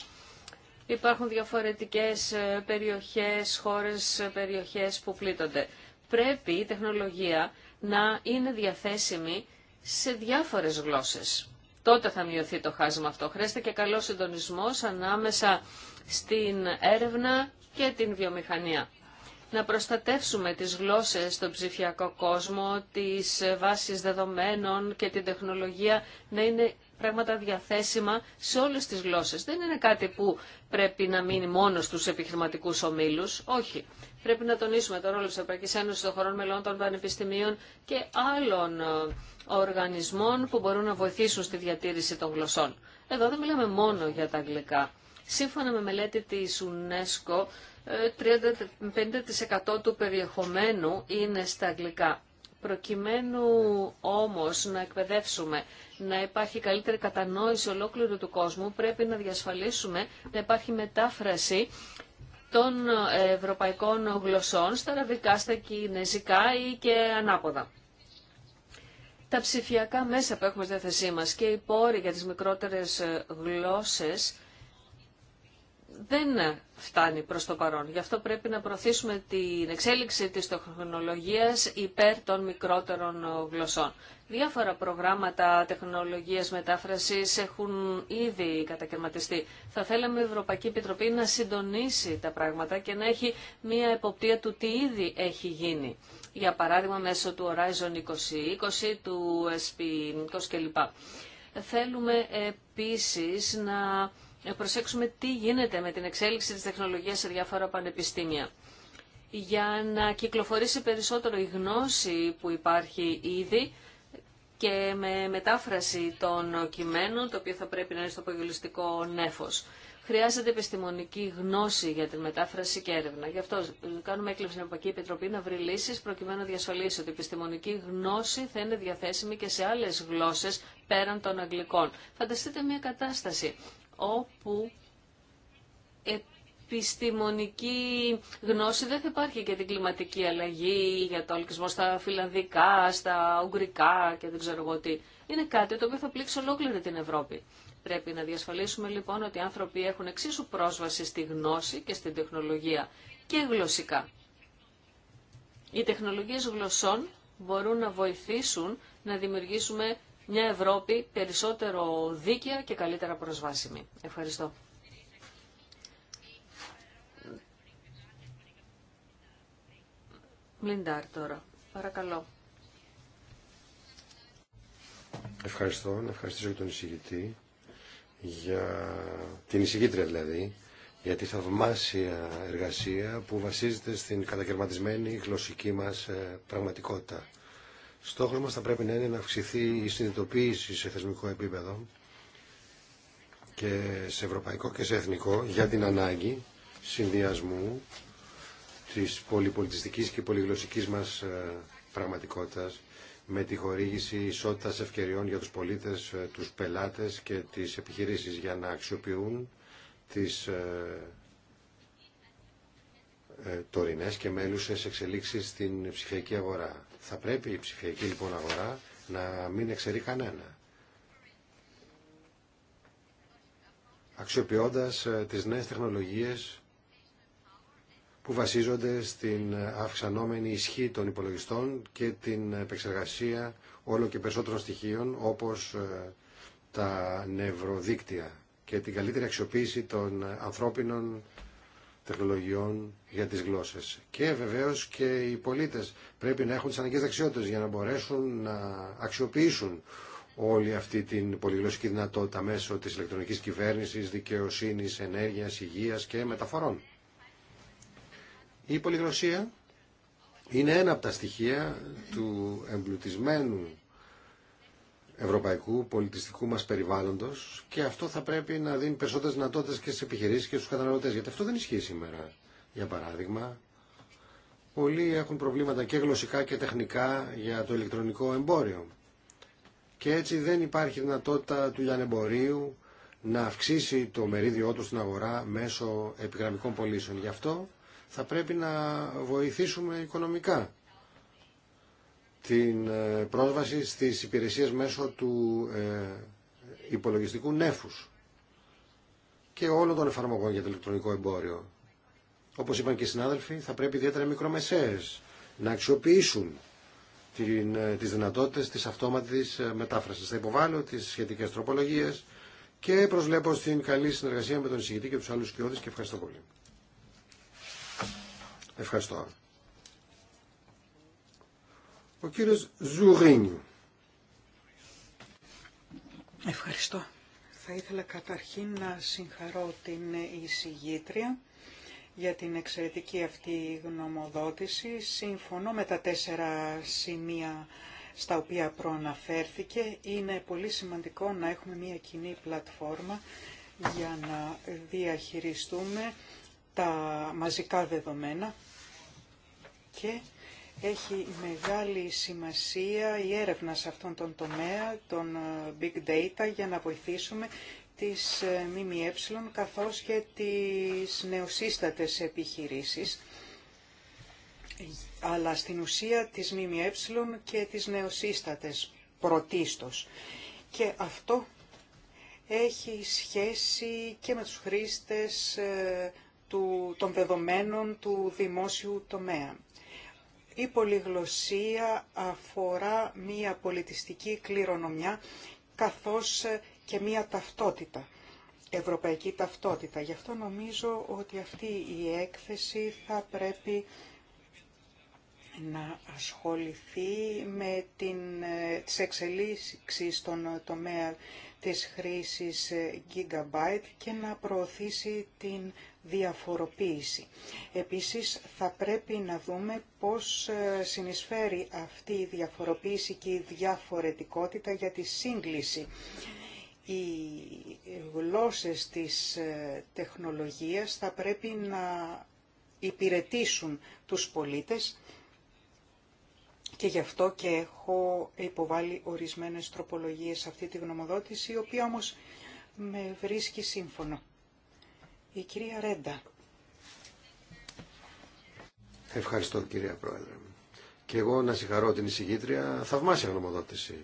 υπάρχουν διαφορετικές ε, περιοχές, χώρες, ε, περιοχές που πλήττονται. Πρέπει η τεχνολογία να είναι διαθέσιμη σε διάφορες γλώσσες. Τότε θα μειωθεί το χάσμα αυτό. Χρειάζεται και καλό συντονισμό ανάμεσα στην έρευνα και την βιομηχανία. Να προστατεύσουμε τις γλώσσες στον ψηφιακό κόσμο, τις ε, βάσεις δεδομένων και την τεχνολογία να είναι πράγματα διαθέσιμα σε όλες τις γλώσσες. Δεν είναι κάτι που πρέπει να μείνει μόνο στους επιχειρηματικούς ομίλους, όχι. Πρέπει να τονίσουμε τον ρόλο της Ευρωπαϊκής Ένωσης των χωρών μελών των πανεπιστημίων και άλλων ε, οργανισμών που μπορούν να βοηθήσουν στη διατήρηση των γλωσσών. Εδώ δεν μιλάμε μόνο για τα αγγλικά. Σύμφωνα με μελέτη της UNESCO, 35% ε, 50 του περιεχομένου είναι στα αγγλικά. Προκειμένου όμως να εκπαιδεύσουμε να υπάρχει καλύτερη κατανόηση ολόκληρου του κόσμου, πρέπει να διασφαλίσουμε να υπάρχει μετάφραση των ε, ευρωπαϊκών γλωσσών στα αραβικά, στα κινέζικα ή και ανάποδα. Τα ψηφιακά μέσα που έχουμε στη θέση μας και οι πόροι για τις μικρότερες ε, γλώσσες δεν φτάνει προς το παρόν. Γι' αυτό πρέπει να προωθήσουμε την εξέλιξη της τεχνολογίας υπέρ των μικρότερων γλωσσών. Διάφορα προγράμματα τεχνολογίας μετάφρασης έχουν ήδη κατακαιρματιστεί. Θα θέλαμε η Ευρωπαϊκή Επιτροπή να συντονίσει τα πράγματα και να έχει μια εποπτεία του τι ήδη έχει γίνει. Για παράδειγμα μέσω του Horizon 2020, του SP20 κλπ. Θέλουμε επίσης να προσέξουμε τι γίνεται με την εξέλιξη της τεχνολογίας σε διάφορα πανεπιστήμια. Για να κυκλοφορήσει περισσότερο η γνώση που υπάρχει ήδη και με μετάφραση των κειμένων, το οποίο θα πρέπει να είναι στο απογελιστικό νέφος. Χρειάζεται επιστημονική γνώση για την μετάφραση και έρευνα. Γι' αυτό κάνουμε έκλειψη στην Ευρωπαϊκή Επιτροπή να βρει λύσει προκειμένου να διασφαλίσει ότι η επιστημονική γνώση θα είναι διαθέσιμη και σε άλλε γλώσσε πέραν των αγγλικών. Φανταστείτε μια κατάσταση όπου επιστημονική γνώση δεν θα υπάρχει για την κλιματική αλλαγή, για το αλκισμό στα φιλανδικά, στα ουγγρικά και δεν ξέρω εγώ τι. Είναι κάτι το οποίο θα πλήξει ολόκληρη την Ευρώπη. Πρέπει να διασφαλίσουμε λοιπόν ότι οι άνθρωποι έχουν εξίσου πρόσβαση στη γνώση και στην τεχνολογία και γλωσσικά. Οι τεχνολογίες γλωσσών μπορούν να βοηθήσουν να δημιουργήσουμε μια Ευρώπη περισσότερο δίκαια και καλύτερα προσβάσιμη. Ευχαριστώ. Μλιντάρ Παρακαλώ. Ευχαριστώ. Να και τον εισηγητή για την εισηγήτρια δηλαδή για τη θαυμάσια εργασία που βασίζεται στην κατακαιρματισμένη γλωσσική μας ε, πραγματικότητα. Στόχος μας θα πρέπει να είναι να αυξηθεί η συνειδητοποίηση σε θεσμικό επίπεδο και σε ευρωπαϊκό και σε εθνικό για την ανάγκη συνδυασμού της πολυπολιτιστικής και πολυγλωσσικής μας ε, πραγματικότητας με τη χορήγηση ισότητας ευκαιριών για τους πολίτες, ε, τους πελάτες και τις επιχειρήσεις για να αξιοποιούν τις ε, τωρινές και μέλουσες εξελίξεις στην ψυχιακή αγορά. Θα πρέπει η ψηφιακή λοιπόν αγορά να μην εξαιρεί κανένα. Αξιοποιώντας ε, τις νέες τεχνολογίες που βασίζονται στην ε, αυξανόμενη ισχύ των υπολογιστών και την επεξεργασία όλο και περισσότερων στοιχείων όπως ε, τα νευροδίκτυα και την καλύτερη αξιοποίηση των ανθρώπινων τεχνολογιών για τις γλώσσες. Και βεβαίως και οι πολίτες πρέπει να έχουν τις αναγκαίες δεξιότητες για να μπορέσουν να αξιοποιήσουν όλη αυτή την πολυγλωσσική δυνατότητα μέσω της ηλεκτρονικής κυβέρνησης, δικαιοσύνης, ενέργειας, υγείας και μεταφορών. Η πολυγλωσσία είναι ένα από τα στοιχεία του εμπλουτισμένου ευρωπαϊκού πολιτιστικού μας περιβάλλοντος και αυτό θα πρέπει να δίνει περισσότερες δυνατότητες και στις επιχειρήσεις και στους καταναλωτές, γιατί αυτό δεν ισχύει σήμερα. Για παράδειγμα, πολλοί έχουν προβλήματα και γλωσσικά και τεχνικά για το ηλεκτρονικό εμπόριο. Και έτσι δεν υπάρχει δυνατότητα του λιανεμπορίου να αυξήσει το μερίδιό του στην αγορά μέσω επιγραμμικών πωλήσεων. Γι' αυτό θα πρέπει να βοηθήσουμε οικονομικά την ε, πρόσβαση στις υπηρεσίες μέσω του ε, υπολογιστικού νέφους και όλων των εφαρμογών για το ηλεκτρονικό εμπόριο. Όπως είπαν και οι συνάδελφοι, θα πρέπει ιδιαίτερα οι μικρομεσαίες να αξιοποιήσουν την, ε, τις δυνατότητες της αυτόματης μετάφρασης. Θα υποβάλω τις σχετικές τροπολογίες και προσβλέπω στην καλή συνεργασία με τον εισηγητή και τους άλλους κοιότητες και ευχαριστώ πολύ. Ευχαριστώ. Ο κύριος Ευχαριστώ. Θα ήθελα καταρχήν να συγχαρώ την εισηγήτρια για την εξαιρετική αυτή γνωμοδότηση. Συμφωνώ με τα τέσσερα σημεία στα οποία προαναφέρθηκε. Είναι πολύ σημαντικό να έχουμε μια κοινή πλατφόρμα για να διαχειριστούμε τα μαζικά δεδομένα και έχει μεγάλη σημασία η έρευνα σε αυτόν τον τομέα, τον ε, big data, για να βοηθήσουμε τις ε, ΜΜΕ καθώς και τις νεοσύστατες επιχειρήσεις αλλά στην ουσία τις ΜΜΕ και τις νεοσύστατες πρωτίστως. Και αυτό έχει σχέση και με τους χρήστες ε, του, των δεδομένων του δημόσιου τομέα. Η πολυγλωσία αφορά μία πολιτιστική κληρονομιά καθώς ε, και μία ταυτότητα, ευρωπαϊκή ταυτότητα. Γι' αυτό νομίζω ότι αυτή η έκθεση θα πρέπει να ασχοληθεί με την, ε, τις εξελίξεις στον τομέα της χρήσης ε, Gigabyte και να προωθήσει την διαφοροποίηση. Επίσης θα πρέπει να δούμε πώς ε, συνεισφέρει αυτή η διαφοροποίηση και η διαφορετικότητα για τη σύγκληση. Οι γλώσσες της ε, τεχνολογίας θα πρέπει να υπηρετήσουν τους πολίτες και γι' αυτό και έχω υποβάλει ορισμένες τροπολογίες σε αυτή τη γνωμοδότηση, η οποία όμως με βρίσκει σύμφωνο. Η κυρία Ρέντα. Ευχαριστώ κυρία Πρόεδρε. Και εγώ να συγχαρώ την εισηγήτρια, θαυμάσια γνωμοδότηση.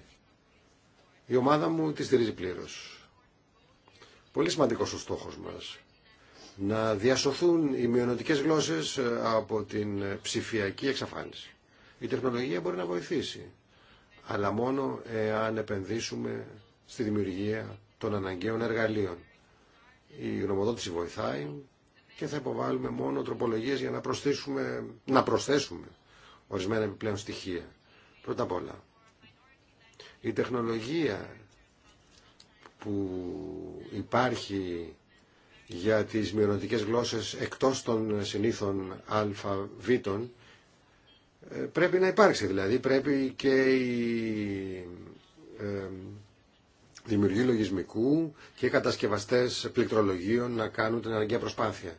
Η ομάδα μου τη στηρίζει πλήρω. Πολύ σημαντικό ο στόχο μα. Να διασωθούν οι μειονοτικέ γλώσσε ε, από την ψηφιακή εξαφάνιση. Η τεχνολογία μπορεί να βοηθήσει, αλλά μόνο εάν επενδύσουμε στη δημιουργία των αναγκαίων εργαλείων. Η γνωμοδότηση βοηθάει και θα υποβάλουμε μόνο τροπολογίες για να, προσθέσουμε, να προσθέσουμε ορισμένα επιπλέον στοιχεία. Πρώτα απ' όλα, η τεχνολογία που υπάρχει για τις μειονοτικές γλώσσες εκτός των συνήθων αλφαβήτων ε, πρέπει να υπάρξει. Δηλαδή πρέπει και οι ε, δημιουργοί λογισμικού και οι κατασκευαστές πληκτρολογίων να κάνουν την αναγκαία προσπάθεια.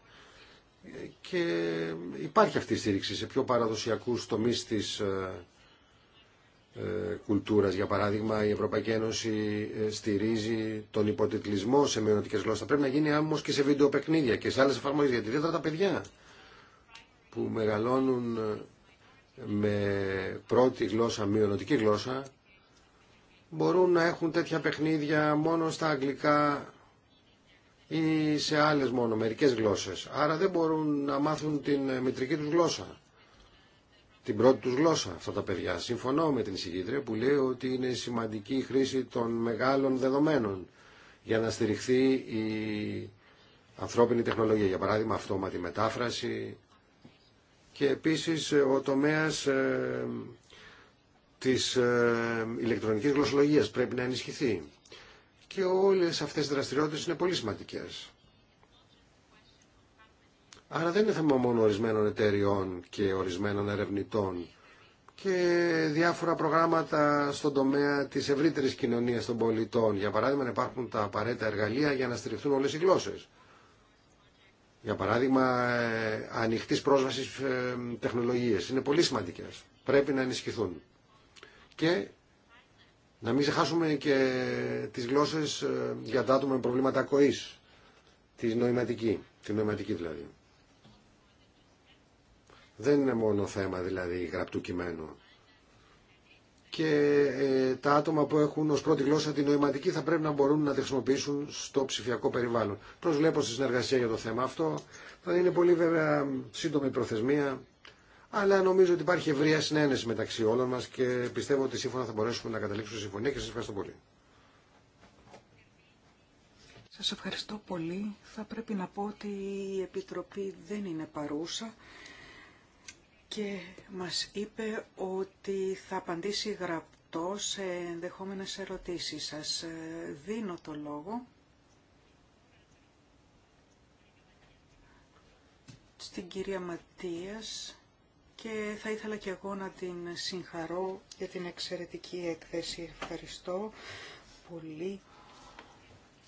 Και υπάρχει αυτή η στήριξη σε πιο παραδοσιακούς τομείς της ε, κουλτούρας. Για παράδειγμα, η Ευρωπαϊκή Ένωση στηρίζει τον υποτιτλισμό σε μειονοτικές γλώσσες. Θα πρέπει να γίνει άμμος και σε βίντεο και σε άλλες εφαρμογές, γιατί δεν τα παιδιά που μεγαλώνουν με πρώτη γλώσσα, μειονοτική γλώσσα, μπορούν να έχουν τέτοια παιχνίδια μόνο στα αγγλικά ή σε άλλες μόνο μερικές γλώσσες. Άρα δεν μπορούν να μάθουν την μητρική τους γλώσσα, την πρώτη τους γλώσσα αυτά τα παιδιά. Συμφωνώ με την συγκήτρια που λέει ότι είναι σημαντική η χρήση των μεγάλων δεδομένων για να στηριχθεί η ανθρώπινη τεχνολογία. Για παράδειγμα αυτόματη μετάφραση, και επίσης ε, ο τομέας ε, της ε, ηλεκτρονικής γλωσσολογίας πρέπει να ενισχυθεί. Και όλες αυτές οι δραστηριότητες είναι πολύ σημαντικές. Άρα δεν είναι θέμα μόνο ορισμένων εταιριών και ορισμένων ερευνητών και διάφορα προγράμματα στον τομέα της ευρύτερης κοινωνίας των πολιτών. Για παράδειγμα, υπάρχουν τα απαραίτητα εργαλεία για να στηριχθούν όλες οι γλώσσες για παράδειγμα, ε, ανοιχτή πρόσβαση ε, τεχνολογίε. Είναι πολύ σημαντικέ. Πρέπει να ενισχυθούν. Και να μην ξεχάσουμε και τις γλώσσες ε, για τα άτομα με προβλήματα ακοής. Τη νοηματική. Τη νοηματική δηλαδή. Δεν είναι μόνο θέμα δηλαδή γραπτού κειμένου και ε, τα άτομα που έχουν ως πρώτη γλώσσα τη νοηματική θα πρέπει να μπορούν να τη χρησιμοποιήσουν στο ψηφιακό περιβάλλον. Προσβλέπω στη συνεργασία για το θέμα αυτό. Θα είναι πολύ βέβαια σύντομη προθεσμία, αλλά νομίζω ότι υπάρχει ευρεία συνένεση μεταξύ όλων μας και πιστεύω ότι σύμφωνα θα μπορέσουμε να καταλήξουμε συμφωνία και σας ευχαριστώ πολύ. Σας ευχαριστώ πολύ. Θα πρέπει να πω ότι η Επιτροπή δεν είναι παρούσα και μας είπε ότι θα απαντήσει γραπτό σε ενδεχόμενες ερωτήσεις σας. Ε, δίνω το λόγο στην κυρία Ματίας και θα ήθελα και εγώ να την συγχαρώ για την εξαιρετική έκθεση. Ευχαριστώ πολύ.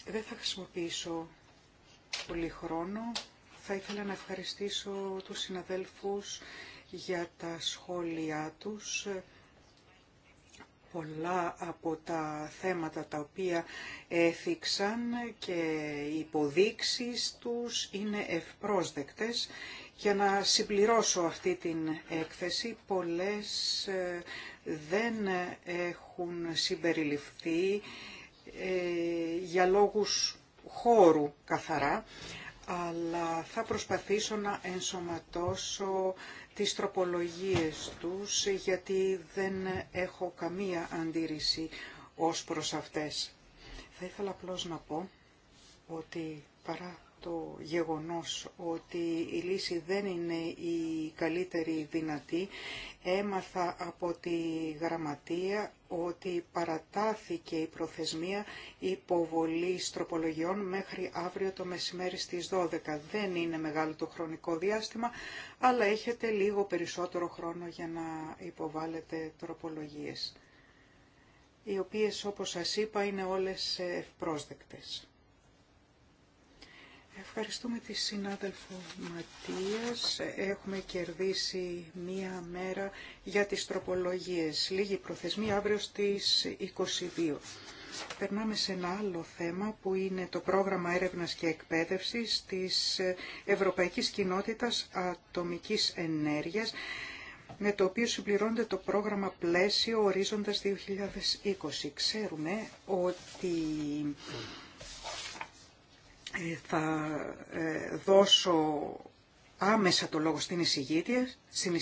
Δεν θα χρησιμοποιήσω πολύ χρόνο. Θα ήθελα να ευχαριστήσω τους συναδέλφους για τα σχόλιά τους. Πολλά από τα θέματα τα οποία έθιξαν και οι υποδείξεις τους είναι ευπρόσδεκτες. Για να συμπληρώσω αυτή την έκθεση, πολλές ε, δεν έχουν συμπεριληφθεί ε, για λόγους χώρου καθαρά, αλλά θα προσπαθήσω να ενσωματώσω τις τροπολογίες τους γιατί δεν έχω καμία αντίρρηση ως προς αυτές. Θα ήθελα απλώς να πω ότι παρά το γεγονός ότι η λύση δεν είναι η καλύτερη δυνατή, έμαθα από τη γραμματεία ότι παρατάθηκε η προθεσμία υποβολής τροπολογιών μέχρι αύριο το μεσημέρι στις 12. Δεν είναι μεγάλο το χρονικό διάστημα, αλλά έχετε λίγο περισσότερο χρόνο για να υποβάλλετε τροπολογίες, οι οποίες όπως σας είπα είναι όλες ευπρόσδεκτες. Ευχαριστούμε τη συνάδελφο Ματίας. Έχουμε κερδίσει μία μέρα για τις τροπολογίες. Λίγη προθεσμία αύριο στις 22. Περνάμε σε ένα άλλο θέμα που είναι το πρόγραμμα έρευνας και εκπαίδευσης της Ευρωπαϊκής Κοινότητας Ατομικής Ενέργειας με το οποίο συμπληρώνεται το πρόγραμμα πλαίσιο ορίζοντας 2020. Ξέρουμε ότι θα ε, δώσω άμεσα το λόγο στην εισηγήτρια, στην,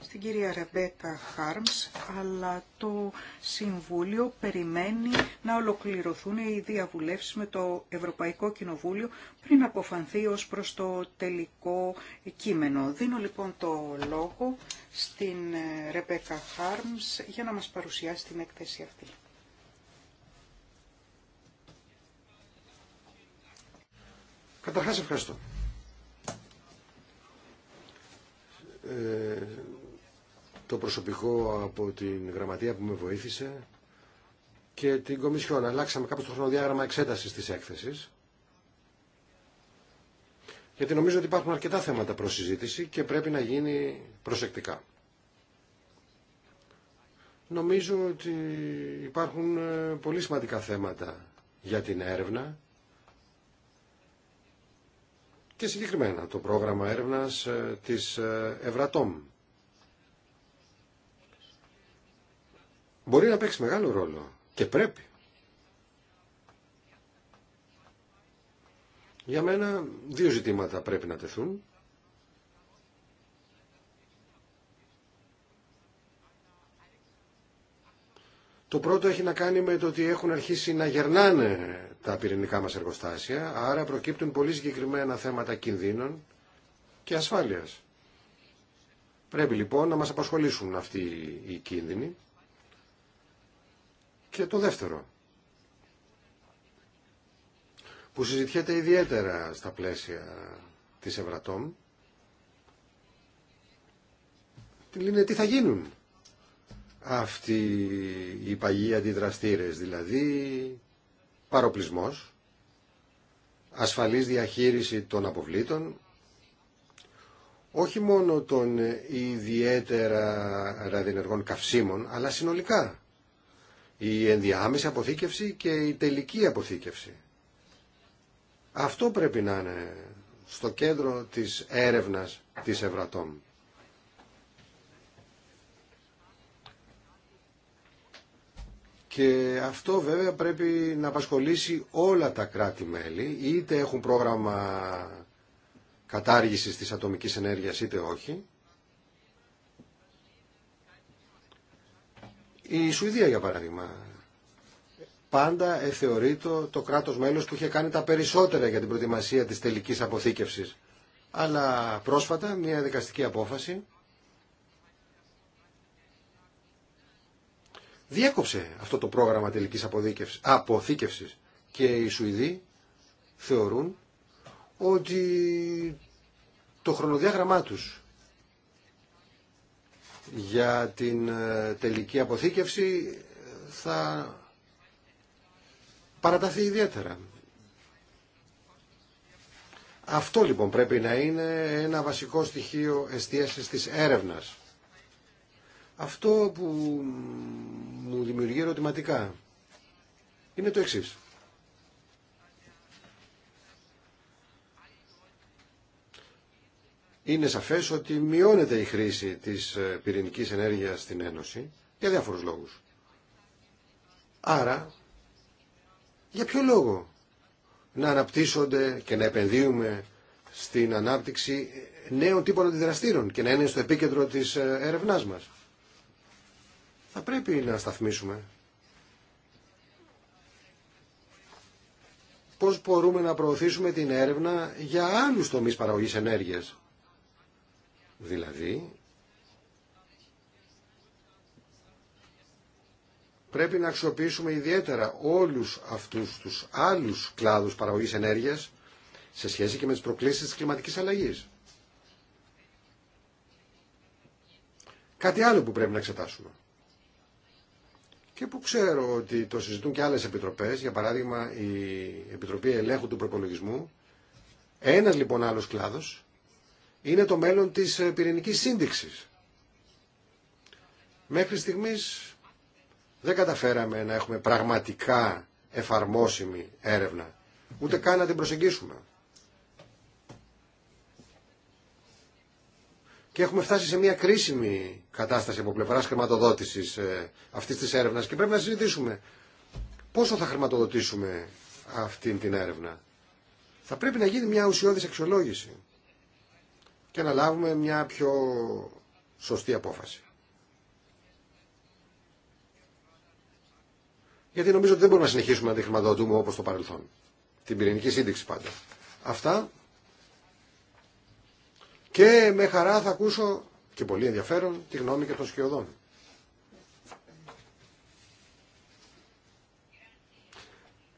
στην κυρία Ρεμπέκα Χάρμς, αλλά το Συμβούλιο περιμένει να ολοκληρωθούν οι διαβουλεύσεις με το Ευρωπαϊκό Κοινοβούλιο πριν αποφανθεί ως προς το τελικό κείμενο. Δίνω λοιπόν το λόγο στην ε, Ρεμπέκα Χάρμς για να μας παρουσιάσει την έκθεση αυτή. Καταρχάς ευχαριστώ. Ε, το προσωπικό από την γραμματεία που με βοήθησε και την Κομισιόν. Αλλάξαμε κάπως το χρονοδιάγραμμα εξέτασης της έκθεσης. Γιατί νομίζω ότι υπάρχουν αρκετά θέματα προς συζήτηση και πρέπει να γίνει προσεκτικά. Νομίζω ότι υπάρχουν ε, πολύ σημαντικά θέματα για την έρευνα και συγκεκριμένα το πρόγραμμα έρευνας ε, της ε, Ευρατόμ. Μπορεί να παίξει μεγάλο ρόλο και πρέπει. Για μένα δύο ζητήματα πρέπει να τεθούν. Το πρώτο έχει να κάνει με το ότι έχουν αρχίσει να γερνάνε τα πυρηνικά μας εργοστάσια, άρα προκύπτουν πολύ συγκεκριμένα θέματα κινδύνων και ασφάλειας. Πρέπει λοιπόν να μας απασχολήσουν αυτοί οι κίνδυνοι. Και το δεύτερο, που συζητιέται ιδιαίτερα στα πλαίσια της Ευρατόμ, είναι τι θα γίνουν αυτοί οι παγιοί αντιδραστήρες, δηλαδή παροπλισμός, ασφαλής διαχείριση των αποβλήτων, όχι μόνο των ιδιαίτερα ραδιενεργών καυσίμων, αλλά συνολικά. Η ενδιάμεση αποθήκευση και η τελική αποθήκευση. Αυτό πρέπει να είναι στο κέντρο της έρευνας της Ευρατών. Και αυτό βέβαια πρέπει να απασχολήσει όλα τα κράτη-μέλη, είτε έχουν πρόγραμμα κατάργησης της ατομικής ενέργειας είτε όχι. Η Σουηδία για παράδειγμα πάντα εθεωρεί το, το κράτος μέλος που είχε κάνει τα περισσότερα για την προετοιμασία της τελικής αποθήκευσης. Αλλά πρόσφατα μια δικαστική απόφαση διέκοψε αυτό το πρόγραμμα τελικής αποθήκευσης και οι Σουηδοί θεωρούν ότι το χρονοδιάγραμμά τους για την ε, τελική αποθήκευση ε, θα παραταθεί ιδιαίτερα. Αυτό λοιπόν πρέπει να είναι ένα βασικό στοιχείο εστίασης της έρευνας αυτό που μου δημιουργεί ερωτηματικά είναι το εξής. Είναι σαφές ότι μειώνεται η χρήση της ε, πυρηνικής ενέργειας στην Ένωση για διάφορους λόγους. Άρα, για ποιο λόγο να αναπτύσσονται και να επενδύουμε στην ανάπτυξη νέων τύπων αντιδραστήρων και να είναι στο επίκεντρο της ε, έρευνάς μας θα πρέπει να σταθμίσουμε. Πώς μπορούμε να προωθήσουμε την έρευνα για άλλους τομείς παραγωγής ενέργειας. Δηλαδή, πρέπει να αξιοποιήσουμε ιδιαίτερα όλους αυτούς τους άλλους κλάδους παραγωγής ενέργειας σε σχέση και με τις προκλήσεις της κλιματικής αλλαγής. Κάτι άλλο που πρέπει να εξετάσουμε και που ξέρω ότι το συζητούν και άλλες επιτροπές, για παράδειγμα η Επιτροπή Ελέγχου του Προπολογισμού. Ένας λοιπόν άλλος κλάδος είναι το μέλλον της ε, πυρηνικής σύνδεξης. Μέχρι στιγμής δεν καταφέραμε να έχουμε πραγματικά εφαρμόσιμη έρευνα, ούτε καν να την προσεγγίσουμε. Και έχουμε φτάσει σε μια κρίσιμη κατάσταση από πλευρά χρηματοδότηση ε, αυτή τη έρευνα και πρέπει να συζητήσουμε πόσο θα χρηματοδοτήσουμε αυτή την έρευνα. Θα πρέπει να γίνει μια ουσιώδη αξιολόγηση και να λάβουμε μια πιο σωστή απόφαση. Γιατί νομίζω ότι δεν μπορούμε να συνεχίσουμε να τη χρηματοδοτούμε όπω το παρελθόν. Την πυρηνική σύνδεξη πάντα. Αυτά και με χαρά θα ακούσω και πολύ ενδιαφέρον τη γνώμη και των σκιωδών.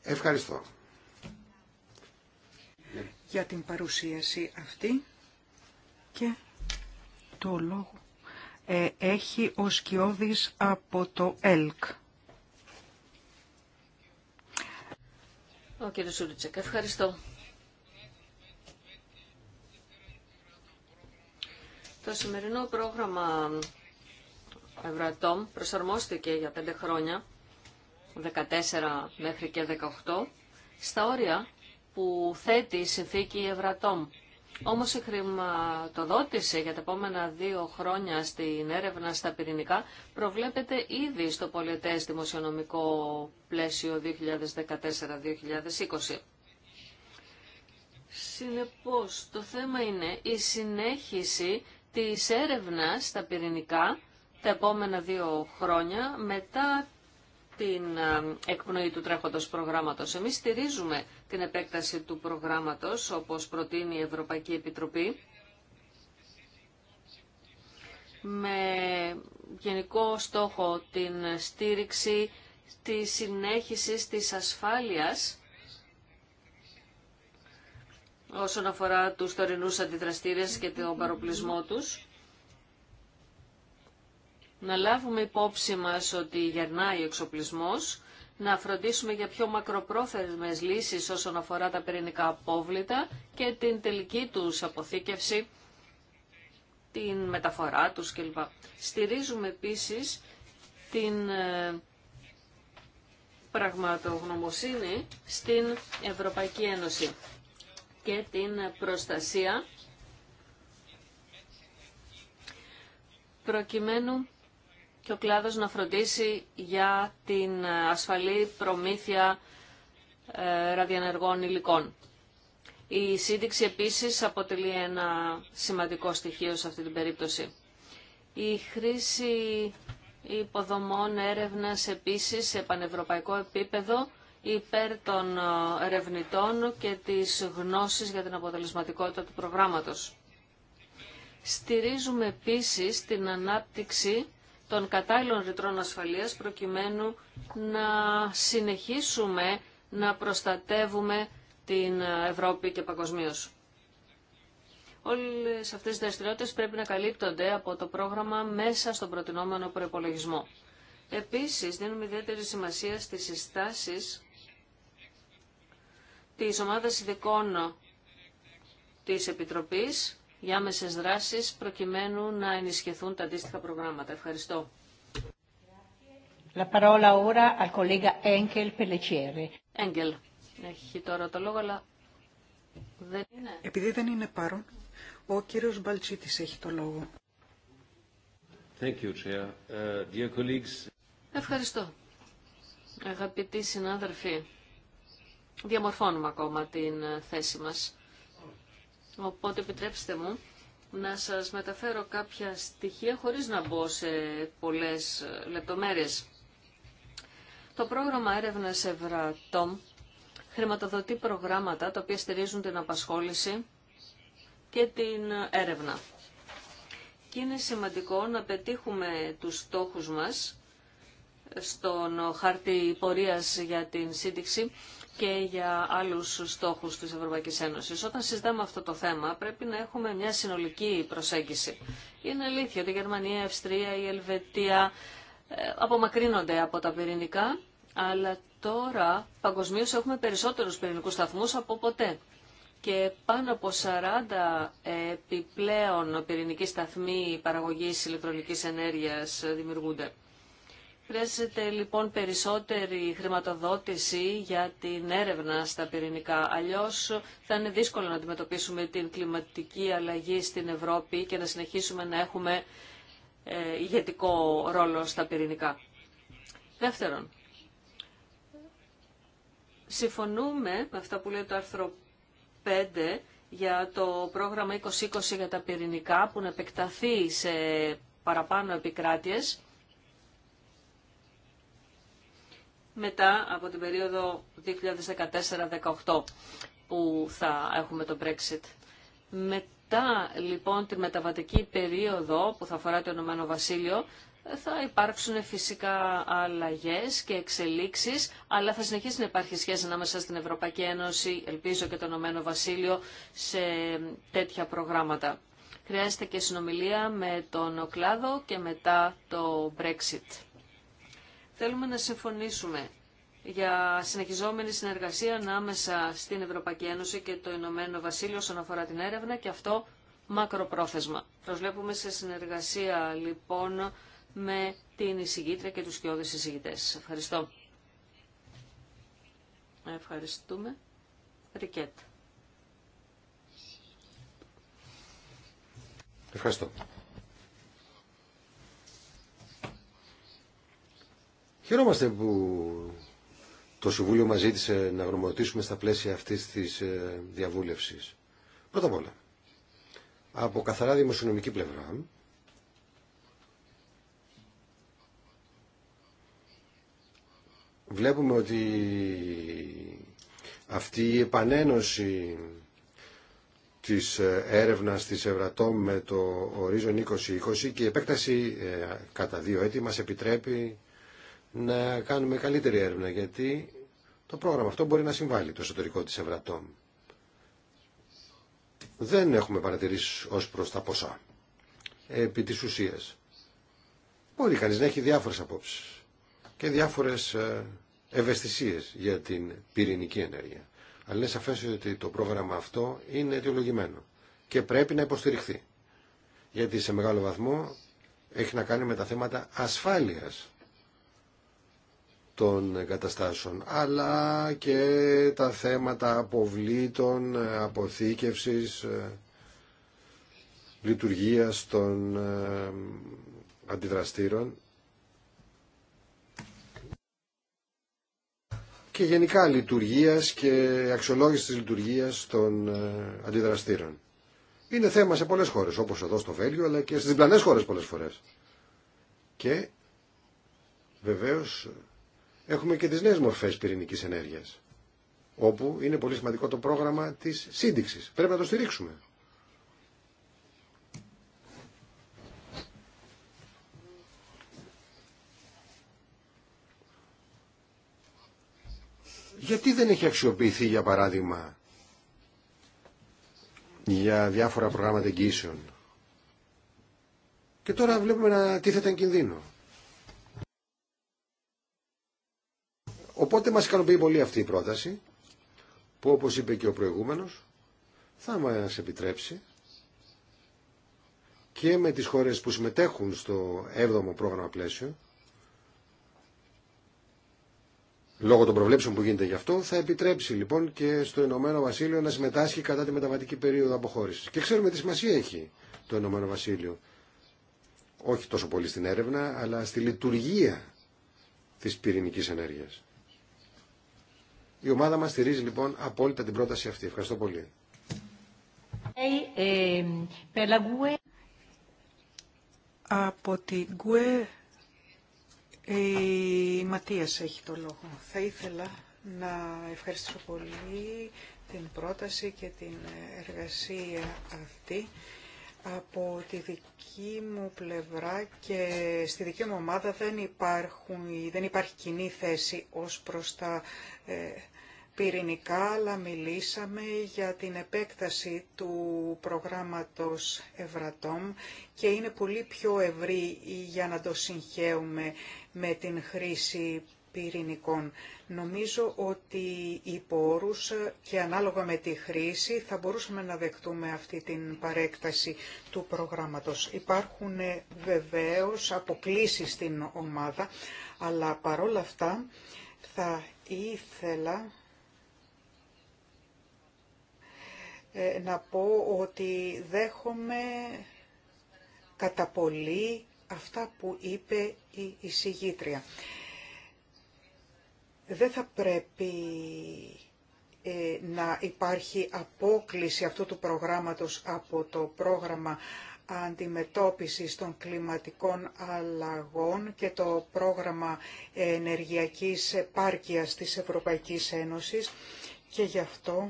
Ευχαριστώ. Για την παρουσίαση αυτή και το λόγο ε, έχει ο Σκιώδης από το ΕΛΚ. Ο κύριος Σούριτσεκ, ευχαριστώ. Το σημερινό πρόγραμμα Ευρωατόμ προσαρμόστηκε για πέντε χρόνια, 14 μέχρι και 18, στα όρια που θέτει η συνθήκη Ευρατόμ. Όμως η χρηματοδότηση για τα επόμενα δύο χρόνια στην έρευνα στα πυρηνικά προβλέπεται ήδη στο πολιτές δημοσιονομικό πλαίσιο 2014-2020. Συνεπώς, το θέμα είναι η συνέχιση της έρευνας στα πυρηνικά τα επόμενα δύο χρόνια μετά την εκπνοή του τρέχοντος προγράμματος. Εμείς στηρίζουμε την επέκταση του προγράμματος όπως προτείνει η Ευρωπαϊκή Επιτροπή με γενικό στόχο την στήριξη της συνέχισης της ασφάλειας όσον αφορά τους τωρινούς αντιδραστήρες και τον παροπλισμό τους. Να λάβουμε υπόψη μας ότι γερνάει ο εξοπλισμός, να φροντίσουμε για πιο μακροπρόθεσμες λύσεις όσον αφορά τα πυρηνικά απόβλητα και την τελική τους αποθήκευση, την μεταφορά τους κλπ. Στηρίζουμε επίσης την ε, πραγματογνωμοσύνη στην Ευρωπαϊκή Ένωση και την προστασία προκειμένου και ο κλάδος να φροντίσει για την ασφαλή προμήθεια ε, ραδιενεργών υλικών. Η σύνδεξη επίσης αποτελεί ένα σημαντικό στοιχείο σε αυτή την περίπτωση. Η χρήση υποδομών έρευνας επίσης σε πανευρωπαϊκό επίπεδο υπέρ των ε, ερευνητών και της γνώσης για την αποτελεσματικότητα του προγράμματος. Στηρίζουμε επίσης την ανάπτυξη των κατάλληλων ρητρών ασφαλείας προκειμένου να συνεχίσουμε να προστατεύουμε την Ευρώπη και παγκοσμίω. Όλες αυτές οι δραστηριότητες πρέπει να καλύπτονται από το πρόγραμμα μέσα στον προτινόμενο προπολογισμό. Επίσης, δίνουμε ιδιαίτερη σημασία στις συστάσεις της ομάδας ειδικών της Επιτροπής για άμεσες δράσεις προκειμένου να ενισχυθούν τα αντίστοιχα προγράμματα. Ευχαριστώ. La parola ora al collega le Pellecieri. Engel. Έχει τώρα το λόγο, αλλά δεν είναι. Επειδή δεν είναι παρόν, ο κύριος Μπαλτσίτης έχει το λόγο. Thank you, Chair. Uh, dear colleagues... Ευχαριστώ. Αγαπητοί συνάδελφοι, διαμορφώνουμε ακόμα την ε, θέση μας. Οπότε επιτρέψτε μου να σας μεταφέρω κάποια στοιχεία χωρίς να μπω σε πολλές ε, λεπτομέρειες. Το πρόγραμμα έρευνας Ευρατόμ χρηματοδοτεί προγράμματα τα οποία στηρίζουν την απασχόληση και την έρευνα. Και είναι σημαντικό να πετύχουμε τους στόχους μας στον χάρτη πορείας για την σύνδεξη και για άλλους στόχους της Ευρωπαϊκής Ένωσης. Όταν συζητάμε αυτό το θέμα πρέπει να έχουμε μια συνολική προσέγγιση. Είναι αλήθεια ότι η Γερμανία, η Αυστρία, η Ελβετία ε, απομακρύνονται από τα πυρηνικά, αλλά τώρα παγκοσμίως έχουμε περισσότερους πυρηνικούς σταθμούς από ποτέ. Και πάνω από 40 επιπλέον πυρηνικοί σταθμοί παραγωγής ηλεκτρονικής ενέργειας δημιουργούνται. Χρειάζεται λοιπόν περισσότερη χρηματοδότηση για την έρευνα στα πυρηνικά. Αλλιώς θα είναι δύσκολο να αντιμετωπίσουμε την κλιματική αλλαγή στην Ευρώπη και να συνεχίσουμε να έχουμε ε, ηγετικό ρόλο στα πυρηνικά. Δεύτερον, συμφωνούμε με αυτά που λέει το άρθρο 5 για το πρόγραμμα 2020 για τα πυρηνικά που να επεκταθεί σε παραπάνω επικράτειες μετά από την περίοδο 2014-2018 που θα έχουμε το Brexit. Μετά λοιπόν την μεταβατική περίοδο που θα αφορά το Ηνωμένο Βασίλειο θα υπάρξουν φυσικά αλλαγές και εξελίξεις, αλλά θα συνεχίσει να υπάρχει σχέση ανάμεσα στην Ευρωπαϊκή Ένωση, ελπίζω και το Ηνωμένο Βασίλειο, σε τέτοια προγράμματα. Χρειάζεται και συνομιλία με τον κλάδο και μετά το Brexit. Θέλουμε να συμφωνήσουμε για συνεχιζόμενη συνεργασία ανάμεσα στην Ευρωπαϊκή Ένωση και το Ηνωμένο Βασίλειο όσον αφορά την έρευνα και αυτό μακροπρόθεσμα. Προσβλέπουμε σε συνεργασία λοιπόν με την εισηγήτρια και τους κοιόδες εισηγητές. Ευχαριστώ. Ευχαριστούμε. Ρικέτ. Ευχαριστώ. Χαιρόμαστε που το Συμβούλιο μας ζήτησε να γνωμοτήσουμε στα πλαίσια αυτής της ε, διαβούλευσης. Πρώτα απ' όλα, από καθαρά δημοσιονομική πλευρά, βλέπουμε ότι αυτή η επανένωση της ε, έρευνας της Ευρατόμ με το ορίζον 2020 και η επέκταση ε, κατά δύο έτη μας επιτρέπει να κάνουμε καλύτερη έρευνα γιατί το πρόγραμμα αυτό μπορεί να συμβάλλει το εσωτερικό της Ευρατόμ. Δεν έχουμε παρατηρήσει ως προς τα ποσά. Επί της ουσίας. Μπορεί κανείς να έχει διάφορες απόψεις και διάφορες ε, ευαισθησίες για την πυρηνική ενέργεια. Αλλά είναι σαφές ότι το πρόγραμμα αυτό είναι αιτιολογημένο και πρέπει να υποστηριχθεί. Γιατί σε μεγάλο βαθμό έχει να κάνει με τα θέματα ασφάλειας των καταστάσεων αλλά και τα θέματα αποβλήτων, αποθήκευσης, λειτουργίας των ε, αντιδραστήρων και γενικά λειτουργίας και αξιολόγηση της λειτουργίας των ε, αντιδραστήρων. Είναι θέμα σε πολλές χώρες, όπως εδώ στο Βέλγιο, αλλά και στις διπλανές χώρες πολλές φορές. Και βεβαίως έχουμε και τις νέες μορφές πυρηνικής ενέργειας, όπου είναι πολύ σημαντικό το πρόγραμμα της σύνδεξης. Πρέπει να το στηρίξουμε. Γιατί δεν έχει αξιοποιηθεί, για παράδειγμα, για διάφορα προγράμματα εγγύσεων. Και τώρα βλέπουμε να τίθεται εν κινδύνο. Οπότε μας ικανοποιεί πολύ αυτή η πρόταση που όπως είπε και ο προηγούμενος θα μας επιτρέψει και με τις χώρες που συμμετέχουν στο 7ο πρόγραμμα πλαίσιο λόγω των προβλέψεων που γίνεται γι' αυτό θα επιτρέψει λοιπόν και στο Ηνωμένο Βασίλειο να συμμετάσχει κατά τη μεταβατική περίοδο αποχώρησης. Και ξέρουμε τι σημασία έχει το Ηνωμένο Βασίλειο όχι τόσο πολύ στην έρευνα αλλά στη λειτουργία της πυρηνικής ενέργειας. Η ομάδα μας στηρίζει λοιπόν απόλυτα την πρόταση αυτή. Ευχαριστώ πολύ. Ε, ε, e. Από την ΚΟΕ e, η Ματίας έχει το λόγο. Θα ήθελα να ευχαριστήσω πολύ την πρόταση και την εργασία αυτή από τη δική μου πλευρά και στη δική μου ομάδα δεν, υπάρχουν, δεν υπάρχει κοινή θέση ως προς τα ε, πυρηνικά, αλλά μιλήσαμε για την επέκταση του προγράμματος Ευρατόμ και είναι πολύ πιο ευρύ για να το συγχέουμε με την χρήση πυρηνικών. Νομίζω ότι οι πόρους και ανάλογα με τη χρήση θα μπορούσαμε να δεχτούμε αυτή την παρέκταση του προγράμματος. Υπάρχουν ε, βεβαίως αποκλήσεις στην ομάδα, αλλά παρόλα αυτά θα ήθελα ε, να πω ότι δέχομαι κατά πολύ αυτά που είπε η εισηγήτρια δεν θα πρέπει ε, να υπάρχει απόκληση αυτού του προγράμματος από το πρόγραμμα αντιμετώπισης των κλιματικών αλλαγών και το πρόγραμμα ενεργειακής επάρκειας της Ευρωπαϊκής Ένωσης και γι' αυτό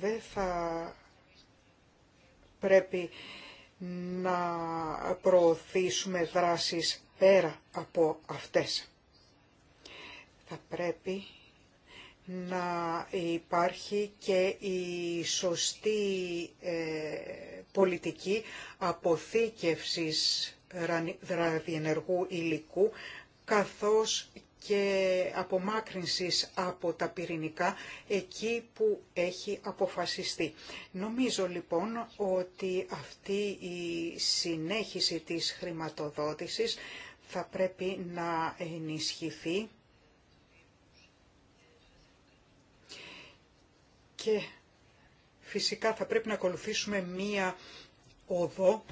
δεν θα πρέπει να προωθήσουμε δράσεις πέρα από αυτές θα πρέπει να υπάρχει και η σωστή ε, πολιτική αποθήκευσης ραδιενεργού υλικού καθώς και απομάκρυνσης από τα πυρηνικά εκεί που έχει αποφασιστεί. Νομίζω λοιπόν ότι αυτή η συνέχιση της χρηματοδότησης θα πρέπει να ενισχυθεί και φυσικά θα πρέπει να ακολουθήσουμε μία οδό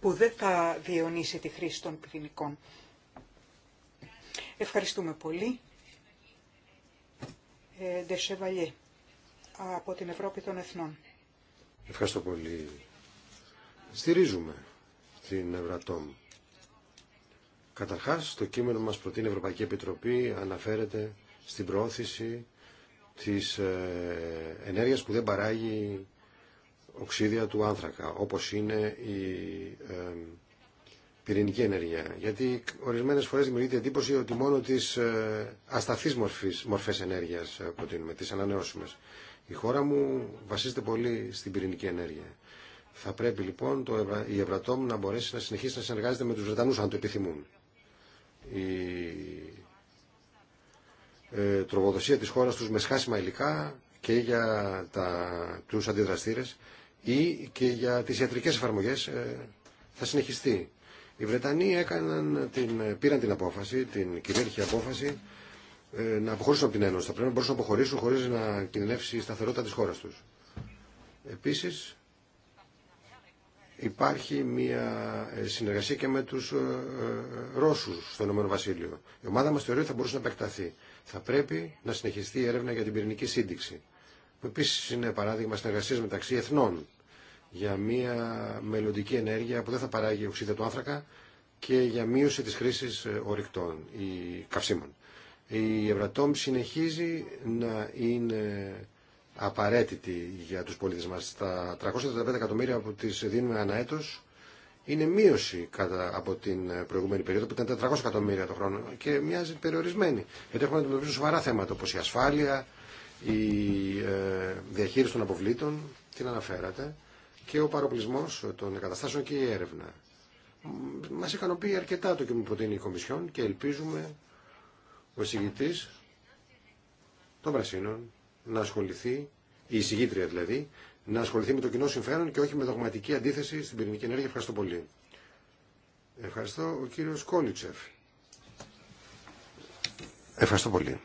που δεν θα διαιωνίσει τη χρήση των πυρηνικών. Ευχαριστούμε πολύ. Ε, Ντεσεβαλιέ από την Ευρώπη των Εθνών. Ευχαριστώ πολύ. Στηρίζουμε την Ευρατόμ. Καταρχάς, το κείμενο μας προτείνει η Ευρωπαϊκή Επιτροπή αναφέρεται στην προώθηση της ε, ενέργειας που δεν παράγει οξύδια του άνθρακα, όπως είναι η ε, πυρηνική ενέργεια. Γιατί ορισμένες φορές δημιουργείται εντύπωση ότι μόνο τις ε, ασταθείς μορφές, μορφές ενέργειας προτείνουμε, τις ανανεώσιμες. Η χώρα μου βασίζεται πολύ στην πυρηνική ενέργεια. Θα πρέπει λοιπόν το η Ευρατόμ να μπορέσει να συνεχίσει να συνεργάζεται με τους Βρετανούς αν το επιθυμούν ε, τροποδοσία της χώρας τους με σχάσιμα υλικά και για τα, τους αντιδραστήρες ή και για τις ιατρικές εφαρμογές ε, θα συνεχιστεί. Οι Βρετανοί την, πήραν την απόφαση, την κυρίαρχη απόφαση ε, να αποχωρήσουν από την Ένωση. Θα πρέπει να μπορούσαν να αποχωρήσουν χωρίς να κινδυνεύσει η σταθερότητα της χώρας τους. Επίσης, υπάρχει μια ε, συνεργασία και με τους ε, Ρώσους στο Ηνωμένο Βασίλειο. Η ομάδα μας θεωρεί ότι θα μπορούσε να επεκταθεί. Θα πρέπει να συνεχιστεί η έρευνα για την πυρηνική σύνδεξη, που επίση είναι παράδειγμα συνεργασία μεταξύ εθνών για μια μελλοντική ενέργεια που δεν θα παράγει οξύδια του άνθρακα και για μείωση της χρήσης ε, ορυκτών ή καυσίμων. Η Ευρατόμ συνεχίζει να είναι απαραίτητη για τους πολίτες μας. Τα 345 εκατομμύρια που τις δίνουμε ανά έτος είναι μείωση κατά, από την προηγούμενη περίοδο που ήταν 400 εκατομμύρια το χρόνο και μοιάζει περιορισμένη. Γιατί έχουμε να αντιμετωπίσουμε σοβαρά θέματα όπω η ασφάλεια, η ε, διαχείριση των αποβλήτων, την αναφέρατε, και ο παροπλισμός των εγκαταστάσεων και η έρευνα. Μας ικανοποιεί αρκετά το και μου προτείνει η Κομισιόν και ελπίζουμε ο εισηγητή των Πρασίνων να ασχοληθεί, η εισηγήτρια δηλαδή, να ασχοληθεί με το κοινό συμφέρον και όχι με δογματική αντίθεση στην πυρηνική ενέργεια. Ευχαριστώ πολύ. Ευχαριστώ ο κύριος Κόλιτσεφ. Ευχαριστώ πολύ.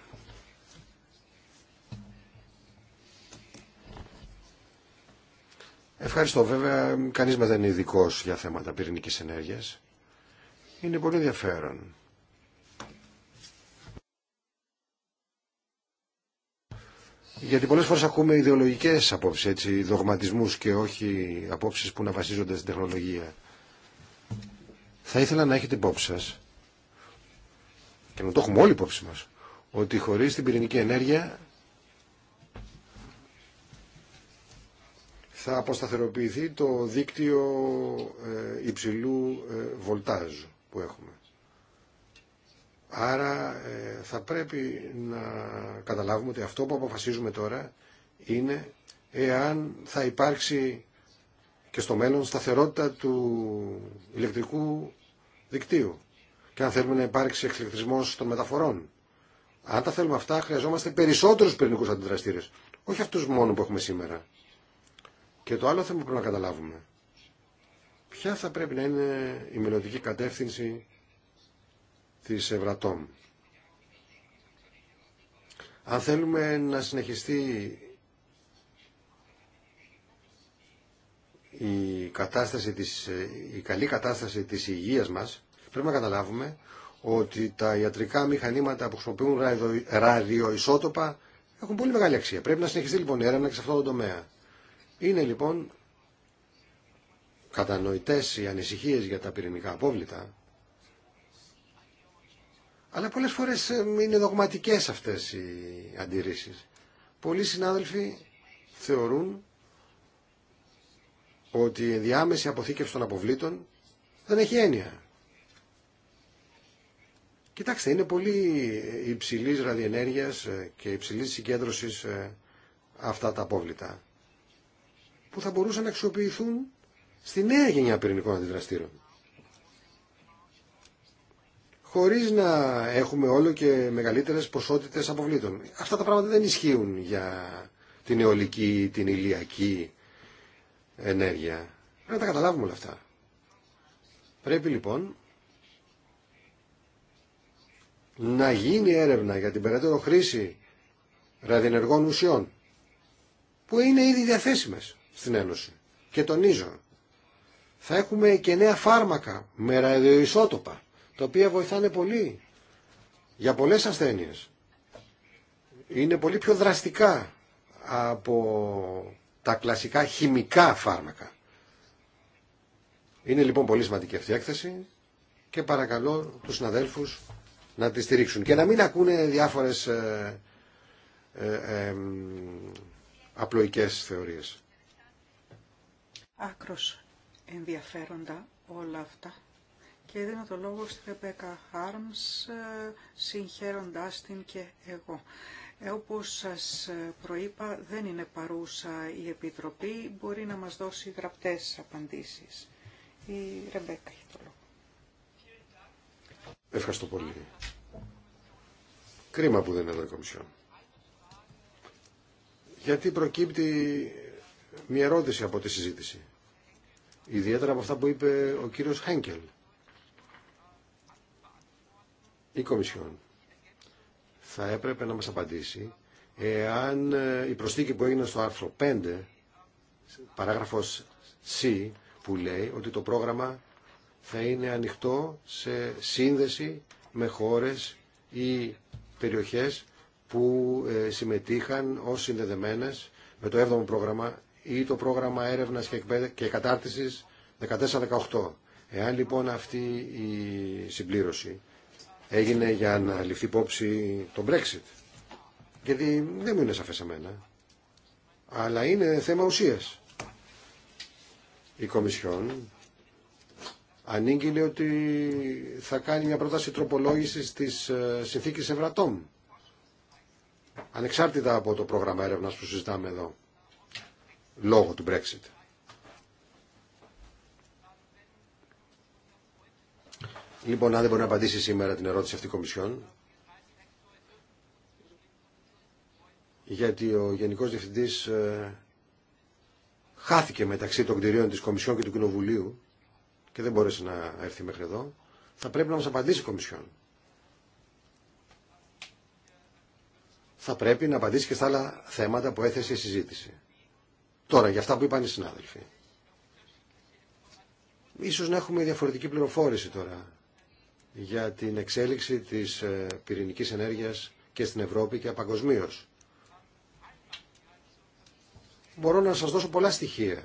Ευχαριστώ. Βέβαια, κανείς μας δεν είναι ειδικό για θέματα πυρηνικής ενέργειας. Είναι πολύ ενδιαφέρον Γιατί πολλές φορές ακούμε ιδεολογικές απόψεις, έτσι, δογματισμούς και όχι απόψεις που να βασίζονται στην τεχνολογία. Θα ήθελα να έχετε υπόψη σας, και να το έχουμε όλοι υπόψη μας, ότι χωρίς την πυρηνική ενέργεια θα αποσταθεροποιηθεί το δίκτυο ε, υψηλού ε, βολτάζου που έχουμε. Άρα ε, θα πρέπει να καταλάβουμε ότι αυτό που αποφασίζουμε τώρα είναι εάν θα υπάρξει και στο μέλλον σταθερότητα του ηλεκτρικού δικτύου και αν θέλουμε να υπάρξει εξελεκτρισμός των μεταφορών. Αν τα θέλουμε αυτά χρειαζόμαστε περισσότερους πυρηνικούς αντιδραστήρες, όχι αυτούς μόνο που έχουμε σήμερα. Και το άλλο θέμα που πρέπει να καταλάβουμε. Ποια θα πρέπει να είναι η μελλοντική κατεύθυνση της Ευρατόμ. Αν θέλουμε να συνεχιστεί η, κατάσταση της, η καλή κατάσταση της υγείας μας, πρέπει να καταλάβουμε ότι τα ιατρικά μηχανήματα που χρησιμοποιούν ραδιοϊσότοπα έχουν πολύ μεγάλη αξία. Πρέπει να συνεχιστεί λοιπόν η έρευνα και σε αυτό το τομέα. Είναι λοιπόν κατανοητές οι ανησυχίες για τα πυρηνικά απόβλητα, αλλά πολλές φορές ε, είναι δογματικέ αυτές οι αντιρρήσεις. Πολλοί συνάδελφοι θεωρούν ότι η διάμεση αποθήκευση των αποβλήτων δεν έχει έννοια. Κοιτάξτε, είναι πολύ υψηλής ραδιενέργειας ε, και υψηλής συγκέντρωσης ε, αυτά τα απόβλητα που θα μπορούσαν να αξιοποιηθούν στη νέα γενιά πυρηνικών αντιδραστήρων χωρίς να έχουμε όλο και μεγαλύτερες ποσότητες αποβλήτων. Αυτά τα πράγματα δεν ισχύουν για την αιωλική, την ηλιακή ενέργεια. Πρέπει να τα καταλάβουμε όλα αυτά. Πρέπει λοιπόν να γίνει έρευνα για την περαιτέρω χρήση ραδιενεργών ουσιών που είναι ήδη διαθέσιμες στην Ένωση. Και τονίζω, θα έχουμε και νέα φάρμακα με ραδιοϊσότοπα τα οποία βοηθάνε πολύ για πολλές ασθένειες. Είναι πολύ πιο δραστικά από τα κλασικά χημικά φάρμακα. Είναι λοιπόν πολύ σημαντική αυτή η έκθεση και παρακαλώ τους συναδέλφους να τη στηρίξουν και να μην ακούνε διάφορες ε, ε, ε, ε απλοϊκές θεωρίες. Άκρος ενδιαφέροντα όλα αυτά και δίνω το λόγο στη Ρεμπέκα Χάρμς, ε, συγχαίροντάς την και εγώ. Ε, όπως σας προείπα, δεν είναι παρούσα η Επιτροπή, μπορεί να μας δώσει γραπτές απαντήσεις. Η Ρεμπέκα έχει το λόγο. Ευχαριστώ πολύ. Κρίμα που δεν είναι εδώ η Κομισιόν. Γιατί προκύπτει μια ερώτηση από τη συζήτηση. Ιδιαίτερα από αυτά που είπε ο κύριος Χένκελ η Κομισιόν θα έπρεπε να μας απαντήσει εάν ε, η προσθήκη που έγινε στο άρθρο 5, παράγραφος C, που λέει ότι το πρόγραμμα θα είναι ανοιχτό σε σύνδεση με χώρες ή περιοχές που ε, συμμετείχαν ως συνδεδεμένες με το 7ο πρόγραμμα ή το πρόγραμμα έρευνας και κατάρτισης 14-18. Εάν λοιπόν αυτή η συμπλήρωση έγινε για να ληφθεί υπόψη το Brexit. Γιατί δεν μου είναι σαφές εμένα. Αλλά είναι θέμα ουσίας. Η Κομισιόν ανήγγειλε ότι θα κάνει μια πρόταση τροπολόγησης της ε, συνθήκης ευρατών, Ανεξάρτητα από το πρόγραμμα έρευνας που συζητάμε εδώ. Λόγω του Brexit. Λοιπόν, αν δεν μπορεί να απαντήσει σήμερα την ερώτηση αυτή η Κομισιόν, γιατί ο Γενικός Διευθυντής ε, χάθηκε μεταξύ των κτηρίων της Κομισιόν και του Κοινοβουλίου και δεν μπόρεσε να έρθει μέχρι εδώ, θα πρέπει να μας απαντήσει η Κομισιόν. Θα πρέπει να απαντήσει και στα άλλα θέματα που έθεσε η συζήτηση. Τώρα, για αυτά που είπαν οι συνάδελφοι. Ίσως να έχουμε διαφορετική πληροφόρηση τώρα για την εξέλιξη της ε, πυρηνικής ενέργειας και στην Ευρώπη και παγκοσμίω. Μπορώ να σας δώσω πολλά στοιχεία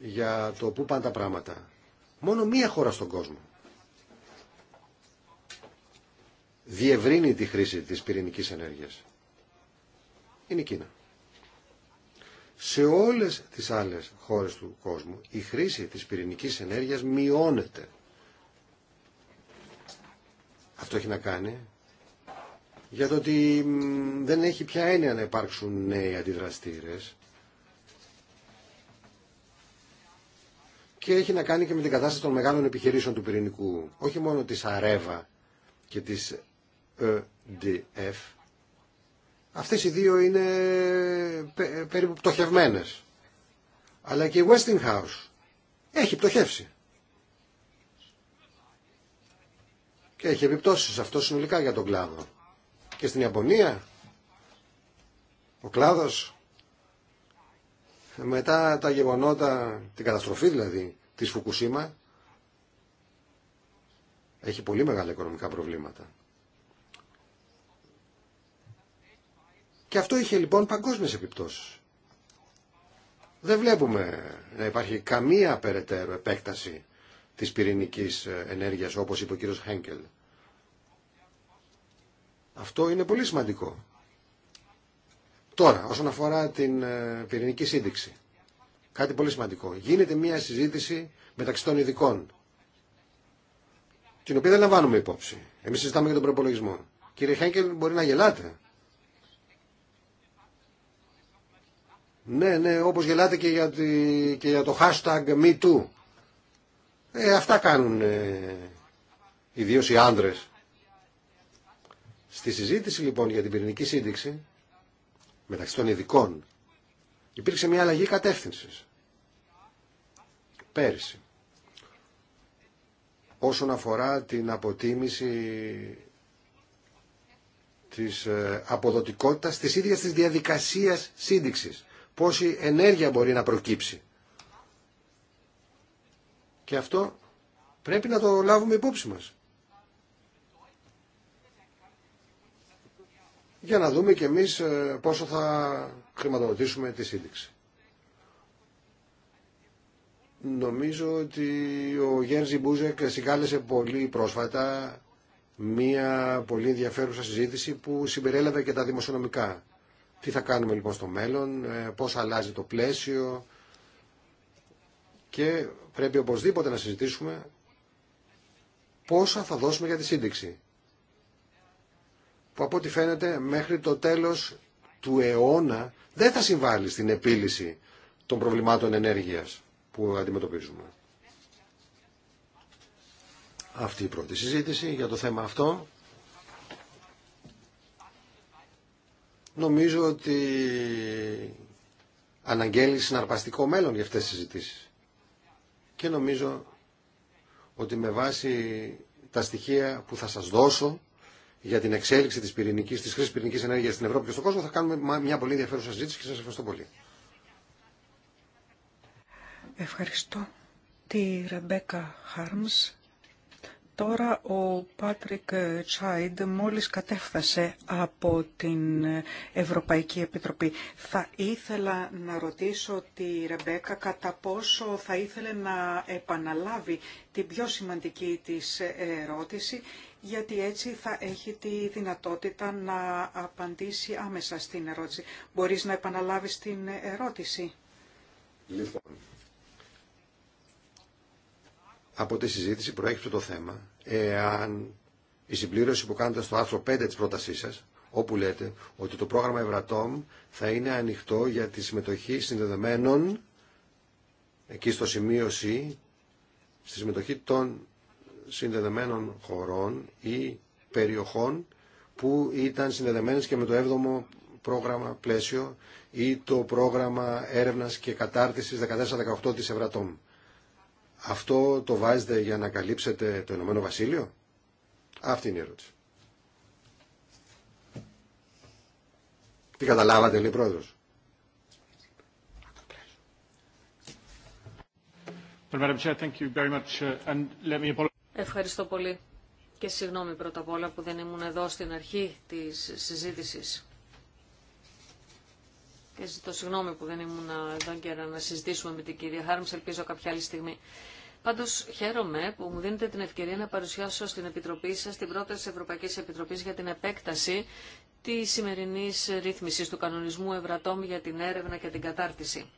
για το πού πάνε τα πράγματα. Μόνο μία χώρα στον κόσμο διευρύνει τη χρήση της πυρηνικής ενέργειας. Είναι η Κίνα. Σε όλες τις άλλες χώρες του κόσμου η χρήση της πυρηνικής ενέργειας μειώνεται. Αυτό έχει να κάνει για το ότι δεν έχει πια έννοια να υπάρξουν νέοι αντιδραστήρες και έχει να κάνει και με την κατάσταση των μεγάλων επιχειρήσεων του πυρηνικού, όχι μόνο της Αρέβα και της ΕΔΕΦ Αυτές οι δύο είναι περίπου πτωχευμένες. Αλλά και η Westinghouse έχει πτωχεύσει. και έχει επιπτώσεις αυτό συνολικά για τον κλάδο. Και στην Ιαπωνία ο κλάδος μετά τα γεγονότα, την καταστροφή δηλαδή της Φουκουσίμα έχει πολύ μεγάλα οικονομικά προβλήματα. Και αυτό είχε λοιπόν παγκόσμιες επιπτώσεις. Δεν βλέπουμε να υπάρχει καμία περαιτέρω επέκταση της πυρηνικής ενέργειας, όπως είπε ο κύριος Χένκελ. Αυτό είναι πολύ σημαντικό. Τώρα, όσον αφορά την ε, πυρηνική σύνδεξη, κάτι πολύ σημαντικό. Γίνεται μια συζήτηση μεταξύ των ειδικών, την οποία δεν λαμβάνουμε υπόψη. Εμείς συζητάμε για τον προπολογισμό. Κύριε Χένκελ, μπορεί να γελάτε. Ναι, ναι, όπως γελάτε και για, και για το hashtag MeToo. Ε, αυτά κάνουν ε, ιδίως οι άντρες. Στη συζήτηση λοιπόν για την πυρηνική σύνδεξη μεταξύ των ειδικών υπήρξε μια αλλαγή κατεύθυνσης πέρυσι όσον αφορά την αποτίμηση της ε, αποδοτικότητας της ίδιας της διαδικασίας σύνδεξης. Πόση ενέργεια μπορεί να προκύψει και αυτό πρέπει να το λάβουμε υπόψη μας. Για να δούμε και εμείς ε, πόσο θα χρηματοδοτήσουμε τη σύνδεξη. Νομίζω ότι ο Γέρζι Μπούζεκ συγκάλεσε πολύ πρόσφατα μία πολύ ενδιαφέρουσα συζήτηση που συμπεριέλαβε και τα δημοσιονομικά. Τι θα κάνουμε λοιπόν στο μέλλον, ε, πώς αλλάζει το πλαίσιο, και πρέπει οπωσδήποτε να συζητήσουμε πόσα θα δώσουμε για τη σύνδεξη. Που από ό,τι φαίνεται μέχρι το τέλος του αιώνα δεν θα συμβάλλει στην επίλυση των προβλημάτων ενέργειας που αντιμετωπίζουμε. Αυτή η πρώτη συζήτηση για το θέμα αυτό. Νομίζω ότι αναγγέλει συναρπαστικό μέλλον για αυτές τις συζητήσεις και νομίζω ότι με βάση τα στοιχεία που θα σας δώσω για την εξέλιξη της, πυρηνικής, της χρήσης πυρηνικής ενέργειας στην Ευρώπη και στον κόσμο θα κάνουμε μια πολύ ενδιαφέρουσα συζήτηση και σας ευχαριστώ πολύ. Ευχαριστώ τη Ρεμπέκα Χάρμς Τώρα ο Πάτρικ Τσάιντ μόλις κατέφθασε από την Ευρωπαϊκή Επιτροπή. Θα ήθελα να ρωτήσω τη Ρεμπέκα κατά πόσο θα ήθελε να επαναλάβει την πιο σημαντική της ερώτηση γιατί έτσι θα έχει τη δυνατότητα να απαντήσει άμεσα στην ερώτηση. Μπορείς να επαναλάβεις την ερώτηση. Λοιπόν, από τη συζήτηση προέκυψε το θέμα εάν η συμπλήρωση που κάνετε στο άρθρο 5 της πρότασής σας, όπου λέτε ότι το πρόγραμμα Ευρατόμ θα είναι ανοιχτό για τη συμμετοχή συνδεδεμένων, εκεί στο σημείο C, στη συμμετοχή των συνδεδεμένων χωρών ή περιοχών που ήταν συνδεδεμένες και με το 7ο πρόγραμμα πλαίσιο ή το πρόγραμμα έρευνας και κατάρτισης 14-18 της Ευρατόμ. Αυτό το βάζετε για να καλύψετε το Ηνωμένο Βασίλειο. Αυτή είναι η ερώτηση. Τι καταλάβατε, λέει πρόεδρος. Ευχαριστώ πολύ και συγγνώμη πρώτα απ' όλα που δεν ήμουν εδώ στην αρχή της συζήτησης. Και ζητώ συγγνώμη που δεν ήμουν εδώ και να συζητήσουμε με την κυρία Χάρμς, ελπίζω κάποια άλλη στιγμή. Πάντω χαίρομαι που μου δίνετε την ευκαιρία να παρουσιάσω στην Επιτροπή σα την πρόταση Ευρωπαϊκή Επιτροπή για την επέκταση τη σημερινή ρύθμιση του κανονισμού Ευρατόμ για την έρευνα και την κατάρτιση.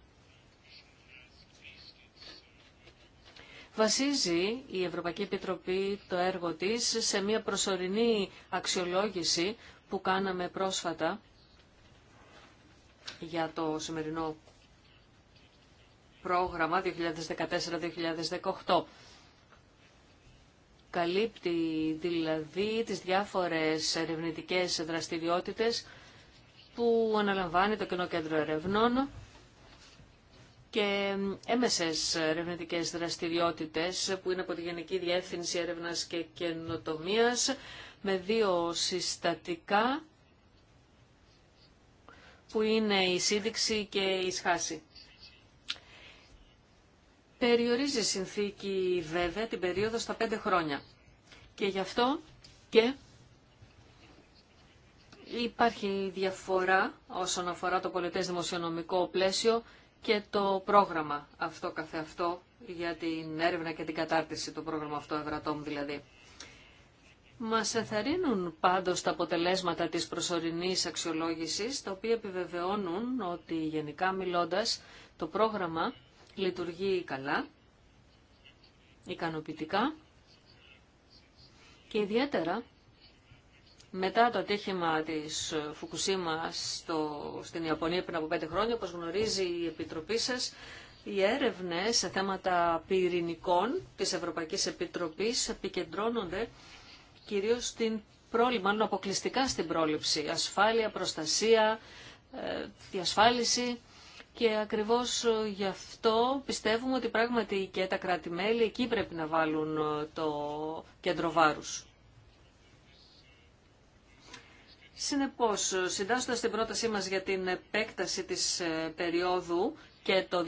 Βασίζει η Ευρωπαϊκή Επιτροπή το έργο της σε μια προσωρινή αξιολόγηση που κάναμε πρόσφατα για το σημερινό πρόγραμμα 2014-2018. Καλύπτει δηλαδή τις διάφορες ερευνητικές δραστηριότητες που αναλαμβάνει το Κοινό Κέντρο Ερευνών και έμεσες ερευνητικέ δραστηριότητες που είναι από τη Γενική Διεύθυνση Έρευνας και Καινοτομίας με δύο συστατικά που είναι η σύνδεξη και η σχάση. Περιορίζει η συνθήκη βέβαια την περίοδο στα πέντε χρόνια. Και γι' αυτό και υπάρχει διαφορά όσον αφορά το πολιτές δημοσιονομικό πλαίσιο και το πρόγραμμα αυτό καθεαυτό για την έρευνα και την κατάρτιση, το πρόγραμμα αυτό Ευρατόμ δηλαδή. Μας εθαρρύνουν πάντως τα αποτελέσματα της προσωρινής αξιολόγησης, τα οποία επιβεβαιώνουν ότι γενικά μιλώντας το πρόγραμμα λειτουργεί καλά, ικανοποιητικά και ιδιαίτερα μετά το ατύχημα της Φουκουσίμα στο, στην Ιαπωνία πριν από πέντε χρόνια, όπως γνωρίζει η Επιτροπή σας, οι έρευνες σε θέματα πυρηνικών της Ευρωπαϊκής Επιτροπής επικεντρώνονται κυρίως στην πρόληψη, μάλλον αποκλειστικά στην πρόληψη. Ασφάλεια, προστασία, ε, διασφάλιση και ακριβώς ε, γι' αυτό πιστεύουμε ότι πράγματι και τα κράτη-μέλη εκεί πρέπει να βάλουν ε, το κέντρο βάρους. Συνεπώς, συντάσσοντας την πρότασή μας για την επέκταση της περίοδου και το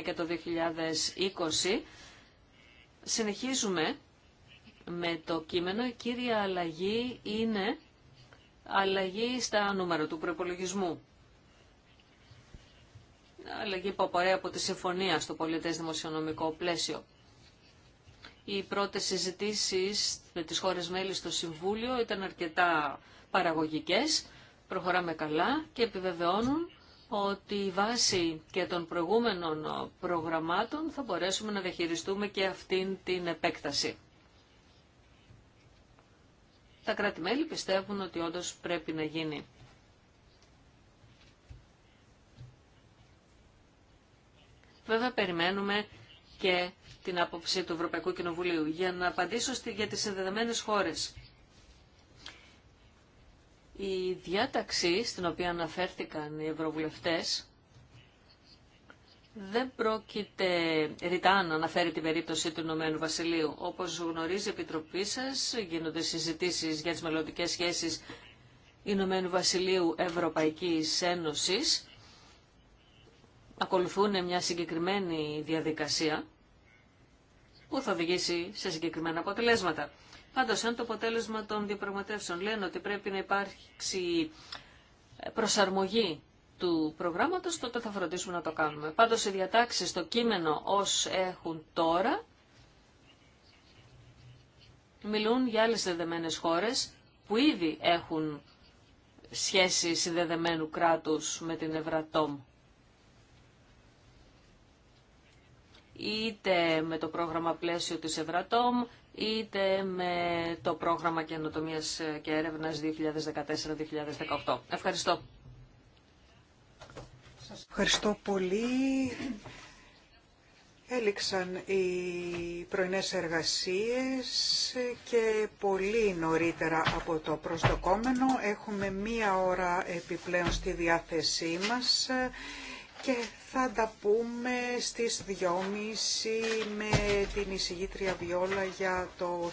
2019 και το 2020, συνεχίζουμε με το κείμενο, η κύρια αλλαγή είναι αλλαγή στα νούμερα του προπολογισμού. Αλλαγή που απορρέει από τη συμφωνία στο πολιτές δημοσιονομικό πλαίσιο. Οι πρώτες συζητήσεις με τις χώρες μέλη στο Συμβούλιο ήταν αρκετά παραγωγικές, προχωράμε καλά και επιβεβαιώνουν ότι η βάση και των προηγούμενων προγραμμάτων θα μπορέσουμε να διαχειριστούμε και αυτήν την επέκταση τα κράτη-μέλη πιστεύουν ότι όντως πρέπει να γίνει. Βέβαια περιμένουμε και την άποψη του Ευρωπαϊκού Κοινοβουλίου για να απαντήσω για τις συνδεδεμένες χώρες. Η διάταξη στην οποία αναφέρθηκαν οι ευρωβουλευτές δεν πρόκειται ρητά να αναφέρει την περίπτωση του Ηνωμένου Βασιλείου. Όπως γνωρίζει η Επιτροπή σα, γίνονται συζητήσεις για τις μελλοντικέ σχέσεις Ηνωμένου Βασιλείου Ευρωπαϊκής Ένωσης. Ακολουθούν μια συγκεκριμένη διαδικασία που θα οδηγήσει σε συγκεκριμένα αποτελέσματα. Πάντως, αν το αποτέλεσμα των διαπραγματεύσεων λένε ότι πρέπει να υπάρξει προσαρμογή του προγράμματος, τότε θα φροντίσουμε να το κάνουμε. Πάντως οι διατάξεις στο κείμενο ως έχουν τώρα μιλούν για άλλες δεδεμένες χώρες που ήδη έχουν σχέση συνδεδεμένου κράτους με την Ευρατόμ. Είτε με το πρόγραμμα πλαίσιο της Ευρατόμ, είτε με το πρόγραμμα καινοτομίας και έρευνας 2014-2018. Ευχαριστώ. Ευχαριστώ πολύ. Έληξαν οι πρωινές εργασίες και πολύ νωρίτερα από το προσδοκόμενο. Έχουμε μία ώρα επιπλέον στη διάθεσή μας και θα τα πούμε στις 2.30 με την εισηγήτρια Βιόλα για το